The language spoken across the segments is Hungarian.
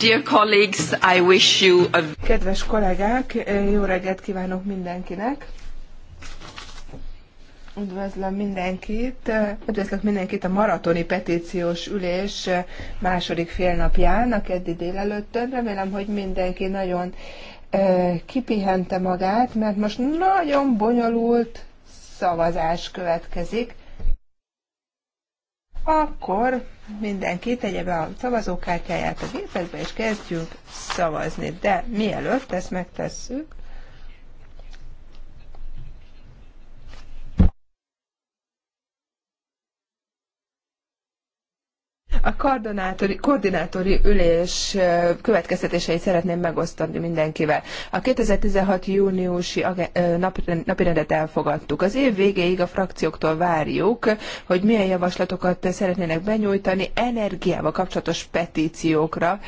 Dear colleagues, I wish you a... Kedves kollégák, jó reggelt kívánok mindenkinek! Üdvözlöm mindenkit, üdvözlök mindenkit a maratoni petíciós ülés második félnapján, a keddi délelőttön. Remélem, hogy mindenki nagyon kipihente magát, mert most nagyon bonyolult szavazás következik akkor mindenki tegye be a szavazókártyáját a gépekbe, és kezdjünk szavazni. De mielőtt ezt megtesszük, A koordinátori, koordinátori ülés következtetéseit szeretném megosztani mindenkivel. A 2016. júniusi napirendet elfogadtuk. Az év végéig a frakcióktól várjuk, hogy milyen javaslatokat szeretnének benyújtani energiával kapcsolatos petíciókra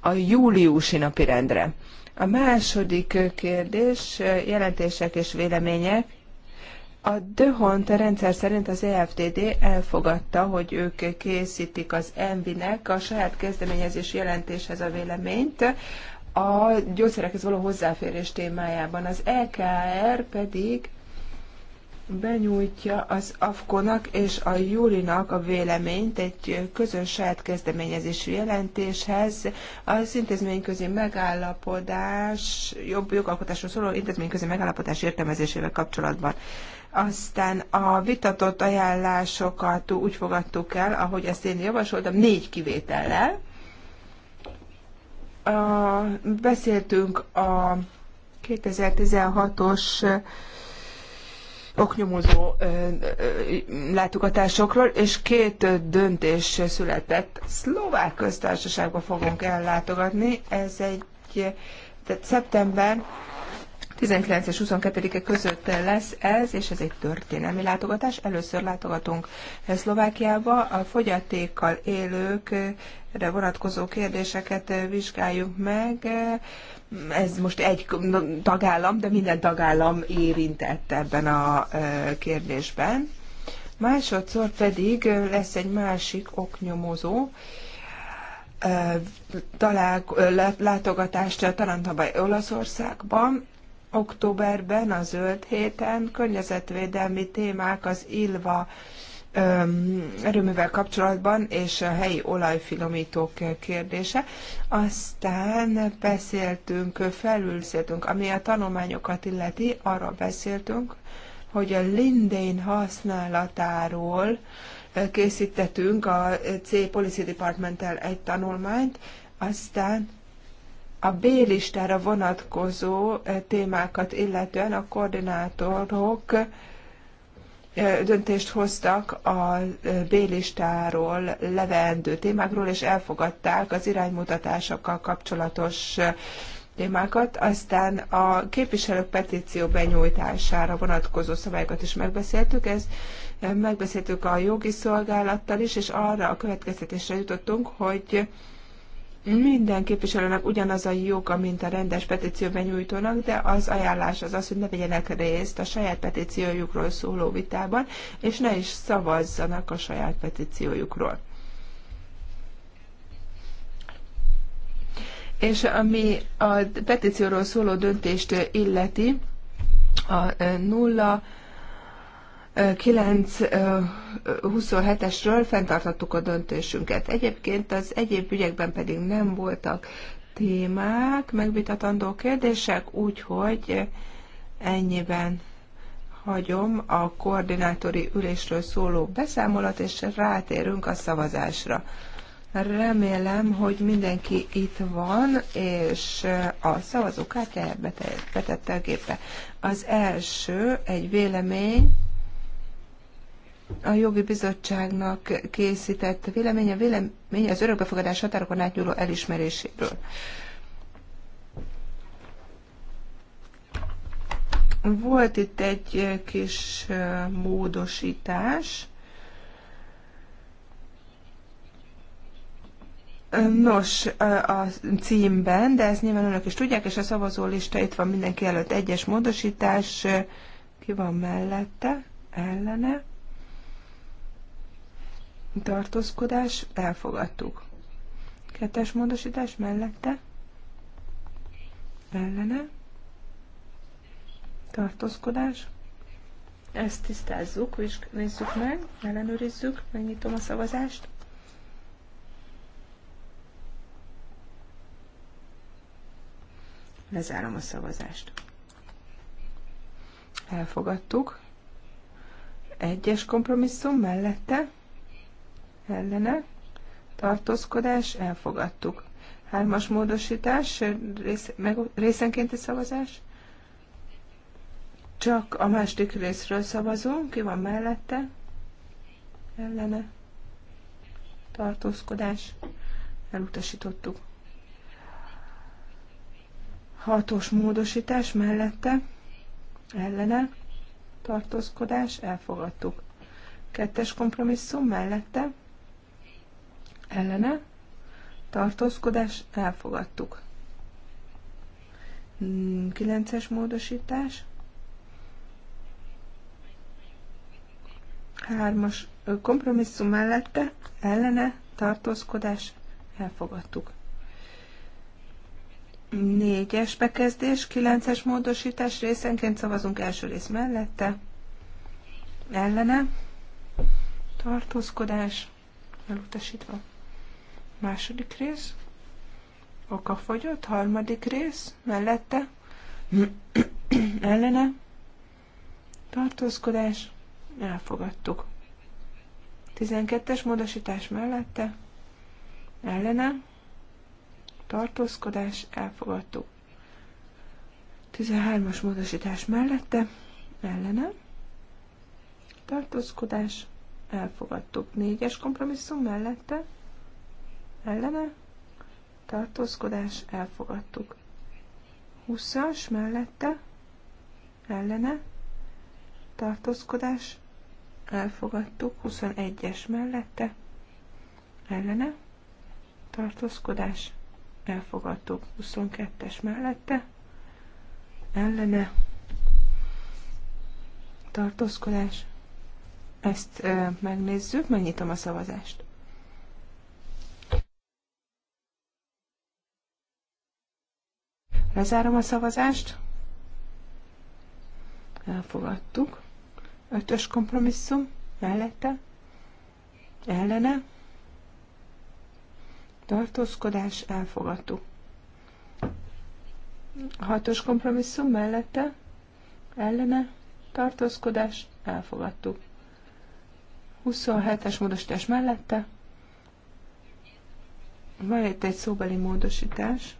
a júliusi napirendre. A második kérdés, jelentések és vélemények a Döhont rendszer szerint az EFTD elfogadta, hogy ők készítik az ENVI-nek a saját kezdeményezés jelentéshez a véleményt, a gyógyszerekhez való hozzáférés témájában. Az EKR pedig benyújtja az AFKONak és a Júlinak a véleményt egy közös saját kezdeményezésű jelentéshez. Az intézményközi megállapodás, jobb jogalkotásról szóló intézményközi megállapodás értelmezésével kapcsolatban. Aztán a vitatott ajánlásokat úgy fogadtuk el, ahogy ezt én javasoltam, négy kivétellel. A, beszéltünk a 2016-os oknyomozó látogatásokról, és két döntés született. Szlovák köztársaságba fogunk ellátogatni, ez egy, tehát szeptember 19 és 22-e között lesz ez, és ez egy történelmi látogatás. Először látogatunk Szlovákiába, a fogyatékkal élőkre vonatkozó kérdéseket vizsgáljuk meg. Ez most egy tagállam, de minden tagállam érintett ebben a e, kérdésben. Másodszor pedig lesz egy másik oknyomozó, e, talál, e, látogatást Tarantabaj Olaszországban, októberben, a zöld héten környezetvédelmi témák az Ilva erőművel kapcsolatban, és a helyi olajfinomítók kérdése. Aztán beszéltünk, felülszéltünk, ami a tanulmányokat illeti, arról beszéltünk, hogy a lindén használatáról készítettünk a C Policy Departmenttel egy tanulmányt, aztán a B-listára vonatkozó témákat illetően a koordinátorok döntést hoztak a B-listáról levendő témákról, és elfogadták az iránymutatásokkal kapcsolatos témákat, aztán a képviselők petíció benyújtására vonatkozó szabályokat is megbeszéltük, ez megbeszéltük a jogi szolgálattal is, és arra a következtetésre jutottunk, hogy minden képviselőnek ugyanaz a joga, mint a rendes petíció benyújtónak, de az ajánlás az az, hogy ne vegyenek részt a saját petíciójukról szóló vitában, és ne is szavazzanak a saját petíciójukról. És ami a petícióról szóló döntést illeti, a nulla 927-esről fenntartottuk a döntésünket. Egyébként az egyéb ügyekben pedig nem voltak témák, megvitatandó kérdések, úgyhogy ennyiben hagyom a koordinátori ülésről szóló beszámolat, és rátérünk a szavazásra. Remélem, hogy mindenki itt van, és a szavazókártyáját betette a gépbe. Az első egy vélemény, a jogi bizottságnak készített véleménye, véleménye az örökbefogadás határokon átnyúló elismeréséről. Volt itt egy kis módosítás. Nos, a címben, de ezt nyilván önök is tudják, és a lista itt van mindenki előtt egyes módosítás. Ki van mellette? Ellene? tartózkodás, elfogadtuk. Kettes módosítás mellette, ellene, tartózkodás, ezt tisztázzuk, és nézzük meg, ellenőrizzük, megnyitom a szavazást. Lezárom a szavazást. Elfogadtuk. Egyes kompromisszum mellette ellene, tartózkodás, elfogadtuk. Hármas módosítás, részenkénti szavazás. Csak a második részről szavazunk, ki van mellette, ellene, tartózkodás, elutasítottuk. Hatos módosítás mellette, ellene, tartózkodás, elfogadtuk. Kettes kompromisszum mellette, ellene, tartózkodás, elfogadtuk. 9-es módosítás, 3-as kompromisszum mellette, ellene, tartózkodás, elfogadtuk. 4-es bekezdés, 9-es módosítás részenként szavazunk első rész mellette, ellene, tartózkodás, elutasítva. Második rész. Oka fogyott. Harmadik rész. Mellette. Ellene. Tartózkodás. Elfogadtuk. tizenkettes módosítás mellette. Ellene. Tartózkodás. Elfogadtuk. 13-as módosítás mellette. Ellene. Tartózkodás. Elfogadtuk. 4-es kompromisszum mellette ellene, tartózkodás, elfogadtuk. 20-as mellette, ellene, tartózkodás, elfogadtuk. 21-es mellette, ellene, tartózkodás, elfogadtuk. 22-es mellette, ellene, tartózkodás. Ezt e, megnézzük, megnyitom a szavazást. Lezárom a szavazást. Elfogadtuk. Ötös kompromisszum mellette. Ellene. Tartózkodás elfogadtuk. Hatos kompromisszum mellette. Ellene. Tartózkodás elfogadtuk. 27-es módosítás mellette. Van itt egy szóbeli módosítás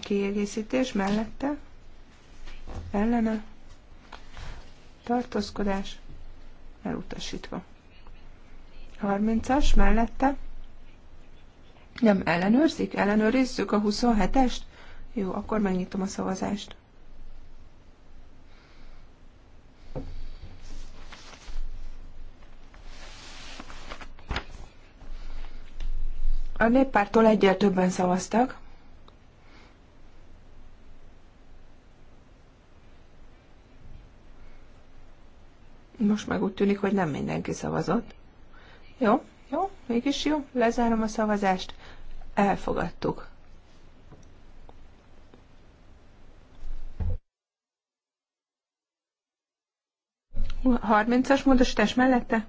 kiegészítés mellette, ellene, tartózkodás, elutasítva. 30-as mellette, nem ellenőrzik? Ellenőrizzük a 27-est? Jó, akkor megnyitom a szavazást. A néppártól egyel többen szavaztak. Most meg úgy tűnik, hogy nem mindenki szavazott. Jó, jó, mégis jó, lezárom a szavazást. Elfogadtuk. Harmincas módosítás mellette?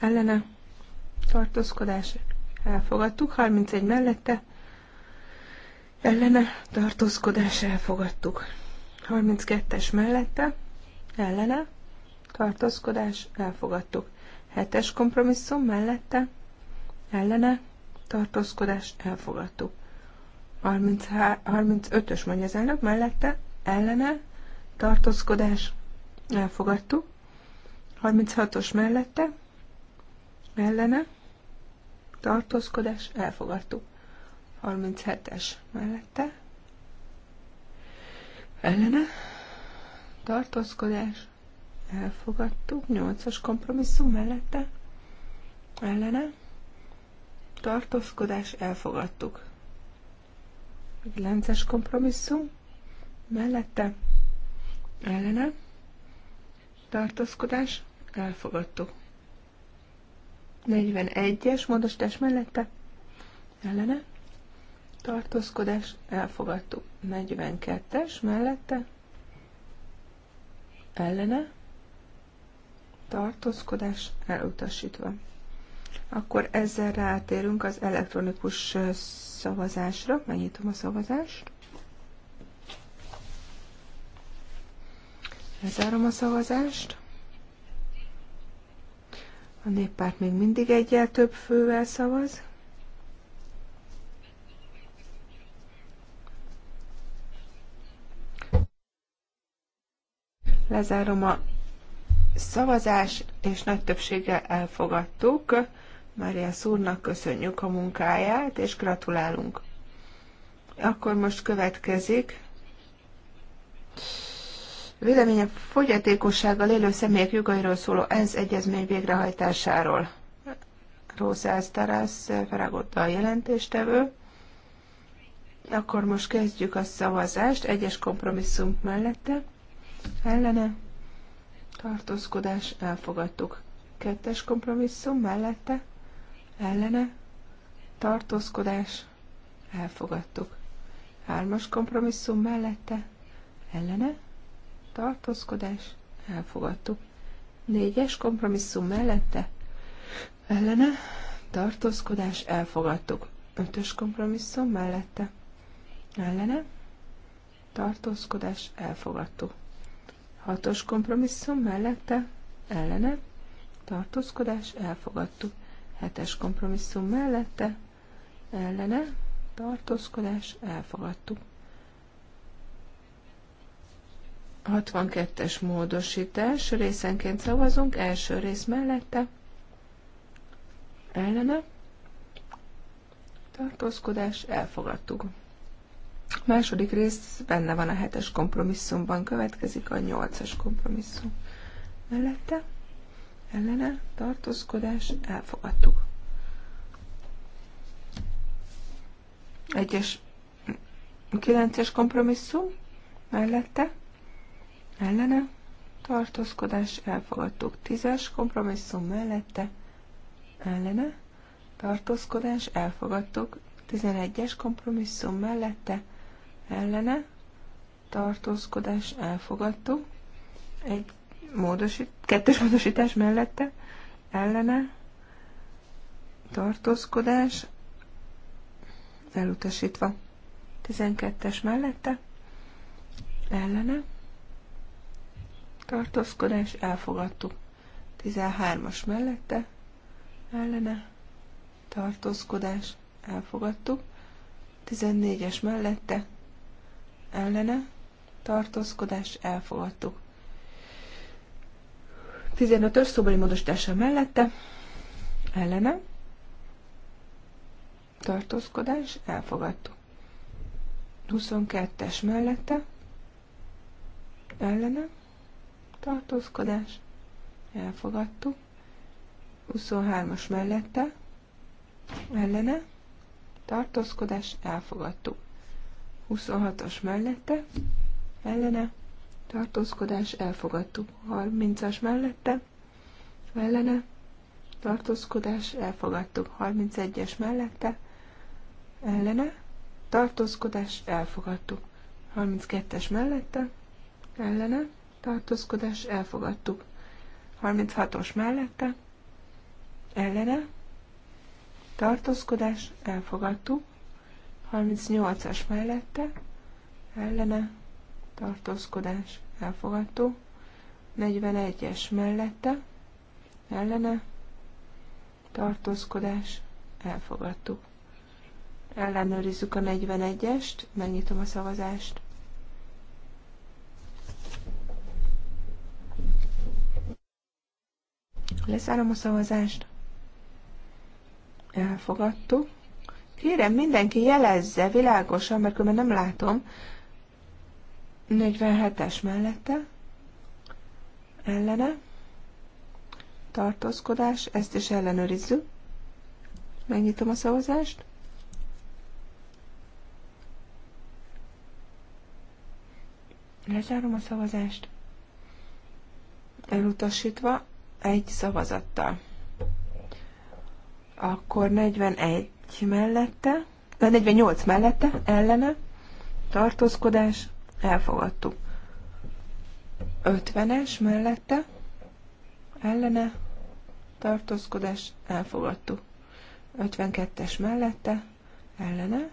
Ellene tartózkodás. Elfogadtuk. 31 mellette ellene tartózkodás elfogadtuk. 32-es mellette ellene tartózkodás, elfogadtuk. Hetes kompromisszum mellette, ellene, tartózkodás, elfogadtuk. 35-ös mondja az elnök mellette, ellene, tartózkodás, elfogadtuk. 36-os mellette, ellene, tartózkodás, elfogadtuk. 37-es mellette, ellene, tartózkodás, elfogadtuk, nyolcas kompromisszum mellette, ellene, tartózkodás, elfogadtuk. 9 kompromisszum mellette, ellene, tartózkodás, elfogadtuk. 41-es módosítás mellette, ellene, tartózkodás, elfogadtuk. 42-es mellette, ellene, tartózkodás elutasítva. Akkor ezzel rátérünk az elektronikus szavazásra. Megnyitom a szavazást. Lezárom a szavazást. A néppárt még mindig egyel több fővel szavaz. Lezárom a szavazás, és nagy többséggel elfogadtuk. Mária Szúrnak köszönjük a munkáját, és gratulálunk. Akkor most következik. Véleménye fogyatékossággal élő személyek jogairól szóló ENSZ egyezmény végrehajtásáról. Rózász Tarász Feragotta a jelentéstevő. Akkor most kezdjük a szavazást egyes kompromisszum mellette. Ellene tartózkodás, elfogadtuk. Kettes kompromisszum mellette, ellene, tartózkodás, elfogadtuk. Hármas kompromisszum mellette, ellene, tartózkodás, elfogadtuk. Négyes kompromisszum mellette, ellene, tartózkodás, elfogadtuk. Ötös kompromisszum mellette, ellene, tartózkodás, elfogadtuk. Hatos kompromisszum mellette ellene tartózkodás elfogadtuk. Hetes kompromisszum mellette ellene tartózkodás elfogadtuk. 62-es módosítás, részenként szavazunk, első rész mellette, ellene, tartózkodás, elfogadtuk. A második rész benne van a hetes kompromisszumban, következik a nyolcas kompromisszum. Mellette ellene tartózkodás elfogadtuk. Egyes kilences kompromisszum mellette ellene tartózkodás elfogadtuk. Tízes kompromisszum mellette ellene tartózkodás elfogadtuk. Tizenegyes kompromisszum mellette ellene tartózkodás elfogadtuk, egy módosít, kettős módosítás mellette ellene tartózkodás elutasítva. 12-es mellette ellene tartózkodás elfogadtuk. 13-as mellette ellene tartózkodás elfogadtuk. 14-es mellette ellene tartózkodás elfogadtuk. 15-ös szobori módosítása mellette ellene tartózkodás elfogadtuk. 22-es mellette ellene tartózkodás elfogadtuk. 23-as mellette ellene tartózkodás elfogadtuk. 26-as mellette, ellene, tartózkodás, elfogadtuk. 30-as mellette, ellene, tartózkodás, elfogadtuk. 31-es mellette, ellene, tartózkodás, elfogadtuk. 32-es mellette, ellene, tartózkodás, elfogadtuk. 36-os mellette, ellene, tartózkodás, elfogadtuk. 38-as mellette, ellene, tartózkodás, elfogadó. 41-es mellette, ellene, tartózkodás, elfogadó. Ellenőrizzük a 41-est, megnyitom a szavazást. Leszárom a szavazást. Elfogadtuk. Kérem, mindenki jelezze világosan, mert akkor nem látom. 47-es mellette. Ellene. Tartózkodás. Ezt is ellenőrizzük. Megnyitom a szavazást. Lezárom a szavazást. Elutasítva egy szavazattal. Akkor 41 mellette, 48 mellette, ellene, tartózkodás, elfogadtuk. 50-es mellette, ellene, tartózkodás, elfogadtuk. 52-es mellette, ellene,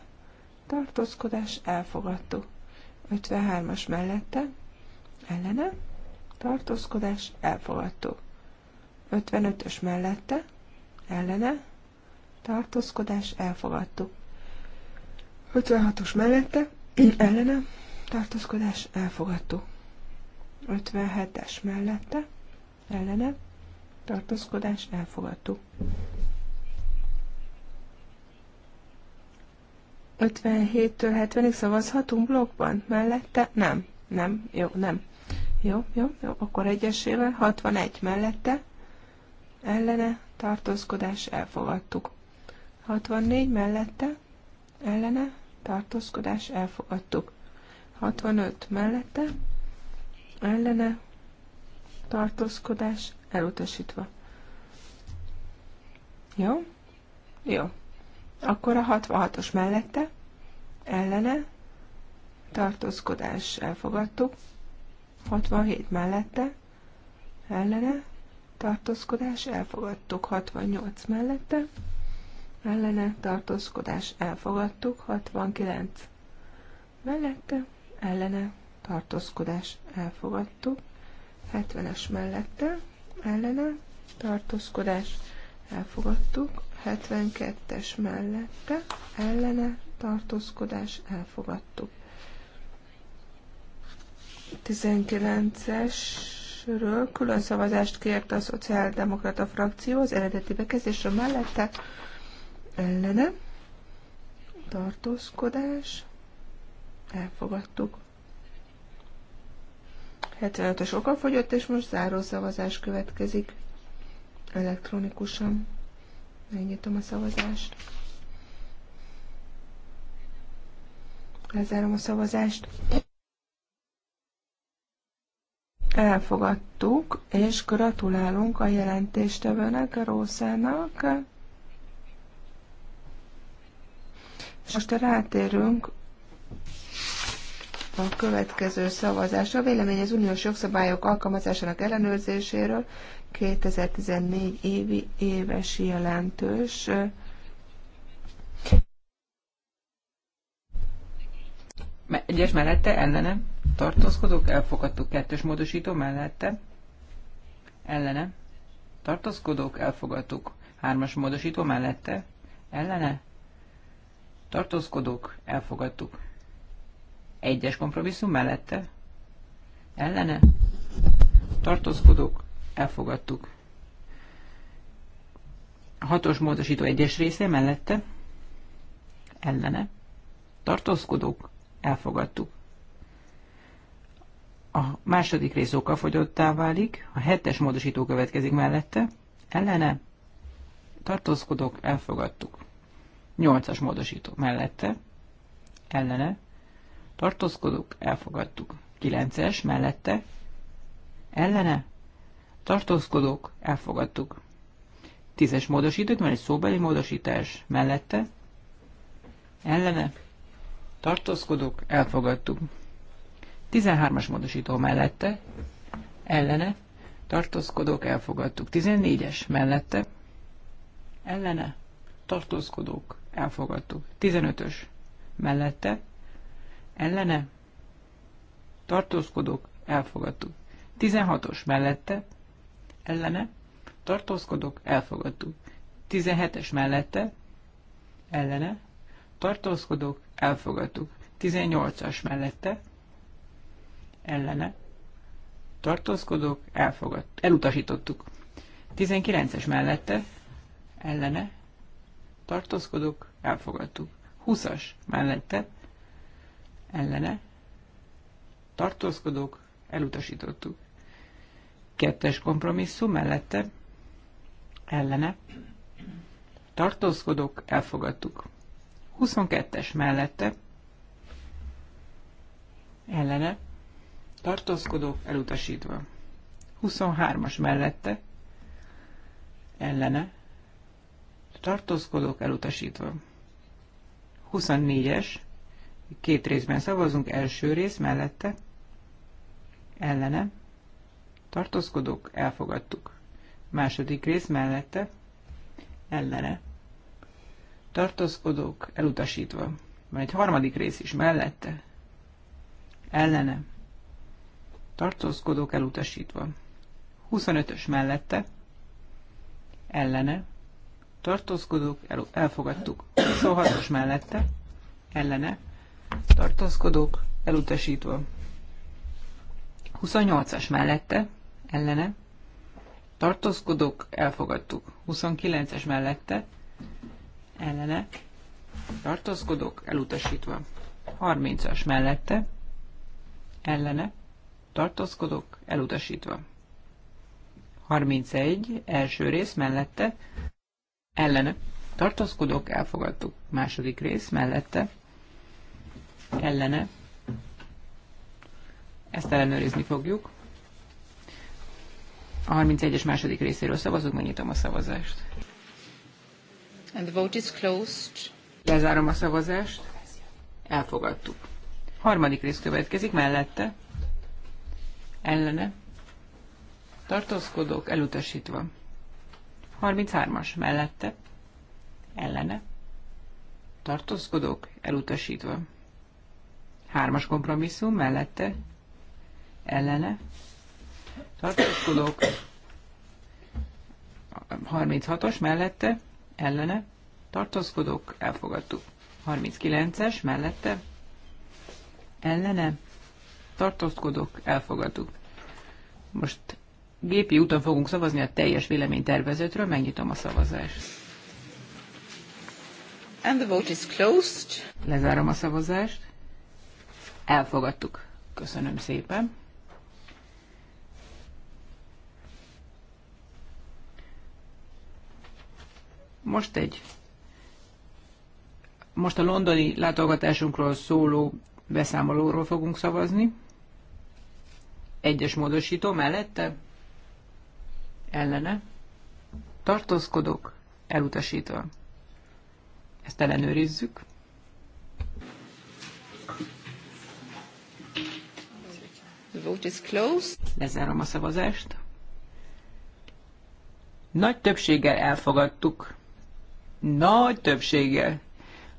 tartózkodás, elfogadtuk. 53-as mellette, ellene, tartózkodás, elfogadtuk. 55-ös mellette, ellene, tartózkodás, elfogadtuk. 56-os mellette, ellene, tartózkodás, elfogadtuk. 57-es mellette, ellene, tartózkodás, elfogadtuk. 57-től 70-ig szavazhatunk blogban? Mellette? Nem. Nem. Jó, nem. Jó, jó, jó. Akkor egyesével 61 mellette. Ellene tartózkodás elfogadtuk. 64 mellette, ellene, tartózkodás elfogadtuk. 65 mellette, ellene, tartózkodás elutasítva. Jó? Jó. Akkor a 66-os mellette, ellene, tartózkodás elfogadtuk. 67 mellette, ellene, tartózkodás elfogadtuk. 68 mellette, ellene tartózkodás elfogadtuk, 69 mellette ellene tartózkodás elfogadtuk, 70-es mellette ellene tartózkodás elfogadtuk, 72-es mellette ellene tartózkodás elfogadtuk. 19 es külön szavazást kérte a Szociáldemokrata frakció az eredeti bekezdésről mellette ellene, tartózkodás, elfogadtuk. 75-ös fogyott, és most záró szavazás következik elektronikusan. Megnyitom a szavazást. Lezárom a szavazást. Elfogadtuk, és gratulálunk a jelentéstevőnek, a Rószának. És most rátérünk a következő szavazásra. Vélemény az uniós jogszabályok alkalmazásának ellenőrzéséről 2014 évi éves jelentős. Egyes mellette, ellene, tartózkodók, elfogadtuk kettős módosító mellette, ellene, tartózkodók, elfogadtuk hármas módosító mellette, ellene, tartózkodók, elfogadtuk. Egyes kompromisszum mellette, ellene, tartózkodók, elfogadtuk. Hatos módosító egyes része mellette, ellene, tartózkodók, elfogadtuk. A második rész okafogyottá válik, a hetes módosító következik mellette, ellene, tartózkodók, elfogadtuk. 8-as módosító mellette, ellene, tartózkodók, elfogadtuk. 9-es mellette, ellene, tartózkodók, elfogadtuk. 10-es módosítót, mert egy szóbeli módosítás mellette, ellene, tartózkodók, elfogadtuk. 13-as módosító mellette, ellene, tartózkodók, elfogadtuk. 14-es mellette, ellene, tartózkodók, elfogadtuk. 15-ös mellette, ellene, tartózkodók, elfogadtuk. 16-os mellette, ellene, tartózkodók, elfogadtuk. 17-es mellette, ellene, tartózkodók, elfogadtuk. 18-as mellette, ellene, tartózkodók, elfogadtuk. elutasítottuk. 19-es mellette, ellene, tartózkodok, elfogadtuk. 20-as mellette, ellene, tartózkodok, elutasítottuk. Kettes kompromisszum mellette, ellene, tartózkodok, elfogadtuk. 22-es mellette, ellene, tartózkodok, elutasítva. 23-as mellette, ellene, tartózkodók elutasítva. 24-es, két részben szavazunk, első rész mellette, ellene, tartózkodók elfogadtuk. Második rész mellette, ellene, tartózkodók elutasítva. Van egy harmadik rész is mellette, ellene, tartózkodók elutasítva. 25-ös mellette, ellene, tartózkodók, el, elfogadtuk. 26-os mellette, ellene, tartózkodók, elutasítva. 28-as mellette, ellene, tartózkodók, elfogadtuk. 29-es mellette, ellene, tartózkodók, elutasítva. 30-as mellette, ellene, tartózkodók, elutasítva. 31. első rész mellette, ellene tartózkodok, elfogadtuk. Második rész mellette ellene. Ezt ellenőrizni fogjuk. A 31-es második részéről szavazok, megnyitom a szavazást. And the vote is closed. Lezárom a szavazást. Elfogadtuk. Harmadik rész következik mellette. Ellene. Tartózkodok, elutasítva. 33-as mellette, ellene, tartózkodók elutasítva. Hármas kompromisszum mellette, ellene, tartózkodók 36-os mellette, ellene, tartózkodók elfogadtuk. 39-es mellette, ellene, tartózkodók elfogadtuk. Most gépi úton fogunk szavazni a teljes véleménytervezetről. Megnyitom a szavazást. And the vote is closed. Lezárom a szavazást. Elfogadtuk. Köszönöm szépen. Most egy most a londoni látogatásunkról szóló beszámolóról fogunk szavazni. Egyes módosító mellette ellene, tartózkodok, elutasítva. Ezt ellenőrizzük. The vote is closed. Lezárom a szavazást. Nagy többséggel elfogadtuk. Nagy többséggel.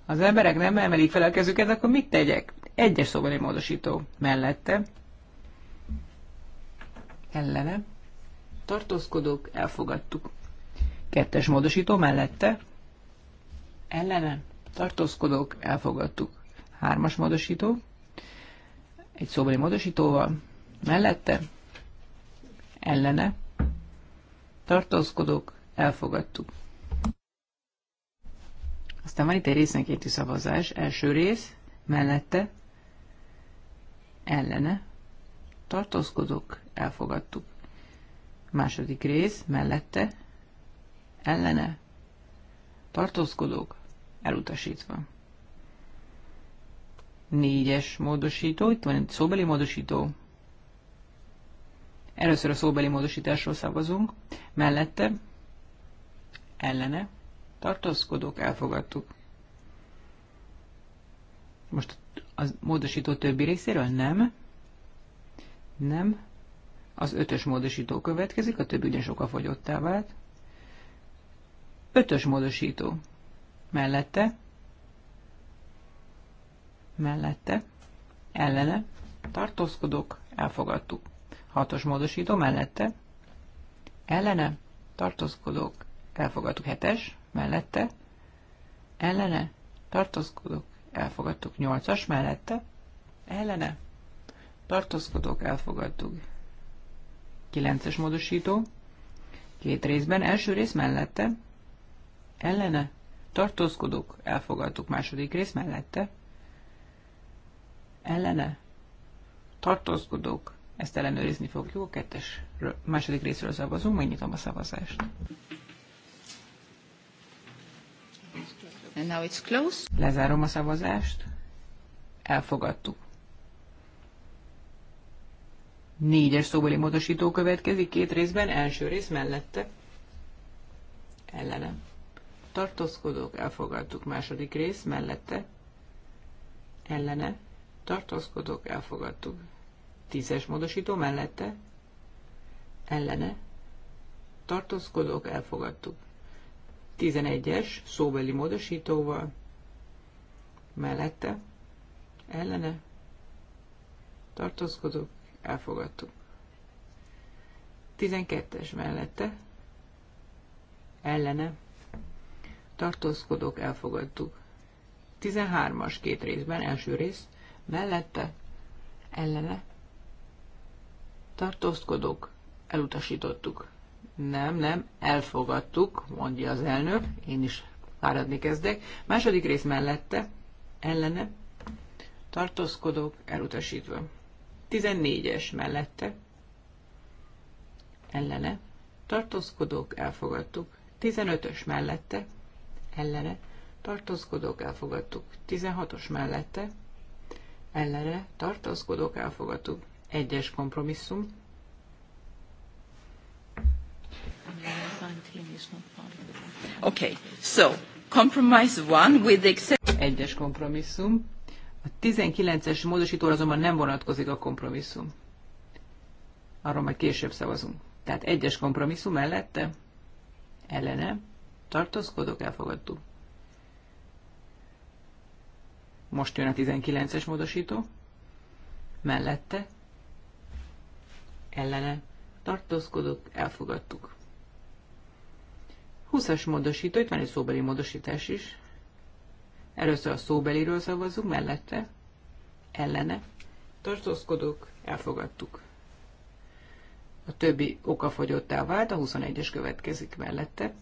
Az emberek nem emelik fel a kezüket, akkor mit tegyek? Egyes szobori módosító mellette. Ellenem tartózkodók, elfogadtuk. Kettes módosító mellette, ellene, tartózkodók, elfogadtuk. Hármas módosító, egy szóbeli módosítóval, mellette, ellene, tartózkodók, elfogadtuk. Aztán van itt egy részenkénti szavazás, első rész, mellette, ellene, tartózkodók, elfogadtuk. Második rész, mellette, ellene, tartózkodók, elutasítva. Négyes módosító, itt van egy szóbeli módosító. Először a szóbeli módosításról szavazunk, mellette, ellene, tartózkodók, elfogadtuk. Most a módosító többi részéről nem. Nem. Az ötös módosító következik, a többi ugyan sokkal fogyottá vált. Ötös módosító. Mellette. Mellette. Ellene. Tartózkodok. Elfogadtuk. Hatos módosító. Mellette. Ellene. Tartózkodok. Elfogadtuk. Hetes. Mellette. Ellene. Tartózkodok. Elfogadtuk. Nyolcas. Mellette. Ellene. Tartózkodok. Elfogadtuk. 9-es módosító, két részben, első rész mellette, ellene, tartózkodók, elfogadtuk második rész mellette, ellene, tartózkodók, ezt ellenőrizni fogjuk, a kettes második részről szavazunk, megnyitom a szavazást. And now it's Lezárom a szavazást. Elfogadtuk. Négyes szóbeli módosító következik két részben, első rész mellette. Ellenem. Tartózkodók elfogadtuk második rész mellette. Ellene. Tartózkodók elfogadtuk. Tízes módosító mellette. Ellene. Tartózkodók elfogadtuk. tizenegyes szóbeli módosítóval, mellette, ellene, tartózkodók, elfogadtuk. 12-es mellette, ellene, tartózkodók, elfogadtuk. 13-as két részben, első rész, mellette, ellene, tartózkodók, elutasítottuk. Nem, nem, elfogadtuk, mondja az elnök, én is fáradni kezdek. Második rész mellette, ellene, tartózkodók, elutasítva. 14-es mellette ellene tartózkodók elfogadtuk. 15-ös mellette ellene tartózkodók elfogadtuk. 16-os mellette ellene tartózkodók elfogadtuk. Egyes kompromisszum. Okay, so compromise one with the Egyes kompromisszum a 19-es módosítóra azonban nem vonatkozik a kompromisszum. Arról majd később szavazunk. Tehát egyes kompromisszum mellette, ellene, tartózkodok, elfogadtuk. Most jön a 19-es módosító. Mellette, ellene, tartózkodok, elfogadtuk. 20-as módosító, itt van egy szóbeli módosítás is. Először a szóbeliről szavazzunk, mellette, ellene, tartózkodók, elfogadtuk. A többi fogyottá vált, a 21-es következik mellette,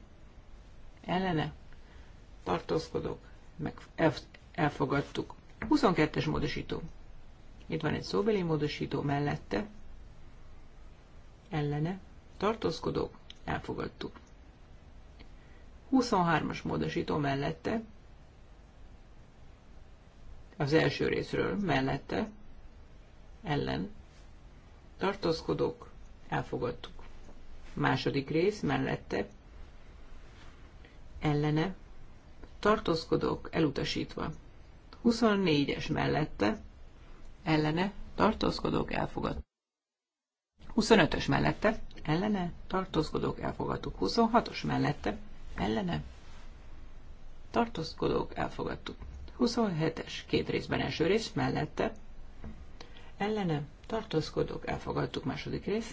ellene, tartózkodók, meg elfogadtuk. 22-es módosító. Itt van egy szóbeli módosító mellette, ellene, tartózkodók, elfogadtuk. 23-as módosító mellette, az első részről mellette, ellen, tartózkodok, elfogadtuk. Második rész mellette, ellene, tartózkodok, elutasítva. 24-es mellette, ellene, tartózkodok, elfogadtuk. 25-ös mellette, ellene, tartózkodók, elfogadtuk. 26-os mellette, ellene, tartózkodók, elfogadtuk. 27-es két részben első rész mellette. Ellene tartózkodok, elfogadtuk második rész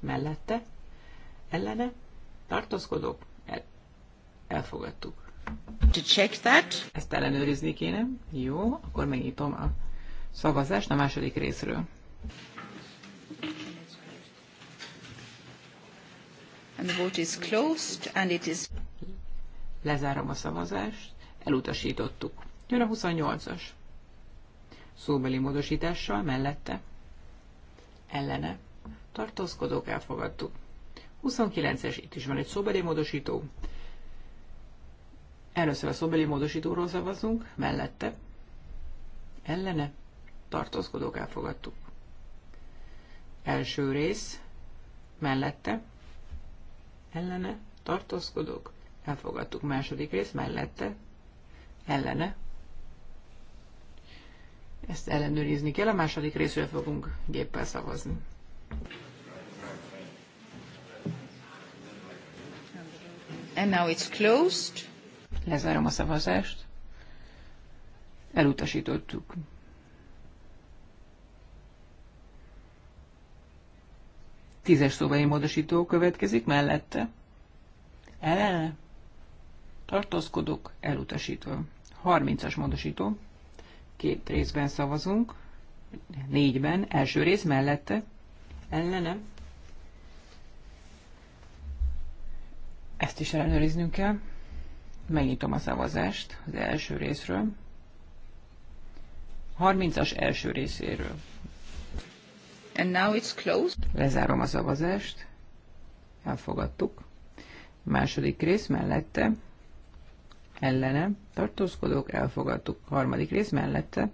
mellette. Ellene tartózkodok, el, elfogadtuk. To check that. Ezt ellenőrizni kéne. Jó, akkor megnyitom a szavazást a második részről. And the vote is closed and it is... Lezárom a szavazást, elutasítottuk. Jön a 28-as. Szóbeli módosítással mellette. Ellene. Tartózkodók elfogadtuk. 29-es, itt is van egy szóbeli módosító. Először a szóbeli módosítóról szavazunk, mellette. Ellene. Tartózkodók elfogadtuk. Első rész, mellette. Ellene. Tartózkodók elfogadtuk. Második rész, mellette. Ellene ezt ellenőrizni kell, a második részről fogunk géppel szavazni. And now it's closed. Lezárom a szavazást. Elutasítottuk. Tízes szobai módosító következik mellette. Ellene. Tartózkodok, elutasítva. 30-as módosító. Két részben szavazunk, négyben, első rész mellette, ellenem. Ezt is ellenőriznünk kell. Megnyitom a szavazást az első részről. 30-as első részéről. And now it's closed. Lezárom a szavazást. Elfogadtuk. Második rész mellette ellene, tartózkodók, elfogadtuk. Harmadik rész mellette,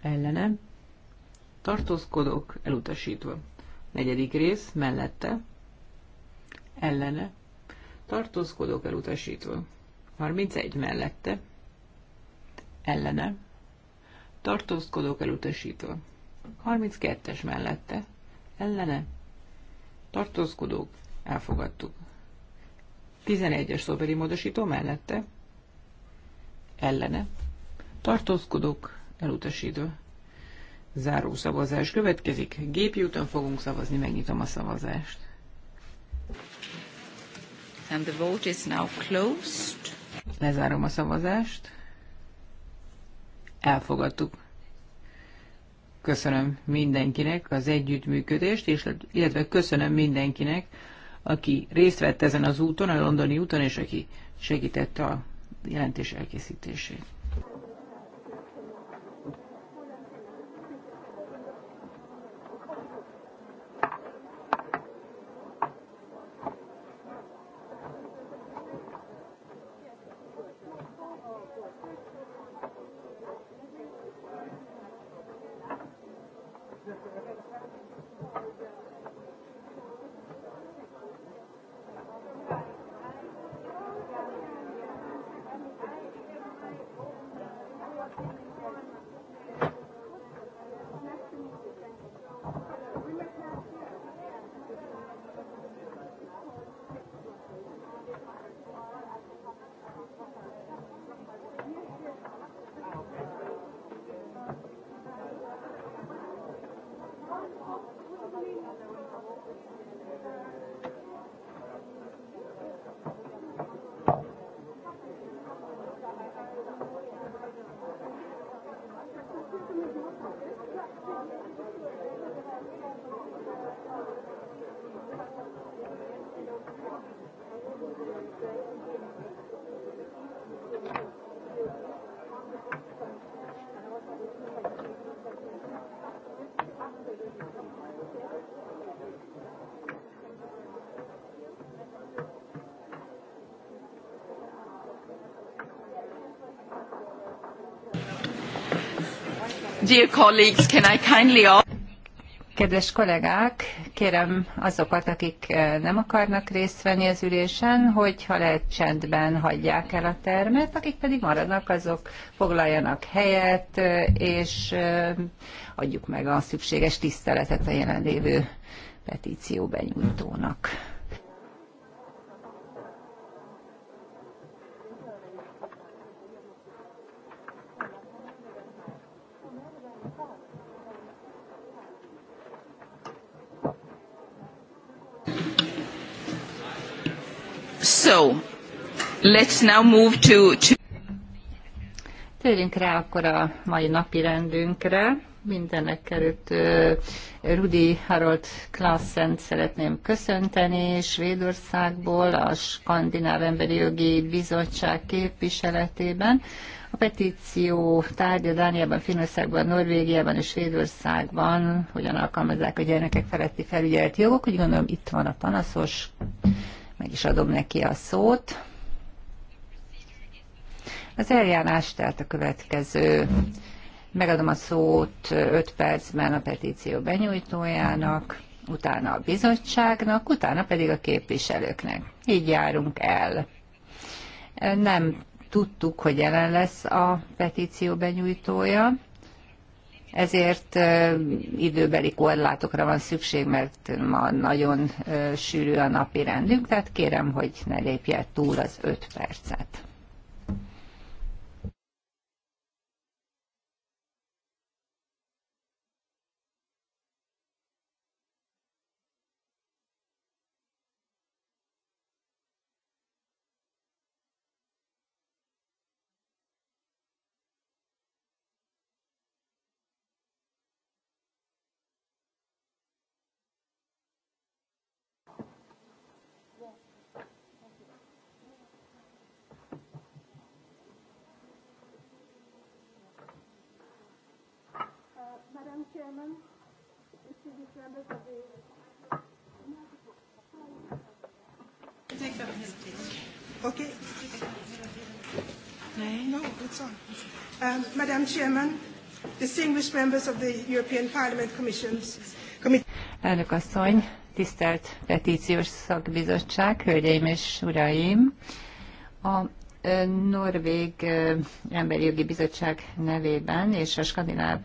ellene, tartózkodók, elutasítva. Negyedik rész mellette, ellene, tartózkodók, elutasítva. 31 mellette, ellene, tartózkodók, elutasítva. 32-es mellette, ellene, tartózkodók, elfogadtuk. 11-es szóbeli módosító mellette ellene Tartózkodok. elutasítva. Záró szavazás következik. Gépi úton fogunk szavazni, megnyitom a szavazást. And the vote is now closed. Lezárom a szavazást. Elfogadtuk. Köszönöm mindenkinek az együttműködést, és, illetve köszönöm mindenkinek aki részt vett ezen az úton, a londoni úton, és aki segítette a jelentés elkészítését. Kedves kollégák, kérem azokat, akik eh, nem akarnak részt venni az ülésen, hogy ha lehet csendben hagyják el a termet, akik pedig maradnak, azok foglaljanak helyet, eh, és eh, adjuk meg a szükséges tiszteletet a jelenlévő petíció benyújtónak. Let's now move to, to... Térjünk rá akkor a mai napi rendünkre. Mindenek előtt Rudi Harold Klassen szeretném köszönteni Svédországból, a Skandináv Emberi Jogi Bizottság képviseletében. A petíció tárgya Dániában, Finországban, Norvégiában és Svédországban hogyan alkalmazzák a gyermekek feletti felügyelt jogok. Úgy gondolom itt van a panaszos, meg is adom neki a szót. Az eljárás tehát a következő. Megadom a szót 5 percben a petíció benyújtójának, utána a bizottságnak, utána pedig a képviselőknek. Így járunk el. Nem tudtuk, hogy jelen lesz a petíció benyújtója, ezért időbeli korlátokra van szükség, mert ma nagyon sűrű a napi rendünk, tehát kérem, hogy ne lépje túl az 5 percet. Chairman, distinguished members of the Okay. No, it's on. Um, Madam Chairman, distinguished members of the European Parliament Commission's Committee. Elnök asszony, tisztelt petíciós szakbizottság, hölgyeim és uraim! A Norvég Emberi Jogi Bizottság nevében és a skandináv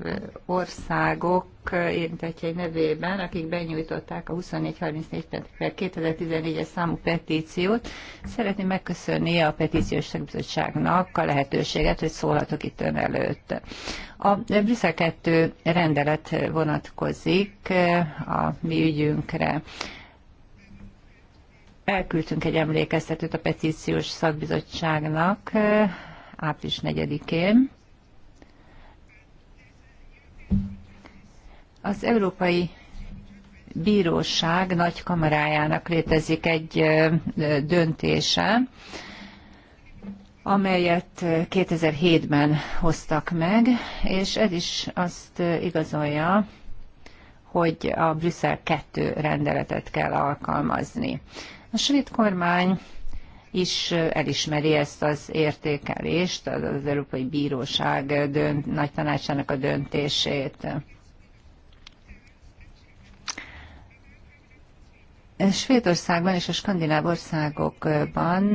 országok érintettjei nevében, akik benyújtották a 2434-2014-es számú petíciót. Szeretném megköszönni a petíciós bizottságnak a lehetőséget, hogy szólhatok itt ön előtt. A Brüsszel 2 rendelet vonatkozik a mi ügyünkre. Elküldtünk egy emlékeztetőt a petíciós szakbizottságnak április 4-én. Az Európai Bíróság nagy kamarájának létezik egy döntése, amelyet 2007-ben hoztak meg, és ez is azt igazolja, hogy a Brüsszel 2 rendeletet kell alkalmazni. A svéd kormány is elismeri ezt az értékelést, az Európai Bíróság dönt, nagy tanácsának a döntését. Svédországban és a skandináv országokban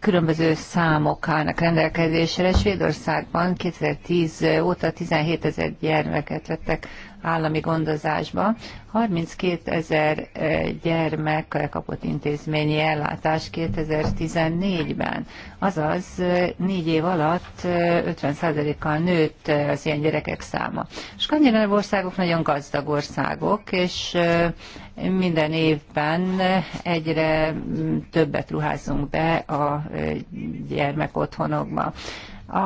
különböző számok állnak rendelkezésre. Svédországban 2010 óta 17 ezer gyermeket vettek állami gondozásba. 32 ezer gyermek kapott intézményi ellátást 2014-ben. Azaz négy év alatt 50%-kal nőtt az ilyen gyerekek száma. Skandináv országok nagyon gazdag országok, és minden évben egyre mm, többet ruházunk be a gyermekotthonokba. A,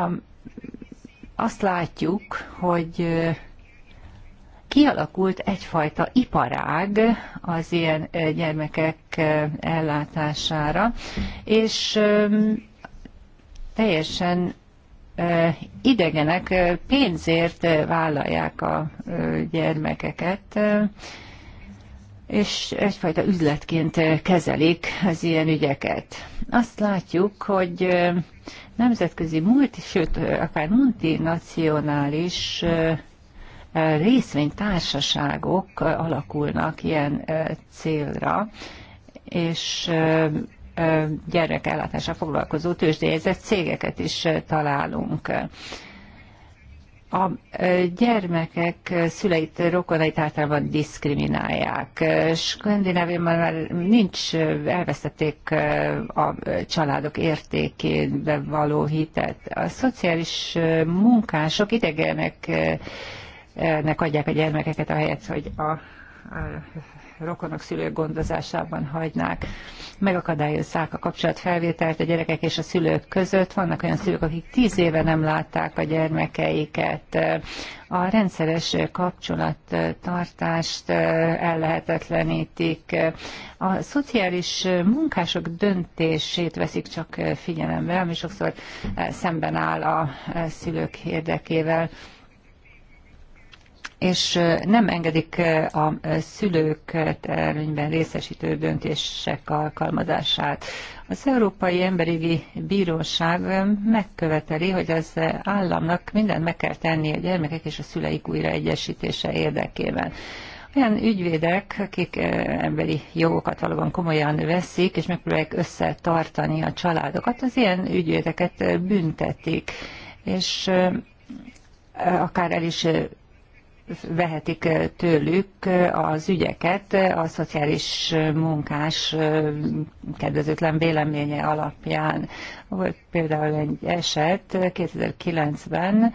azt látjuk, hogy kialakult egyfajta iparág az ilyen gyermekek ellátására, és teljesen idegenek pénzért vállalják a gyermekeket, és egyfajta üzletként kezelik az ilyen ügyeket. Azt látjuk, hogy nemzetközi multi, sőt, akár multinacionális részvénytársaságok alakulnak ilyen célra, és gyermekellátással foglalkozó tőzsdéjegyzett cégeket is találunk. A gyermekek szüleit, rokonait általában diszkriminálják. Skandináviában már nincs, elvesztették a családok értékébe való hitet. A szociális munkások idegenek nek adják a gyermekeket, a helyet, hogy a, a rokonok szülők gondozásában hagynák. Megakadályozzák a kapcsolatfelvételt a gyerekek és a szülők között. Vannak olyan szülők, akik tíz éve nem látták a gyermekeiket. A rendszeres kapcsolattartást ellehetetlenítik. A szociális munkások döntését veszik csak figyelembe, ami sokszor szemben áll a szülők érdekével és nem engedik a szülőket előnyben részesítő döntések alkalmazását. Az Európai Emberi Bíróság megköveteli, hogy az államnak mindent meg kell tenni a gyermekek és a szüleik újraegyesítése érdekében olyan ügyvédek, akik emberi jogokat valóban komolyan veszik, és megpróbálják összetartani a családokat, az ilyen ügyvédeket büntetik, és akár el is vehetik tőlük az ügyeket a szociális munkás kedvezőtlen véleménye alapján. Volt például egy eset 2009-ben,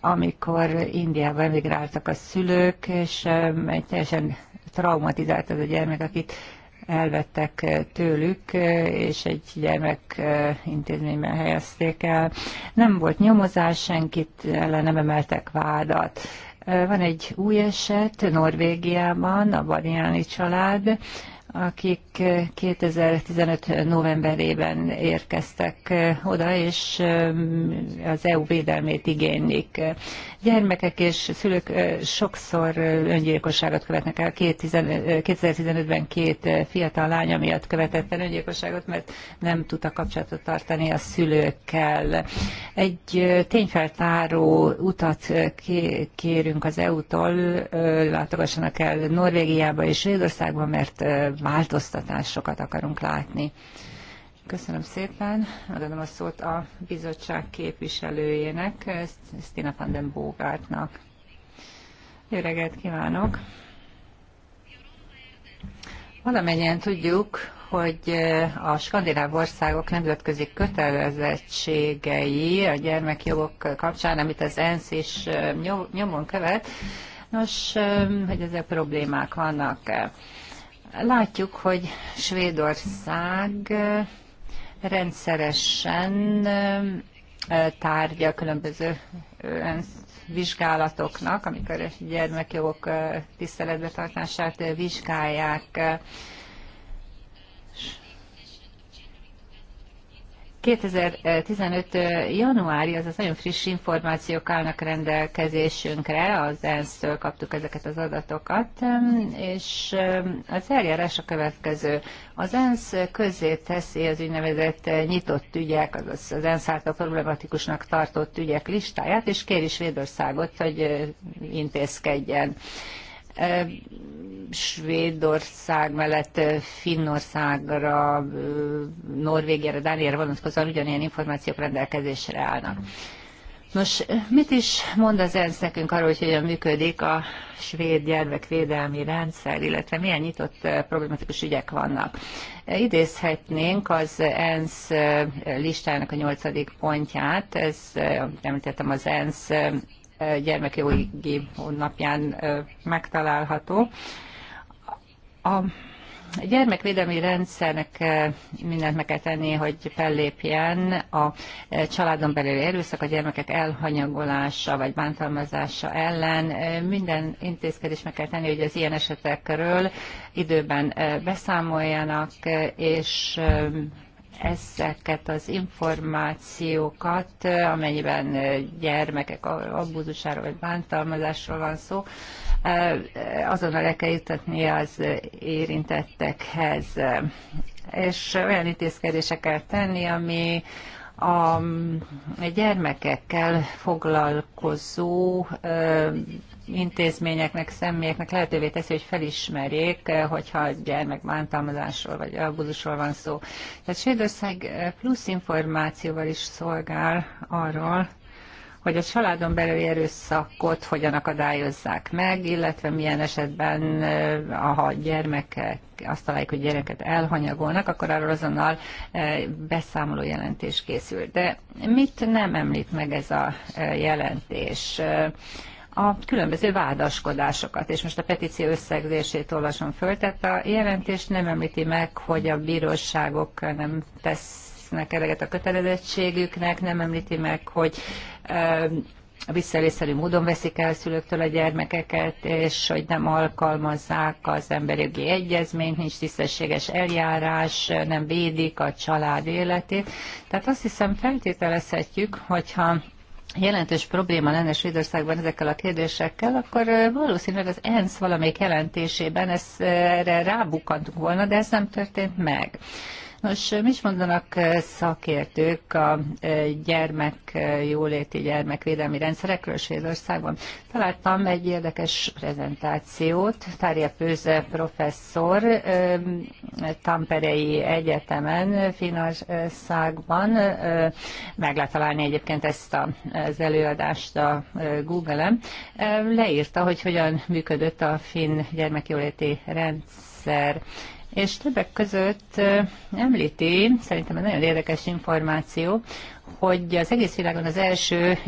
amikor Indiába emigráltak a szülők, és egy teljesen traumatizált az a gyermek, akit elvettek tőlük, és egy gyermek intézményben helyezték el. Nem volt nyomozás, senkit ellen nem emeltek vádat. Van egy új eset Norvégiában, a Bariani család, akik 2015 novemberében érkeztek eh, oda, és eh, az EU védelmét igénylik. Gyermekek és szülők eh, sokszor öngyilkosságot követnek el. 2015-ben két fiatal lánya miatt követett el öngyilkosságot, mert nem tudta kapcsolatot tartani a szülőkkel. Egy tényfeltáró utat kérünk az EU-tól, látogassanak el Norvégiába és Svédországba, mert változtatásokat akarunk látni. Köszönöm szépen. Adom a szót a bizottság képviselőjének, Stina van den Bogartnak. Jó reggelt kívánok! Valamennyien tudjuk, hogy a skandináv országok nemzetközi kötelezettségei a gyermekjogok kapcsán, amit az ENSZ is nyomon követ, nos, hogy ezek problémák vannak. -e. Látjuk, hogy Svédország eh, rendszeresen eh, tárgya különböző eh, vizsgálatoknak, amikor gyermekjogok tartását vizsgálják 2015. januári, azaz nagyon friss információk állnak rendelkezésünkre, az ensz kaptuk ezeket az adatokat, és az eljárás a következő. Az ENSZ közzé teszi az úgynevezett nyitott ügyek, azaz az ENSZ által problematikusnak tartott ügyek listáját, és kér is Védországot, hogy intézkedjen. Svédország mellett Finnországra, Norvégiára, Dániára vonatkozóan ugyanilyen információk rendelkezésre állnak. Nos, mit is mond az ENSZ nekünk arról, hogy hogyan működik a svéd gyermekvédelmi rendszer, illetve milyen nyitott problematikus ügyek vannak? Idézhetnénk az ENSZ listának a nyolcadik pontját, ez, amit említettem, az ENSZ gyermekjogi honlapján megtalálható. A gyermekvédelmi rendszernek mindent meg kell tenni, hogy fellépjen a családon belüli erőszak, a gyermekek elhanyagolása vagy bántalmazása ellen. Minden intézkedés meg kell tenni, hogy az ilyen esetekről időben beszámoljanak, és ezeket az információkat, amennyiben gyermekek abúzusáról vagy bántalmazásról van szó, azonnal le kell jutatni az érintettekhez. És olyan intézkedéseket tenni, ami a gyermekekkel foglalkozó intézményeknek, személyeknek lehetővé teszi, hogy felismerjék, eh, hogyha gyermek bántalmazásról vagy abuzusról van szó. Tehát Svédország eh, plusz információval is szolgál arról, hogy a családon belüli erőszakot hogyan akadályozzák meg, illetve milyen esetben, eh, ha gyermekek azt találjuk, hogy gyereket elhanyagolnak, akkor arról azonnal beszámoló jelentés készül. De mit nem említ meg ez a jelentés? a különböző vádaskodásokat, és most a petíció összegzését olvasom föl, tehát a jelentés nem említi meg, hogy a bíróságok nem tesznek eleget a kötelezettségüknek, nem említi meg, hogy a visszaélésszerű módon veszik el szülőktől a gyermekeket, és hogy nem alkalmazzák az emberi jogi egyezményt, nincs tisztességes eljárás, nem védik a család életét. Tehát azt hiszem feltételezhetjük, hogyha jelentős probléma lenne Svédországban ezekkel a kérdésekkel, akkor valószínűleg az ENSZ valamelyik jelentésében ezt, erre rábukkantunk volna, de ez nem történt meg. Nos, mi is mondanak eh, szakértők a eh, gyermek eh, jóléti gyermekvédelmi rendszerekről Svédországban? Találtam egy érdekes prezentációt. Tárja Pőze professzor Tamperei Egyetemen, Finországban. Meg lehet találni egyébként ezt a, az előadást a Google-en. Leírta, hogy hogyan működött a finn gyermekjóléti rendszer és többek között említi, szerintem egy nagyon érdekes információ, hogy az egész világon az első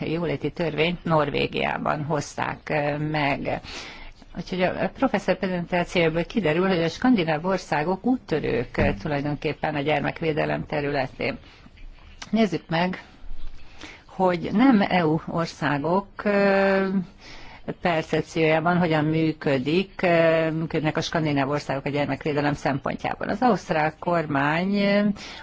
jóléti törvényt Norvégiában hozták meg. Úgyhogy a professzor prezentációjából kiderül, hogy a skandináv országok úttörők tulajdonképpen a gyermekvédelem területén. Nézzük meg, hogy nem EU országok percepciójában hogyan működik, eh, működnek a skandináv országok a gyermekvédelem szempontjából. Az ausztrál kormány,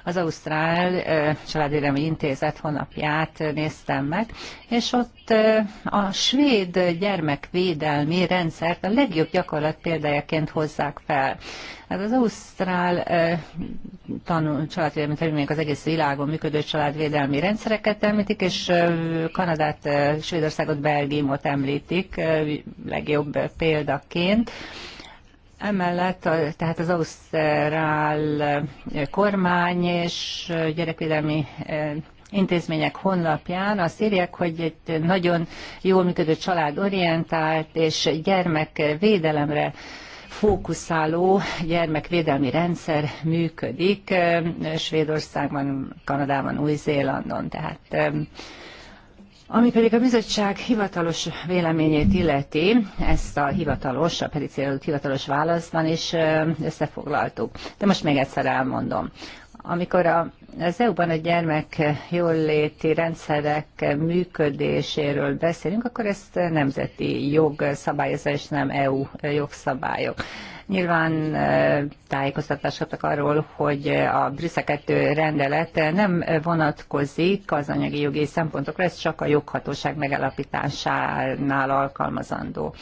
az ausztrál eh, családvédelmi intézet honapját néztem meg, és ott eh, a svéd gyermekvédelmi rendszert a legjobb gyakorlat példájaként hozzák fel. Hát az Ausztrál családvédelmi törvények az egész világon működő családvédelmi rendszereket említik, és Kanadát, Svédországot, Belgiumot említik legjobb példaként. Emellett tehát az ausztrál kormány és gyerekvédelmi intézmények honlapján azt írják, hogy egy nagyon jól működő családorientált és gyermekvédelemre fókuszáló gyermekvédelmi rendszer működik Svédországban, Kanadában, Új-Zélandon. Tehát ami pedig a bizottság hivatalos véleményét illeti, ezt a hivatalos, a petíciót hivatalos válaszban is összefoglaltuk. De most még egyszer elmondom. Amikor a, az EU-ban a gyermek jólléti rendszerek működéséről beszélünk, akkor ezt nemzeti jogszabályozás, és nem EU jogszabályok. Nyilván e, tájékoztatást arról, hogy a Brüsszel 2 rendelet nem vonatkozik az anyagi jogi szempontokra, ez csak a joghatóság megalapításánál alkalmazandó.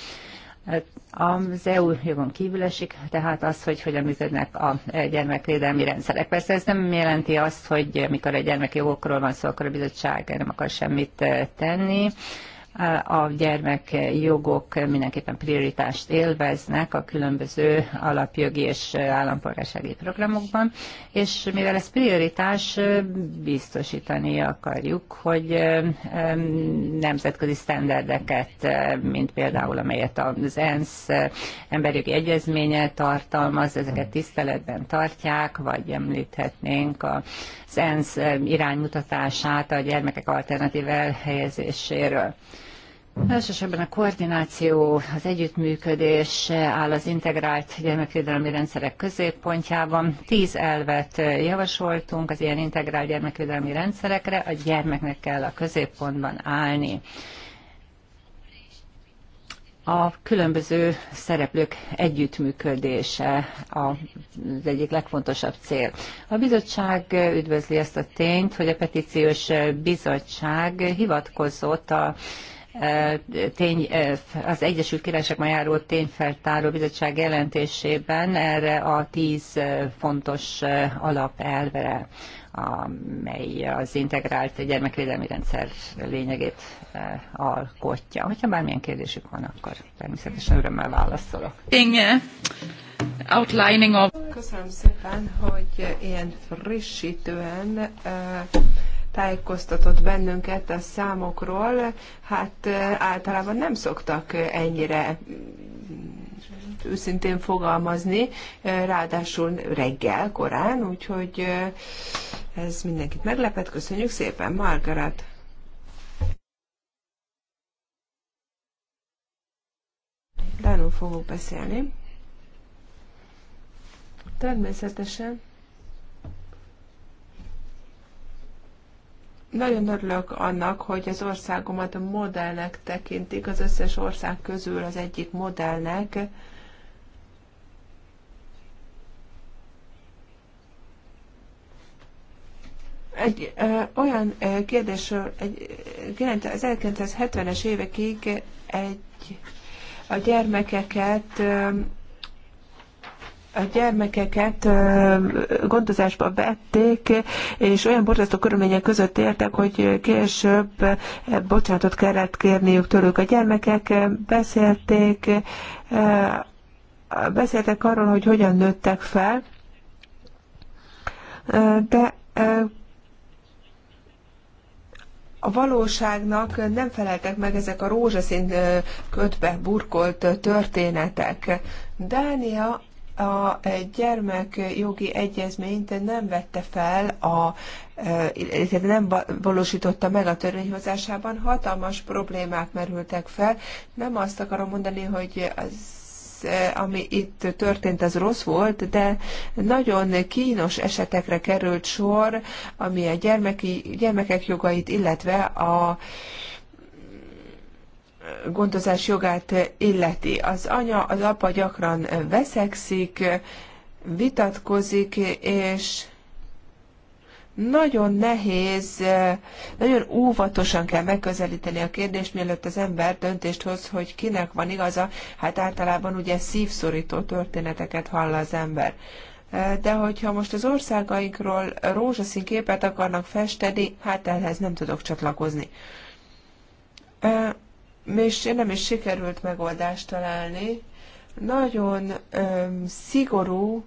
Az EU jogon kívül esik, tehát az, hogy hogyan működnek a gyermekvédelmi rendszerek. Persze ez nem jelenti azt, hogy mikor a gyermekjogokról van szó, akkor a bizottság nem akar semmit eh, tenni a gyermek jogok mindenképpen prioritást élveznek a különböző alapjogi és állampolgársági programokban, és mivel ez prioritás, biztosítani akarjuk, hogy nemzetközi sztenderdeket, mint például amelyet az ENSZ emberjogi egyezménye tartalmaz, ezeket tiszteletben tartják, vagy említhetnénk az ENSZ iránymutatását a gyermekek alternatív elhelyezéséről. Elsősorban a koordináció, az együttműködés áll az integrált gyermekvédelmi rendszerek középpontjában. Tíz elvet javasoltunk az ilyen integrált gyermekvédelmi rendszerekre, a gyermeknek kell a középpontban állni a különböző szereplők együttműködése az egyik legfontosabb cél. A bizottság üdvözli ezt a tényt, hogy a petíciós bizottság hivatkozott a tény, eh, az Egyesült Királyság már járó tényfeltáró bizottság jelentésében erre a tíz eh, fontos eh, alapelvere, amely az integrált gyermekvédelmi rendszer lényegét alkotja. Hogyha bármilyen kérdésük van, akkor természetesen örömmel válaszolok. Igen. outlining of... Köszönöm szépen, hogy ilyen frissítően tájékoztatott bennünket a számokról, hát általában nem szoktak ennyire őszintén fogalmazni, ráadásul reggel, korán, úgyhogy ez mindenkit meglepet. Köszönjük szépen, Margaret! Dánul fogok beszélni. Természetesen Nagyon örülök annak, hogy az országomat a modellnek tekintik, az összes ország közül az egyik modellnek. Egy ö, olyan ö, kérdésről, egy, 1970-es évekig egy a gyermekeket a gyermekeket gondozásba vették, és olyan borzasztó körülmények között éltek, hogy később bocsánatot kellett kérniük tőlük. A gyermekek beszélték, beszéltek arról, hogy hogyan nőttek fel, de a valóságnak nem feleltek meg ezek a rózsaszín kötbe burkolt történetek. Dánia a jogi egyezményt nem vette fel a e, nem valósította meg a törvényhozásában, hatalmas problémák merültek fel. Nem azt akarom mondani, hogy az ami itt történt, az rossz volt, de nagyon kínos esetekre került sor, ami a gyermeki, gyermekek jogait, illetve a gondozás jogát illeti. Az anya, az apa gyakran veszekszik, vitatkozik, és nagyon nehéz, nagyon óvatosan kell megközelíteni a kérdést, mielőtt az ember döntést hoz, hogy kinek van igaza. Hát általában ugye szívszorító történeteket hall az ember. De hogyha most az országainkról rózsaszín képet akarnak festeni, hát ehhez nem tudok csatlakozni és nem is sikerült megoldást találni. Nagyon öm, szigorú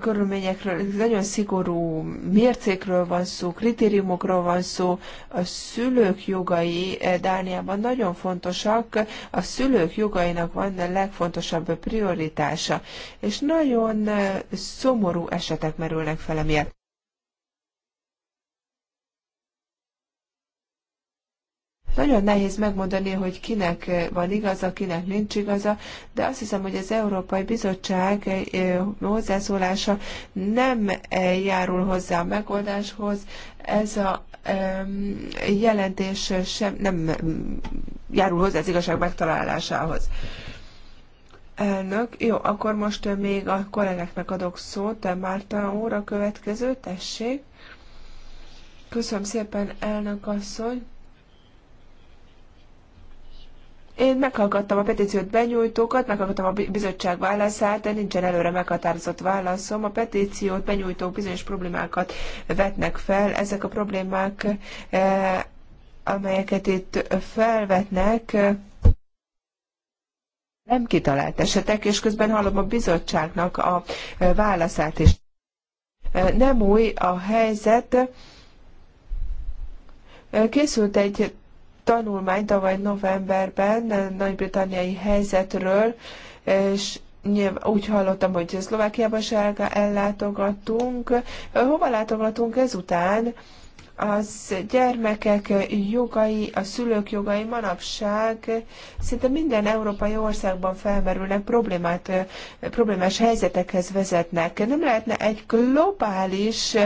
körülményekről, nagyon szigorú mércékről van szó, kritériumokról van szó, a szülők jogai eh, Dániában nagyon fontosak, a szülők jogainak van a legfontosabb prioritása, és nagyon eh, szomorú esetek merülnek fel emiatt. Nagyon nehéz megmondani, hogy kinek van igaza, kinek nincs igaza, de azt hiszem, hogy az Európai Bizottság eh, hozzászólása nem eh, járul hozzá a megoldáshoz. Ez a jelentés sem nem mm, járul hozzá az igazság megtalálásához. Elnök, jó, akkor most eh, még a kollégáknak adok szót, Márta óra következő, tessék. Köszönöm szépen, elnök asszony. Én meghallgattam a petíciót benyújtókat, meghallgattam a bizottság válaszát, de nincsen előre meghatározott válaszom. A petíciót benyújtók bizonyos problémákat vetnek fel. Ezek a problémák, eh, amelyeket itt felvetnek, nem kitalált esetek, és közben hallom a bizottságnak a eh, válaszát is. Eh, nem új a helyzet. Készült egy tanulmány tavaly novemberben nagy-britanniai helyzetről, és nyilván úgy hallottam, hogy Szlovákiába sárga ellátogatunk. Hova látogatunk ezután? az gyermekek jogai, a szülők jogai manapság szinte minden európai országban felmerülnek, problémát, problémás helyzetekhez vezetnek. Nem lehetne egy globális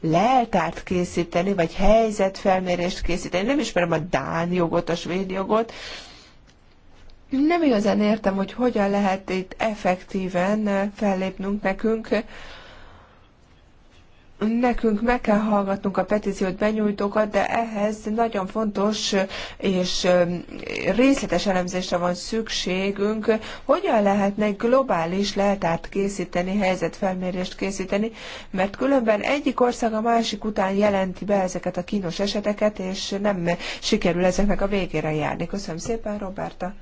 leltárt készíteni, vagy helyzetfelmérést készíteni. Nem ismerem a Dán jogot, a svéd jogot, nem igazán értem, hogy hogyan lehet itt effektíven fellépnünk nekünk nekünk meg kell hallgatnunk a petíciót benyújtókat, de ehhez nagyon fontos és részletes elemzésre van szükségünk, hogyan lehetne globális leltárt készíteni, helyzetfelmérést készíteni, mert különben egyik ország a másik után jelenti be ezeket a kínos eseteket, és nem sikerül ezeknek a végére járni. Köszönöm szépen, Roberta.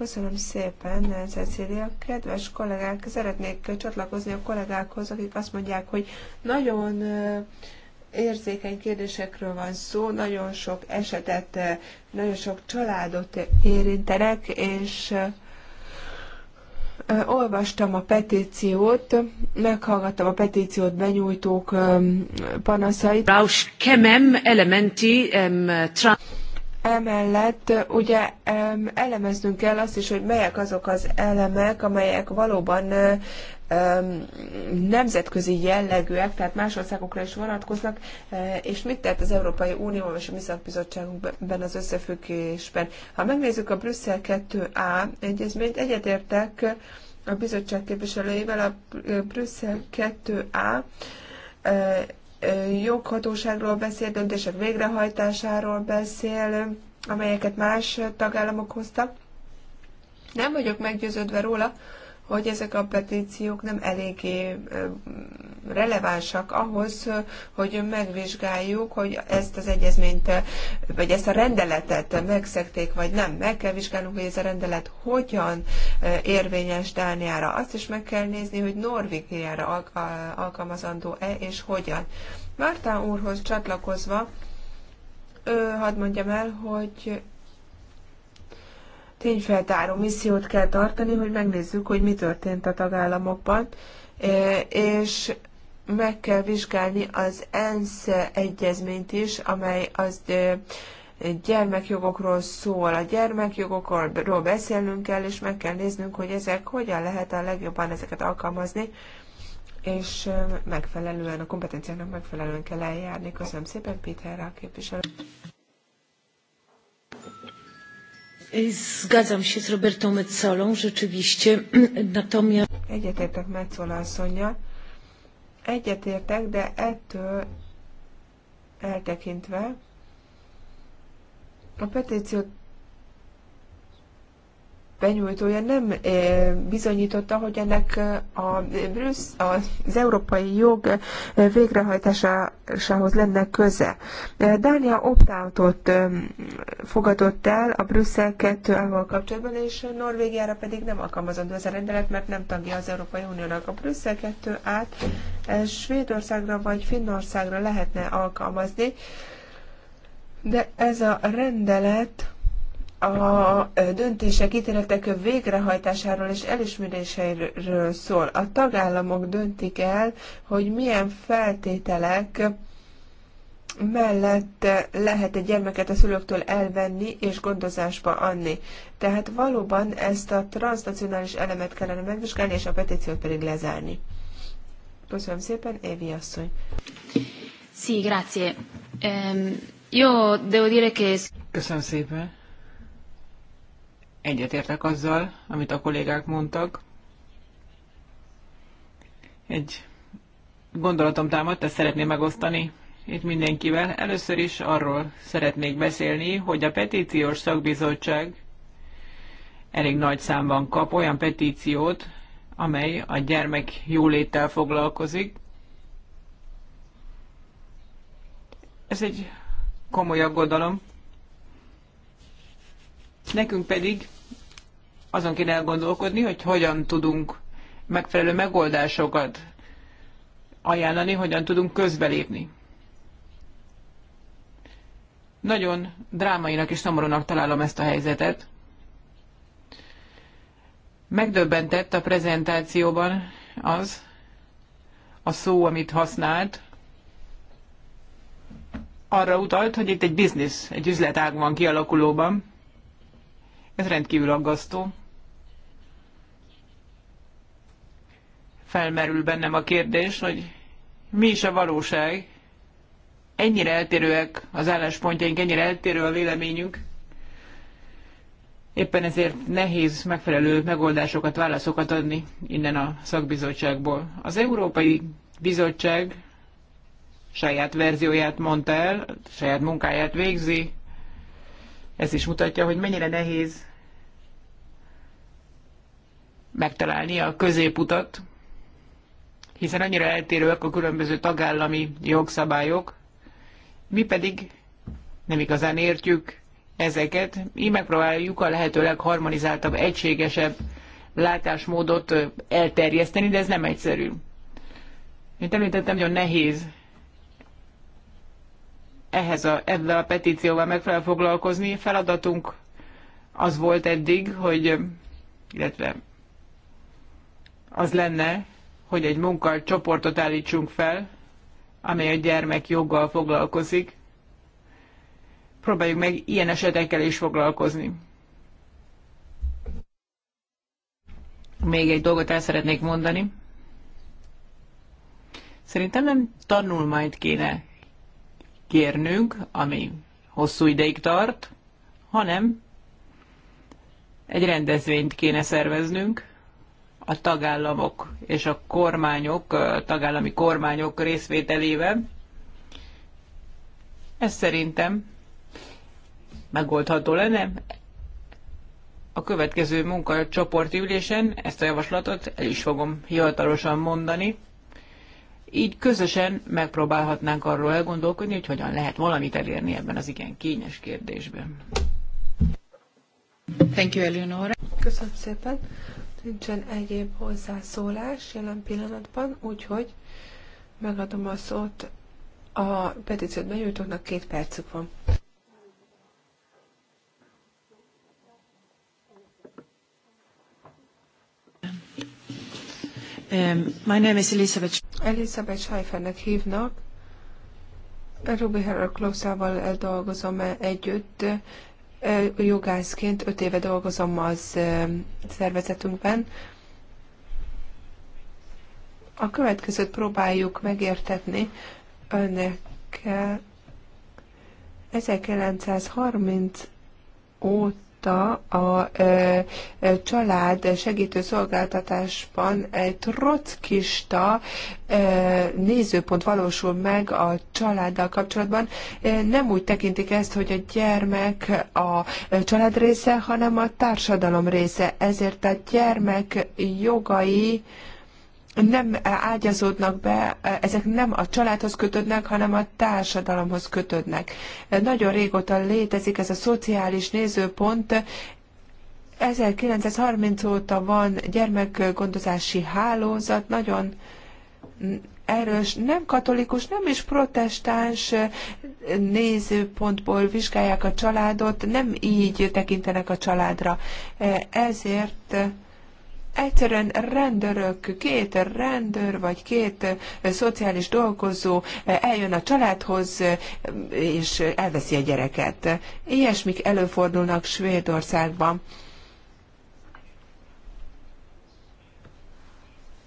Köszönöm szépen, Cecília. Kedves kollégák, szeretnék csatlakozni a kollégákhoz, akik azt mondják, hogy nagyon érzékeny kérdésekről van szó, nagyon sok esetet, nagyon sok családot érintenek, és olvastam a petíciót, meghallgattam a petíciót benyújtók panaszait. Rausch kemem elementi em, Emellett ugye elemeznünk kell azt is, hogy melyek azok az elemek, amelyek valóban nemzetközi jellegűek, tehát más országokra is vonatkoznak, e, és mit tett az Európai Unió és a mi szakbizottságunkban az összefüggésben. Ha megnézzük a Brüsszel 2A egyezményt, egyetértek a bizottság képviselőivel a Brüsszel 2A joghatóságról beszél, döntések végrehajtásáról beszél, amelyeket más tagállamok hoztak. Nem vagyok meggyőződve róla, hogy ezek a petíciók nem eléggé relevánsak ahhoz, hogy megvizsgáljuk, hogy ezt az egyezményt, vagy ezt a rendeletet megszekték, vagy nem. Meg kell vizsgálnunk, hogy ez a rendelet hogyan érvényes Dániára. Azt is meg kell nézni, hogy Norvégiára alkalmazandó-e, és hogyan. Márta úrhoz csatlakozva, hadd mondjam el, hogy tényfeltáró missziót kell tartani, hogy megnézzük, hogy mi történt a tagállamokban, e, és meg kell vizsgálni az ENSZ egyezményt is, amely az e, gyermekjogokról szól. A gyermekjogokról beszélnünk kell, és meg kell néznünk, hogy ezek hogyan lehet a legjobban ezeket alkalmazni, és e, megfelelően, a kompetenciának megfelelően kell eljárni. Köszönöm szépen, Péter, a képviselő. Zgadzam się z Robertą Metsolą, rzeczywiście, natomiast... Egyetértek Metzola asszonya. Egyetértek, de ettől eltekintve a petíciót benyújtója nem eh, bizonyította, hogy ennek eh, a, Brüssz, az európai jog eh, végrehajtásához lenne köze. Dánia optáltott fogadott el a Brüsszel 2 ával kapcsolatban, és Norvégiára pedig nem alkalmazandó ez a rendelet, mert nem tagja az Európai Uniónak. A Brüsszel 2 át Svédországra vagy Finnországra lehetne alkalmazni, de ez a rendelet a döntések, ítéletek végrehajtásáról és elismeréseiről szól. A tagállamok döntik el, hogy milyen feltételek mellett lehet egy gyermeket a szülőktől elvenni és gondozásba adni. Tehát valóban ezt a transnacionális elemet kellene megvizsgálni, és a petíciót pedig lezárni. Köszönöm szépen, Évi asszony. Sí, grazie. Um, yo devo dire che... Köszönöm szépen egyetértek azzal, amit a kollégák mondtak. Egy gondolatom támadt, ezt szeretném megosztani itt mindenkivel. Először is arról szeretnék beszélni, hogy a petíciós szakbizottság elég nagy számban kap olyan petíciót, amely a gyermek jóléttel foglalkozik. Ez egy komoly aggodalom. Nekünk pedig azon kéne elgondolkodni, hogy hogyan tudunk megfelelő megoldásokat ajánlani, hogyan tudunk közbelépni. Nagyon drámainak és szomorúnak találom ezt a helyzetet. Megdöbbentett a prezentációban az a szó, amit használt, arra utalt, hogy itt egy biznisz, egy üzletág van kialakulóban, ez rendkívül aggasztó. Felmerül bennem a kérdés, hogy mi is a valóság. Ennyire eltérőek az álláspontjaink, ennyire eltérő a véleményünk. Éppen ezért nehéz megfelelő megoldásokat, válaszokat adni innen a szakbizottságból. Az Európai Bizottság saját verzióját mondta el, saját munkáját végzi. Ez is mutatja, hogy mennyire nehéz megtalálni a középutat, hiszen annyira eltérőek a különböző tagállami jogszabályok, mi pedig nem igazán értjük ezeket, így megpróbáljuk a lehető legharmonizáltabb, egységesebb látásmódot elterjeszteni, de ez nem egyszerű. Mint említettem, nagyon nehéz ehhez a, ezzel a petícióval megfelel foglalkozni. Feladatunk az volt eddig, hogy illetve az lenne, hogy egy munkacsoportot állítsunk fel, amely a gyermek joggal foglalkozik. Próbáljuk meg ilyen esetekkel is foglalkozni. Még egy dolgot el szeretnék mondani. Szerintem nem tanulmányt kéne kérnünk, ami hosszú ideig tart, hanem egy rendezvényt kéne szerveznünk, a tagállamok és a kormányok, a tagállami kormányok részvételével. Ez szerintem megoldható lenne. A következő munkacsoporti ülésen ezt a javaslatot el is fogom hivatalosan mondani. Így közösen megpróbálhatnánk arról elgondolkodni, hogy hogyan lehet valamit elérni ebben az igen kényes kérdésben. Thank you, Eleonora. Köszönöm szépen. Nincsen egyéb hozzászólás jelen pillanatban, úgyhogy megadom a szót a petíciót benyújtóknak, két percük van. Um, my name is Elizabeth. Elizabeth Schaifernek hívnak. Ruby Herrer Klószával dolgozom együtt jogászként öt éve dolgozom az szervezetünkben. A következőt próbáljuk megértetni önnek. 1930 óta megkapta a család segítő szolgáltatásban egy trockista nézőpont valósul meg a családdal kapcsolatban. Nem úgy tekintik ezt, hogy a gyermek a család része, hanem a társadalom része. Ezért a gyermek jogai nem ágyazódnak be, ezek nem a családhoz kötődnek, hanem a társadalomhoz kötődnek. Nagyon régóta létezik ez a szociális nézőpont, 1930 óta van gyermekgondozási hálózat, nagyon erős, nem katolikus, nem is protestáns nézőpontból vizsgálják a családot, nem így tekintenek a családra. Ezért egyszerűen rendőrök, két rendőr vagy két eh, szociális dolgozó eh, eljön a családhoz, eh, és elveszi a gyereket. Ilyesmik előfordulnak Svédországban.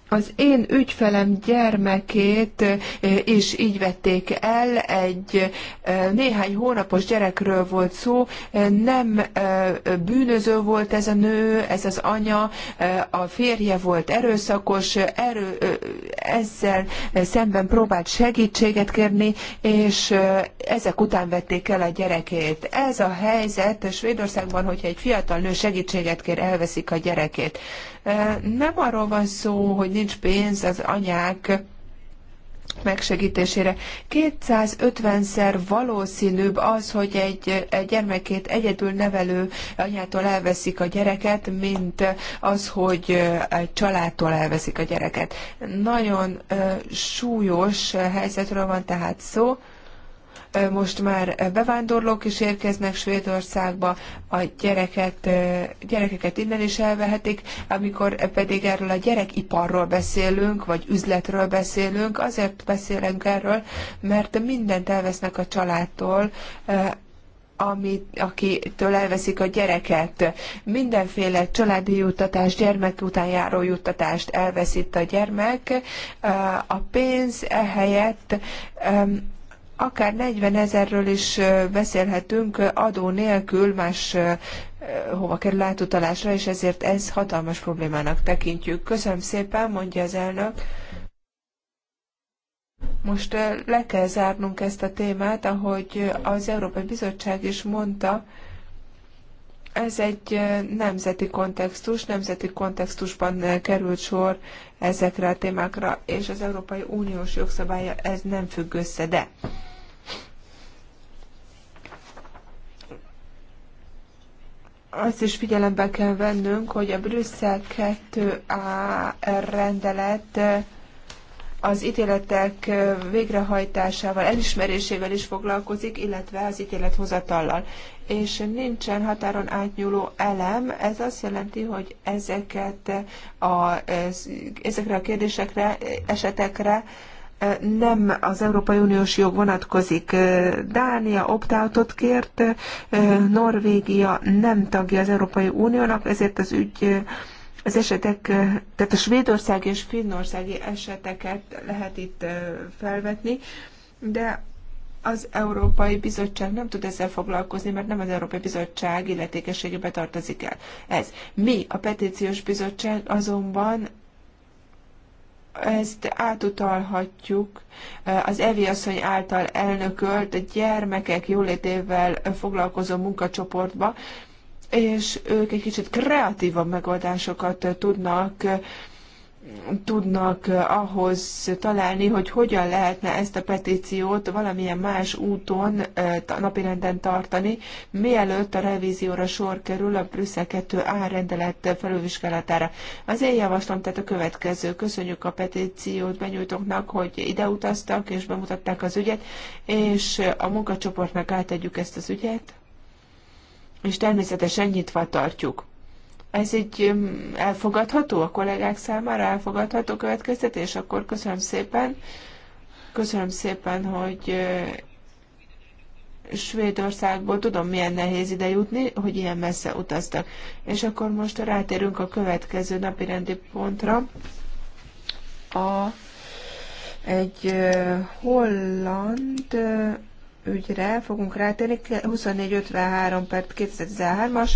az én ügyfelem gyermekét eh, is így vették el, egy eh, néhány hónapos gyerekről volt szó, eh, nem bűnöző volt ez a nő, ez az anya, a férje volt erőszakos, erő, ezzel szemben próbált segítséget kérni, és ezek után vették el a gyerekét. Ez a helyzet Svédországban, hogyha egy fiatal nő segítséget kér, elveszik a gyerekét. Nem arról van szó, hogy nincs pénz az anyák megsegítésére. 250-szer valószínűbb az, hogy egy, gyermekét egyedül nevelő anyától elveszik a gyereket, mint az, hogy egy családtól elveszik a gyereket. Nagyon súlyos helyzetről van tehát szó most már bevándorlók is érkeznek Svédországba, a gyereket, gyerekeket innen is elvehetik, amikor pedig erről a gyerekiparról beszélünk, vagy üzletről beszélünk, azért beszélünk erről, mert mindent elvesznek a családtól, ami, akitől elveszik a gyereket. Mindenféle családi juttatást, gyermek után járó juttatást elveszít a gyermek. A pénz ehelyett akár 40 ezerről is beszélhetünk adó nélkül más hova kerül átutalásra, és ezért ez hatalmas problémának tekintjük. Köszönöm szépen, mondja az elnök. Most le kell zárnunk ezt a témát, ahogy az Európai Bizottság is mondta, ez egy nemzeti kontextus, nemzeti kontextusban került sor ezekre a témákra, és az Európai Uniós jogszabálya ez nem függ össze, de azt is figyelembe kell vennünk, hogy a Brüsszel 2A rendelet az ítéletek végrehajtásával, elismerésével is foglalkozik, illetve az ítélethozatallal. És nincsen határon átnyúló elem, ez azt jelenti, hogy ezeket a, ezekre a kérdésekre, esetekre nem az Európai Uniós jog vonatkozik. Dánia optáltot kért, Norvégia nem tagja az Európai Uniónak, ezért az ügy az esetek, tehát a svédország és finnországi eseteket lehet itt felvetni, de az Európai Bizottság nem tud ezzel foglalkozni, mert nem az Európai Bizottság illetékességébe tartozik el. Ez. Mi, a Petíciós Bizottság azonban ezt átutalhatjuk az Evi asszony által elnökölt gyermekek jólétével foglalkozó munkacsoportba, és ők egy kicsit kreatívabb megoldásokat tudnak tudnak ahhoz találni, hogy hogyan lehetne ezt a petíciót valamilyen más úton napirenden tartani, mielőtt a revízióra sor kerül a Brüsszel 2A rendelet felülvizsgálatára. Az én javaslom tehát a következő. Köszönjük a petíciót benyújtóknak, hogy ide utaztak és bemutatták az ügyet, és a munkacsoportnak átadjuk ezt az ügyet és természetesen nyitva tartjuk. Ez egy mm, elfogadható a kollégák számára, elfogadható következtetés, akkor köszönöm szépen. Köszönöm szépen, hogy Svédországból tudom, milyen nehéz ide jutni, hogy ilyen messze utaztak. És akkor most rátérünk a következő napi rendi pontra. A, egy holland ügyre fogunk rátérni. 2453 per 2013-as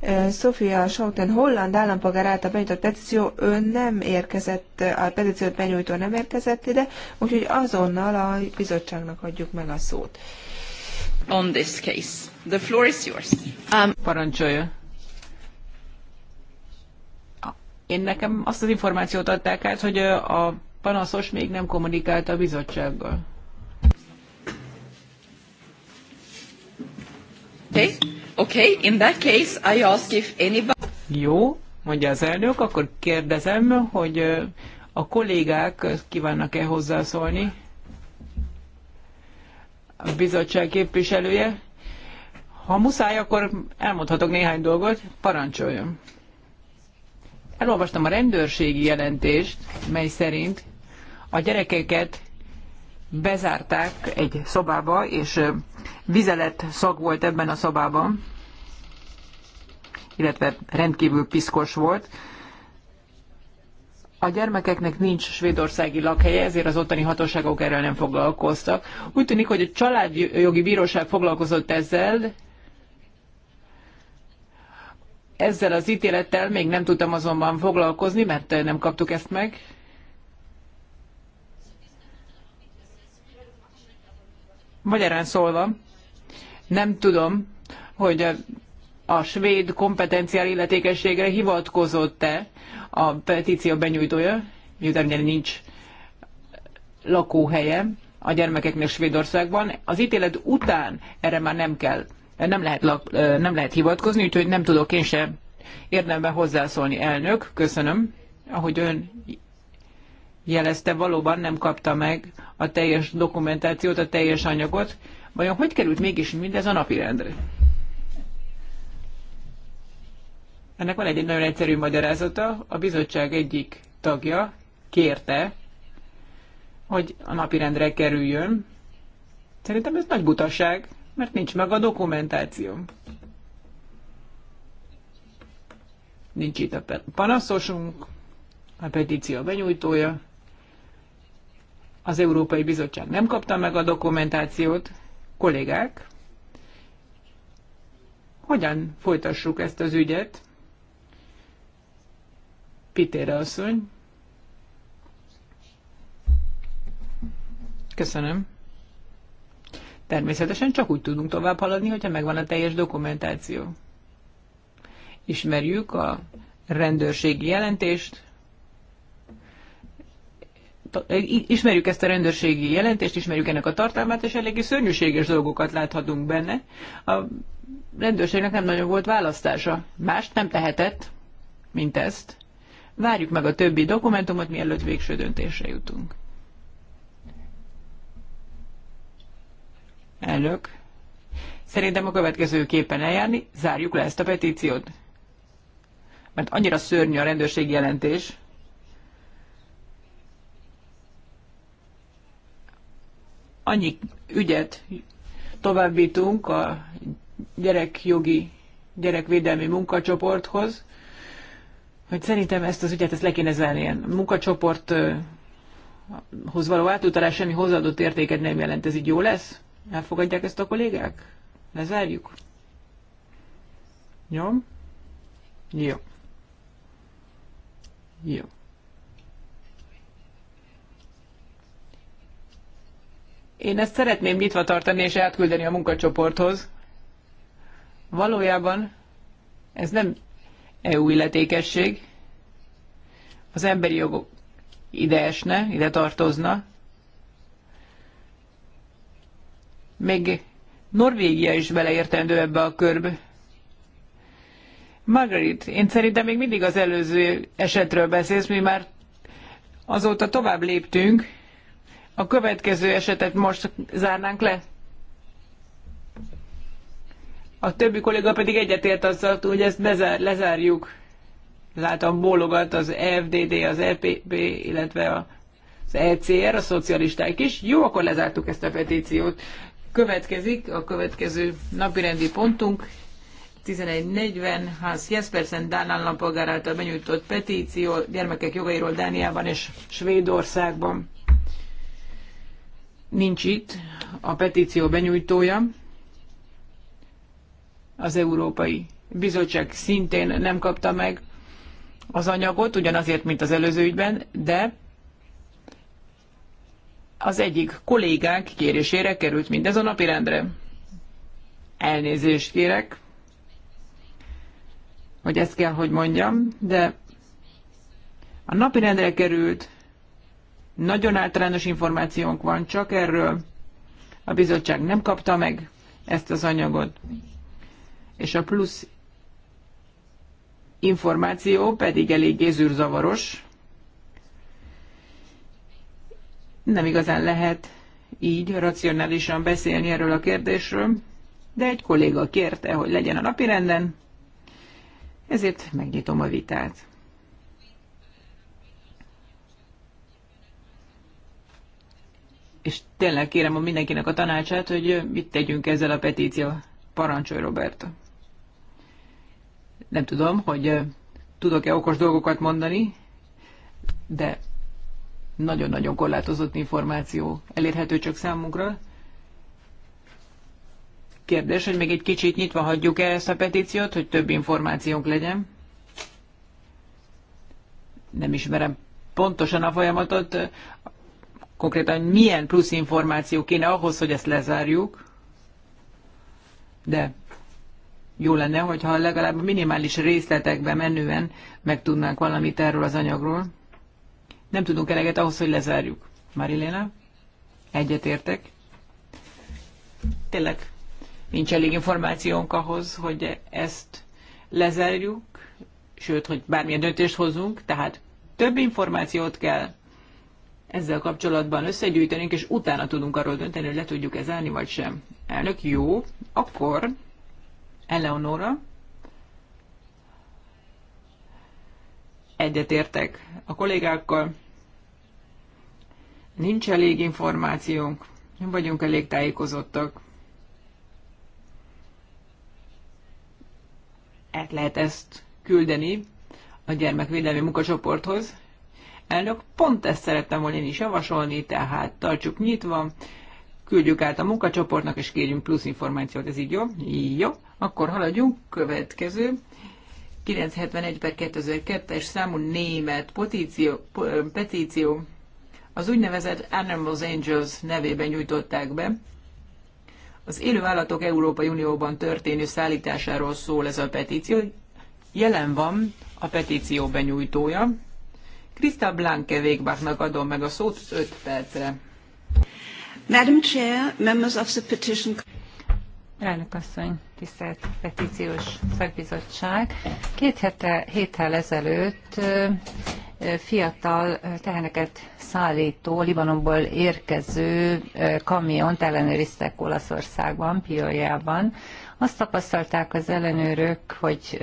eh, Sofia Schouten holland állampolgár által benyújtott petíció, ő nem érkezett, a petíciót benyújtó nem érkezett ide, úgyhogy azonnal a bizottságnak adjuk meg a szót. On this case. The floor is yours. Um, Parancsolja. Én nekem azt az információt adták át, hogy a panaszos még nem kommunikált a bizottsággal. Okay. Okay, in that case I ask if anybody... Jó, mondja az elnök, akkor kérdezem, hogy a kollégák kívánnak-e hozzászólni? A bizottság képviselője? Ha muszáj, akkor elmondhatok néhány dolgot, parancsoljon. Elolvastam a rendőrségi jelentést, mely szerint a gyerekeket bezárták egy szobába, és vizelet szag volt ebben a szobában, illetve rendkívül piszkos volt. A gyermekeknek nincs svédországi lakhelye, ezért az ottani hatóságok erről nem foglalkoztak. Úgy tűnik, hogy a családjogi bíróság foglalkozott ezzel, ezzel az ítélettel még nem tudtam azonban foglalkozni, mert nem kaptuk ezt meg. magyarán szólva, nem tudom, hogy a, a svéd kompetenciál illetékességre hivatkozott-e a petíció benyújtója, miután ugye nincs lakóhelye a gyermekeknek Svédországban. Az ítélet után erre már nem kell, nem lehet, lak, nem lehet hivatkozni, úgyhogy nem tudok én sem érdemben hozzászólni, elnök. Köszönöm, ahogy ön jelezte, valóban nem kapta meg a teljes dokumentációt, a teljes anyagot. Vajon hogy került mégis mindez a napirendre? Ennek van egy nagyon egyszerű magyarázata. A bizottság egyik tagja kérte, hogy a napirendre kerüljön. Szerintem ez nagy butaság, mert nincs meg a dokumentáció. Nincs itt a panaszosunk, a petíció benyújtója az Európai Bizottság nem kapta meg a dokumentációt. Kollégák, hogyan folytassuk ezt az ügyet? Pitére asszony. Köszönöm. Természetesen csak úgy tudunk tovább haladni, hogyha megvan a teljes dokumentáció. Ismerjük a rendőrségi jelentést, ismerjük ezt a rendőrségi jelentést, ismerjük ennek a tartalmát, és eléggé szörnyűséges dolgokat láthatunk benne. A rendőrségnek nem nagyon volt választása. Mást nem tehetett, mint ezt. Várjuk meg a többi dokumentumot, mielőtt végső döntésre jutunk. Elnök. Szerintem a következő képen eljárni, zárjuk le ezt a petíciót. Mert annyira szörnyű a rendőrségi jelentés, annyi ügyet továbbítunk a gyerekjogi, gyerekvédelmi munkacsoporthoz, hogy szerintem ezt az ügyet ezt le kéne zárni. A munkacsoporthoz való átutalás semmi hozzáadott értéket nem jelent. Ez így jó lesz? Elfogadják ezt a kollégák? Lezárjuk? Jó? Jó. Jó. Én ezt szeretném nyitva tartani és átküldeni a munkacsoporthoz. Valójában ez nem EU illetékesség. Az emberi jogok ide esne, ide tartozna. Még Norvégia is beleértendő ebbe a körbe. Margaret, én szerintem még mindig az előző esetről beszélsz, mi már azóta tovább léptünk, a következő esetet most zárnánk le. A többi kolléga pedig egyetért azzal, hogy ezt bezár, lezárjuk. Látom, bólogat az FDD, az EPP, illetve az ECR, a szocialisták is. Jó, akkor lezártuk ezt a petíciót. Következik a következő napirendi pontunk. 11.40 Hans Jespersen Dán állampolgár által benyújtott petíció gyermekek jogairól Dániában és Svédországban nincs itt a petíció benyújtója. Az Európai Bizottság szintén nem kapta meg az anyagot, ugyanazért, mint az előző ügyben, de az egyik kollégánk kérésére került mindez a napirendre. Elnézést kérek, hogy ezt kell, hogy mondjam, de a napirendre került nagyon általános információnk van csak erről. A bizottság nem kapta meg ezt az anyagot. És a plusz információ pedig eléggé gézűrzavaros. Nem igazán lehet így racionálisan beszélni erről a kérdésről, de egy kolléga kérte, hogy legyen a napirenden, ezért megnyitom a vitát. és tényleg kérem a mindenkinek a tanácsát, hogy mit tegyünk ezzel a petíció. Parancsolj, Roberto. Nem tudom, hogy tudok-e okos dolgokat mondani, de nagyon-nagyon korlátozott információ elérhető csak számunkra. Kérdés, hogy még egy kicsit nyitva hagyjuk-e ezt a petíciót, hogy több információnk legyen? Nem ismerem pontosan a folyamatot konkrétan milyen plusz információ kéne ahhoz, hogy ezt lezárjuk, de jó lenne, hogyha legalább a minimális részletekbe menően megtudnánk valamit erről az anyagról. Nem tudunk eleget ahhoz, hogy lezárjuk. Mariléna, egyetértek. Tényleg nincs elég információnk ahhoz, hogy ezt lezárjuk, sőt, hogy bármilyen döntést hozunk, tehát több információt kell, ezzel kapcsolatban összegyűjtenünk, és utána tudunk arról dönteni, hogy le tudjuk ez állni, vagy sem. Elnök, jó. Akkor Eleonora. Egyetértek a kollégákkal. Nincs elég információnk, nem vagyunk elég tájékozottak. El lehet ezt küldeni a gyermekvédelmi munkacsoporthoz, Elnök, pont ezt szerettem volna én is javasolni, tehát tartsuk nyitva, küldjük át a munkacsoportnak, és kérjünk plusz információt, ez így jó? Jó, akkor haladjunk, következő. 971 per 2002-es számú német petíció, petíció az úgynevezett Animals Angels nevében nyújtották be. Az élő állatok Európai Unióban történő szállításáról szól ez a petíció. Jelen van a petíció benyújtója, Krista Blanke Végbachnak adom meg a szót 5 percre. Madam Chair, members of the petition... Elnök asszony, tisztelt petíciós szakbizottság. Két hete, héttel ezelőtt fiatal teheneket szállító, Libanonból érkező kamiont ellenőriztek Olaszországban, Piojában, azt tapasztalták az ellenőrök, hogy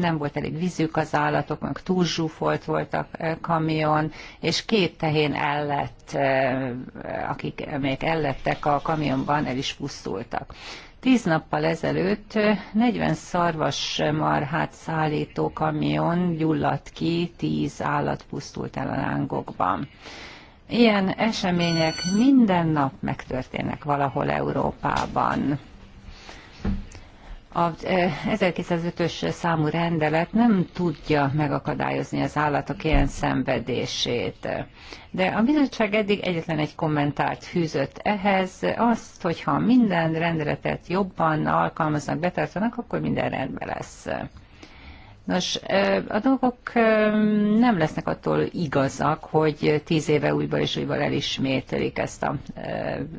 nem volt elég vízük az állatoknak, túl zsúfolt volt a kamion, és két tehén ellett, akik, még ellettek a kamionban, el is pusztultak. Tíz nappal ezelőtt 40 szarvas marhát szállító kamion gyulladt ki, tíz állat pusztult el a lángokban. Ilyen események minden nap megtörténnek valahol Európában a 1905-ös e, számú rendelet nem tudja megakadályozni az állatok ilyen szenvedését. De a bizottság eddig egyetlen egy kommentárt fűzött ehhez, azt, hogyha minden rendeletet jobban alkalmaznak, betartanak, akkor minden rendben lesz. Nos, e, a dolgok e, nem lesznek attól igazak, hogy tíz éve újból és újból elismételik ezt a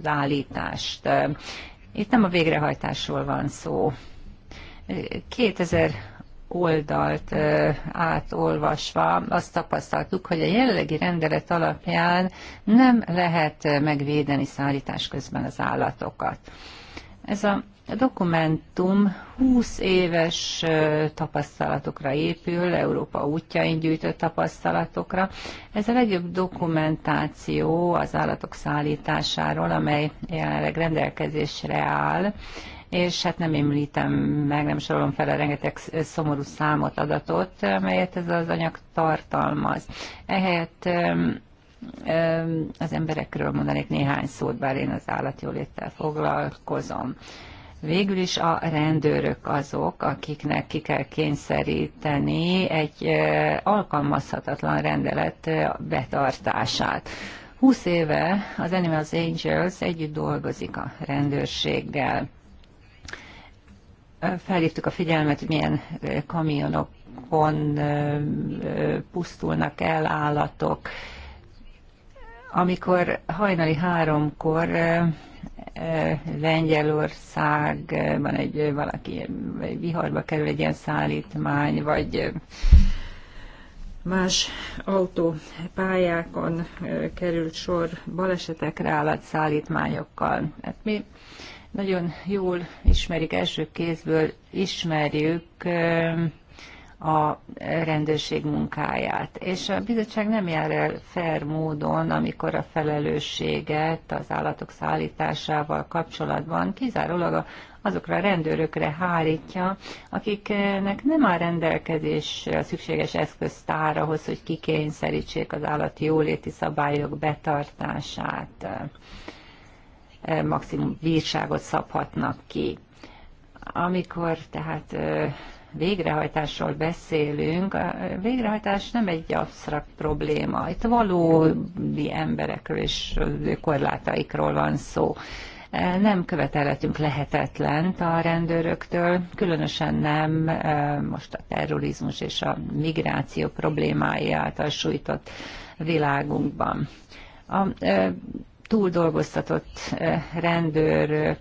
állítást. Itt nem a végrehajtásról van szó. 2000 oldalt átolvasva azt tapasztaltuk, hogy a jelenlegi rendelet alapján nem lehet megvédeni szállítás közben az állatokat. Ez a a dokumentum 20 éves tapasztalatokra épül, Európa útjain gyűjtött tapasztalatokra. Ez a legjobb dokumentáció az állatok szállításáról, amely jelenleg rendelkezésre áll és hát nem említem meg, nem sorolom fel a rengeteg szomorú számot, adatot, amelyet ez az anyag tartalmaz. Ehelyett az emberekről mondanék néhány szót, bár én az állatjóléttel foglalkozom. Végül is a rendőrök azok, akiknek ki kell kényszeríteni egy alkalmazhatatlan rendelet betartását. 20 éve az Animals Angels együtt dolgozik a rendőrséggel. Felhívtuk a figyelmet, hogy milyen kamionokon pusztulnak el állatok. Amikor hajnali háromkor Lengyelországban egy valaki viharba kerül egy ilyen szállítmány, vagy más autópályákon került sor balesetekre szállítmányokkal. Hát mi nagyon jól ismerik, első kézből ismerjük a rendőrség munkáját. És a bizottság nem jár el fair módon, amikor a felelősséget az állatok szállításával kapcsolatban kizárólag azokra a rendőrökre hárítja, akiknek nem áll rendelkezés a szükséges eszköztár ahhoz, hogy kikényszerítsék az állati jóléti szabályok betartását. E, maximum bírságot szabhatnak ki. Amikor tehát e, végrehajtásról beszélünk, a végrehajtás nem egy absztrakt probléma. Itt valódi emberekről és korlátaikról van szó. Nem követelhetünk lehetetlent a rendőröktől, különösen nem e, most a terrorizmus és a migráció problémái által sújtott világunkban. A e, túldolgoztatott rendőrök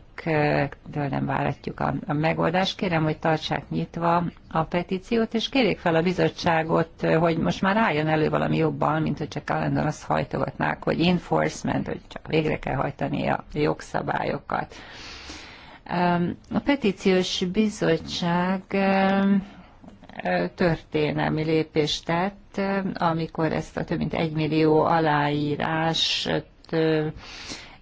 től nem váratjuk a, a megoldást. Kérem, hogy tartsák nyitva a petíciót, és kérjék fel a bizottságot, hogy most már álljon elő valami jobban, mint hogy csak állandóan azt hajtogatnák, hogy enforcement, hogy csak végre kell hajtani a jogszabályokat. A petíciós bizottság történelmi lépést tett, amikor ezt a több mint egy millió aláírás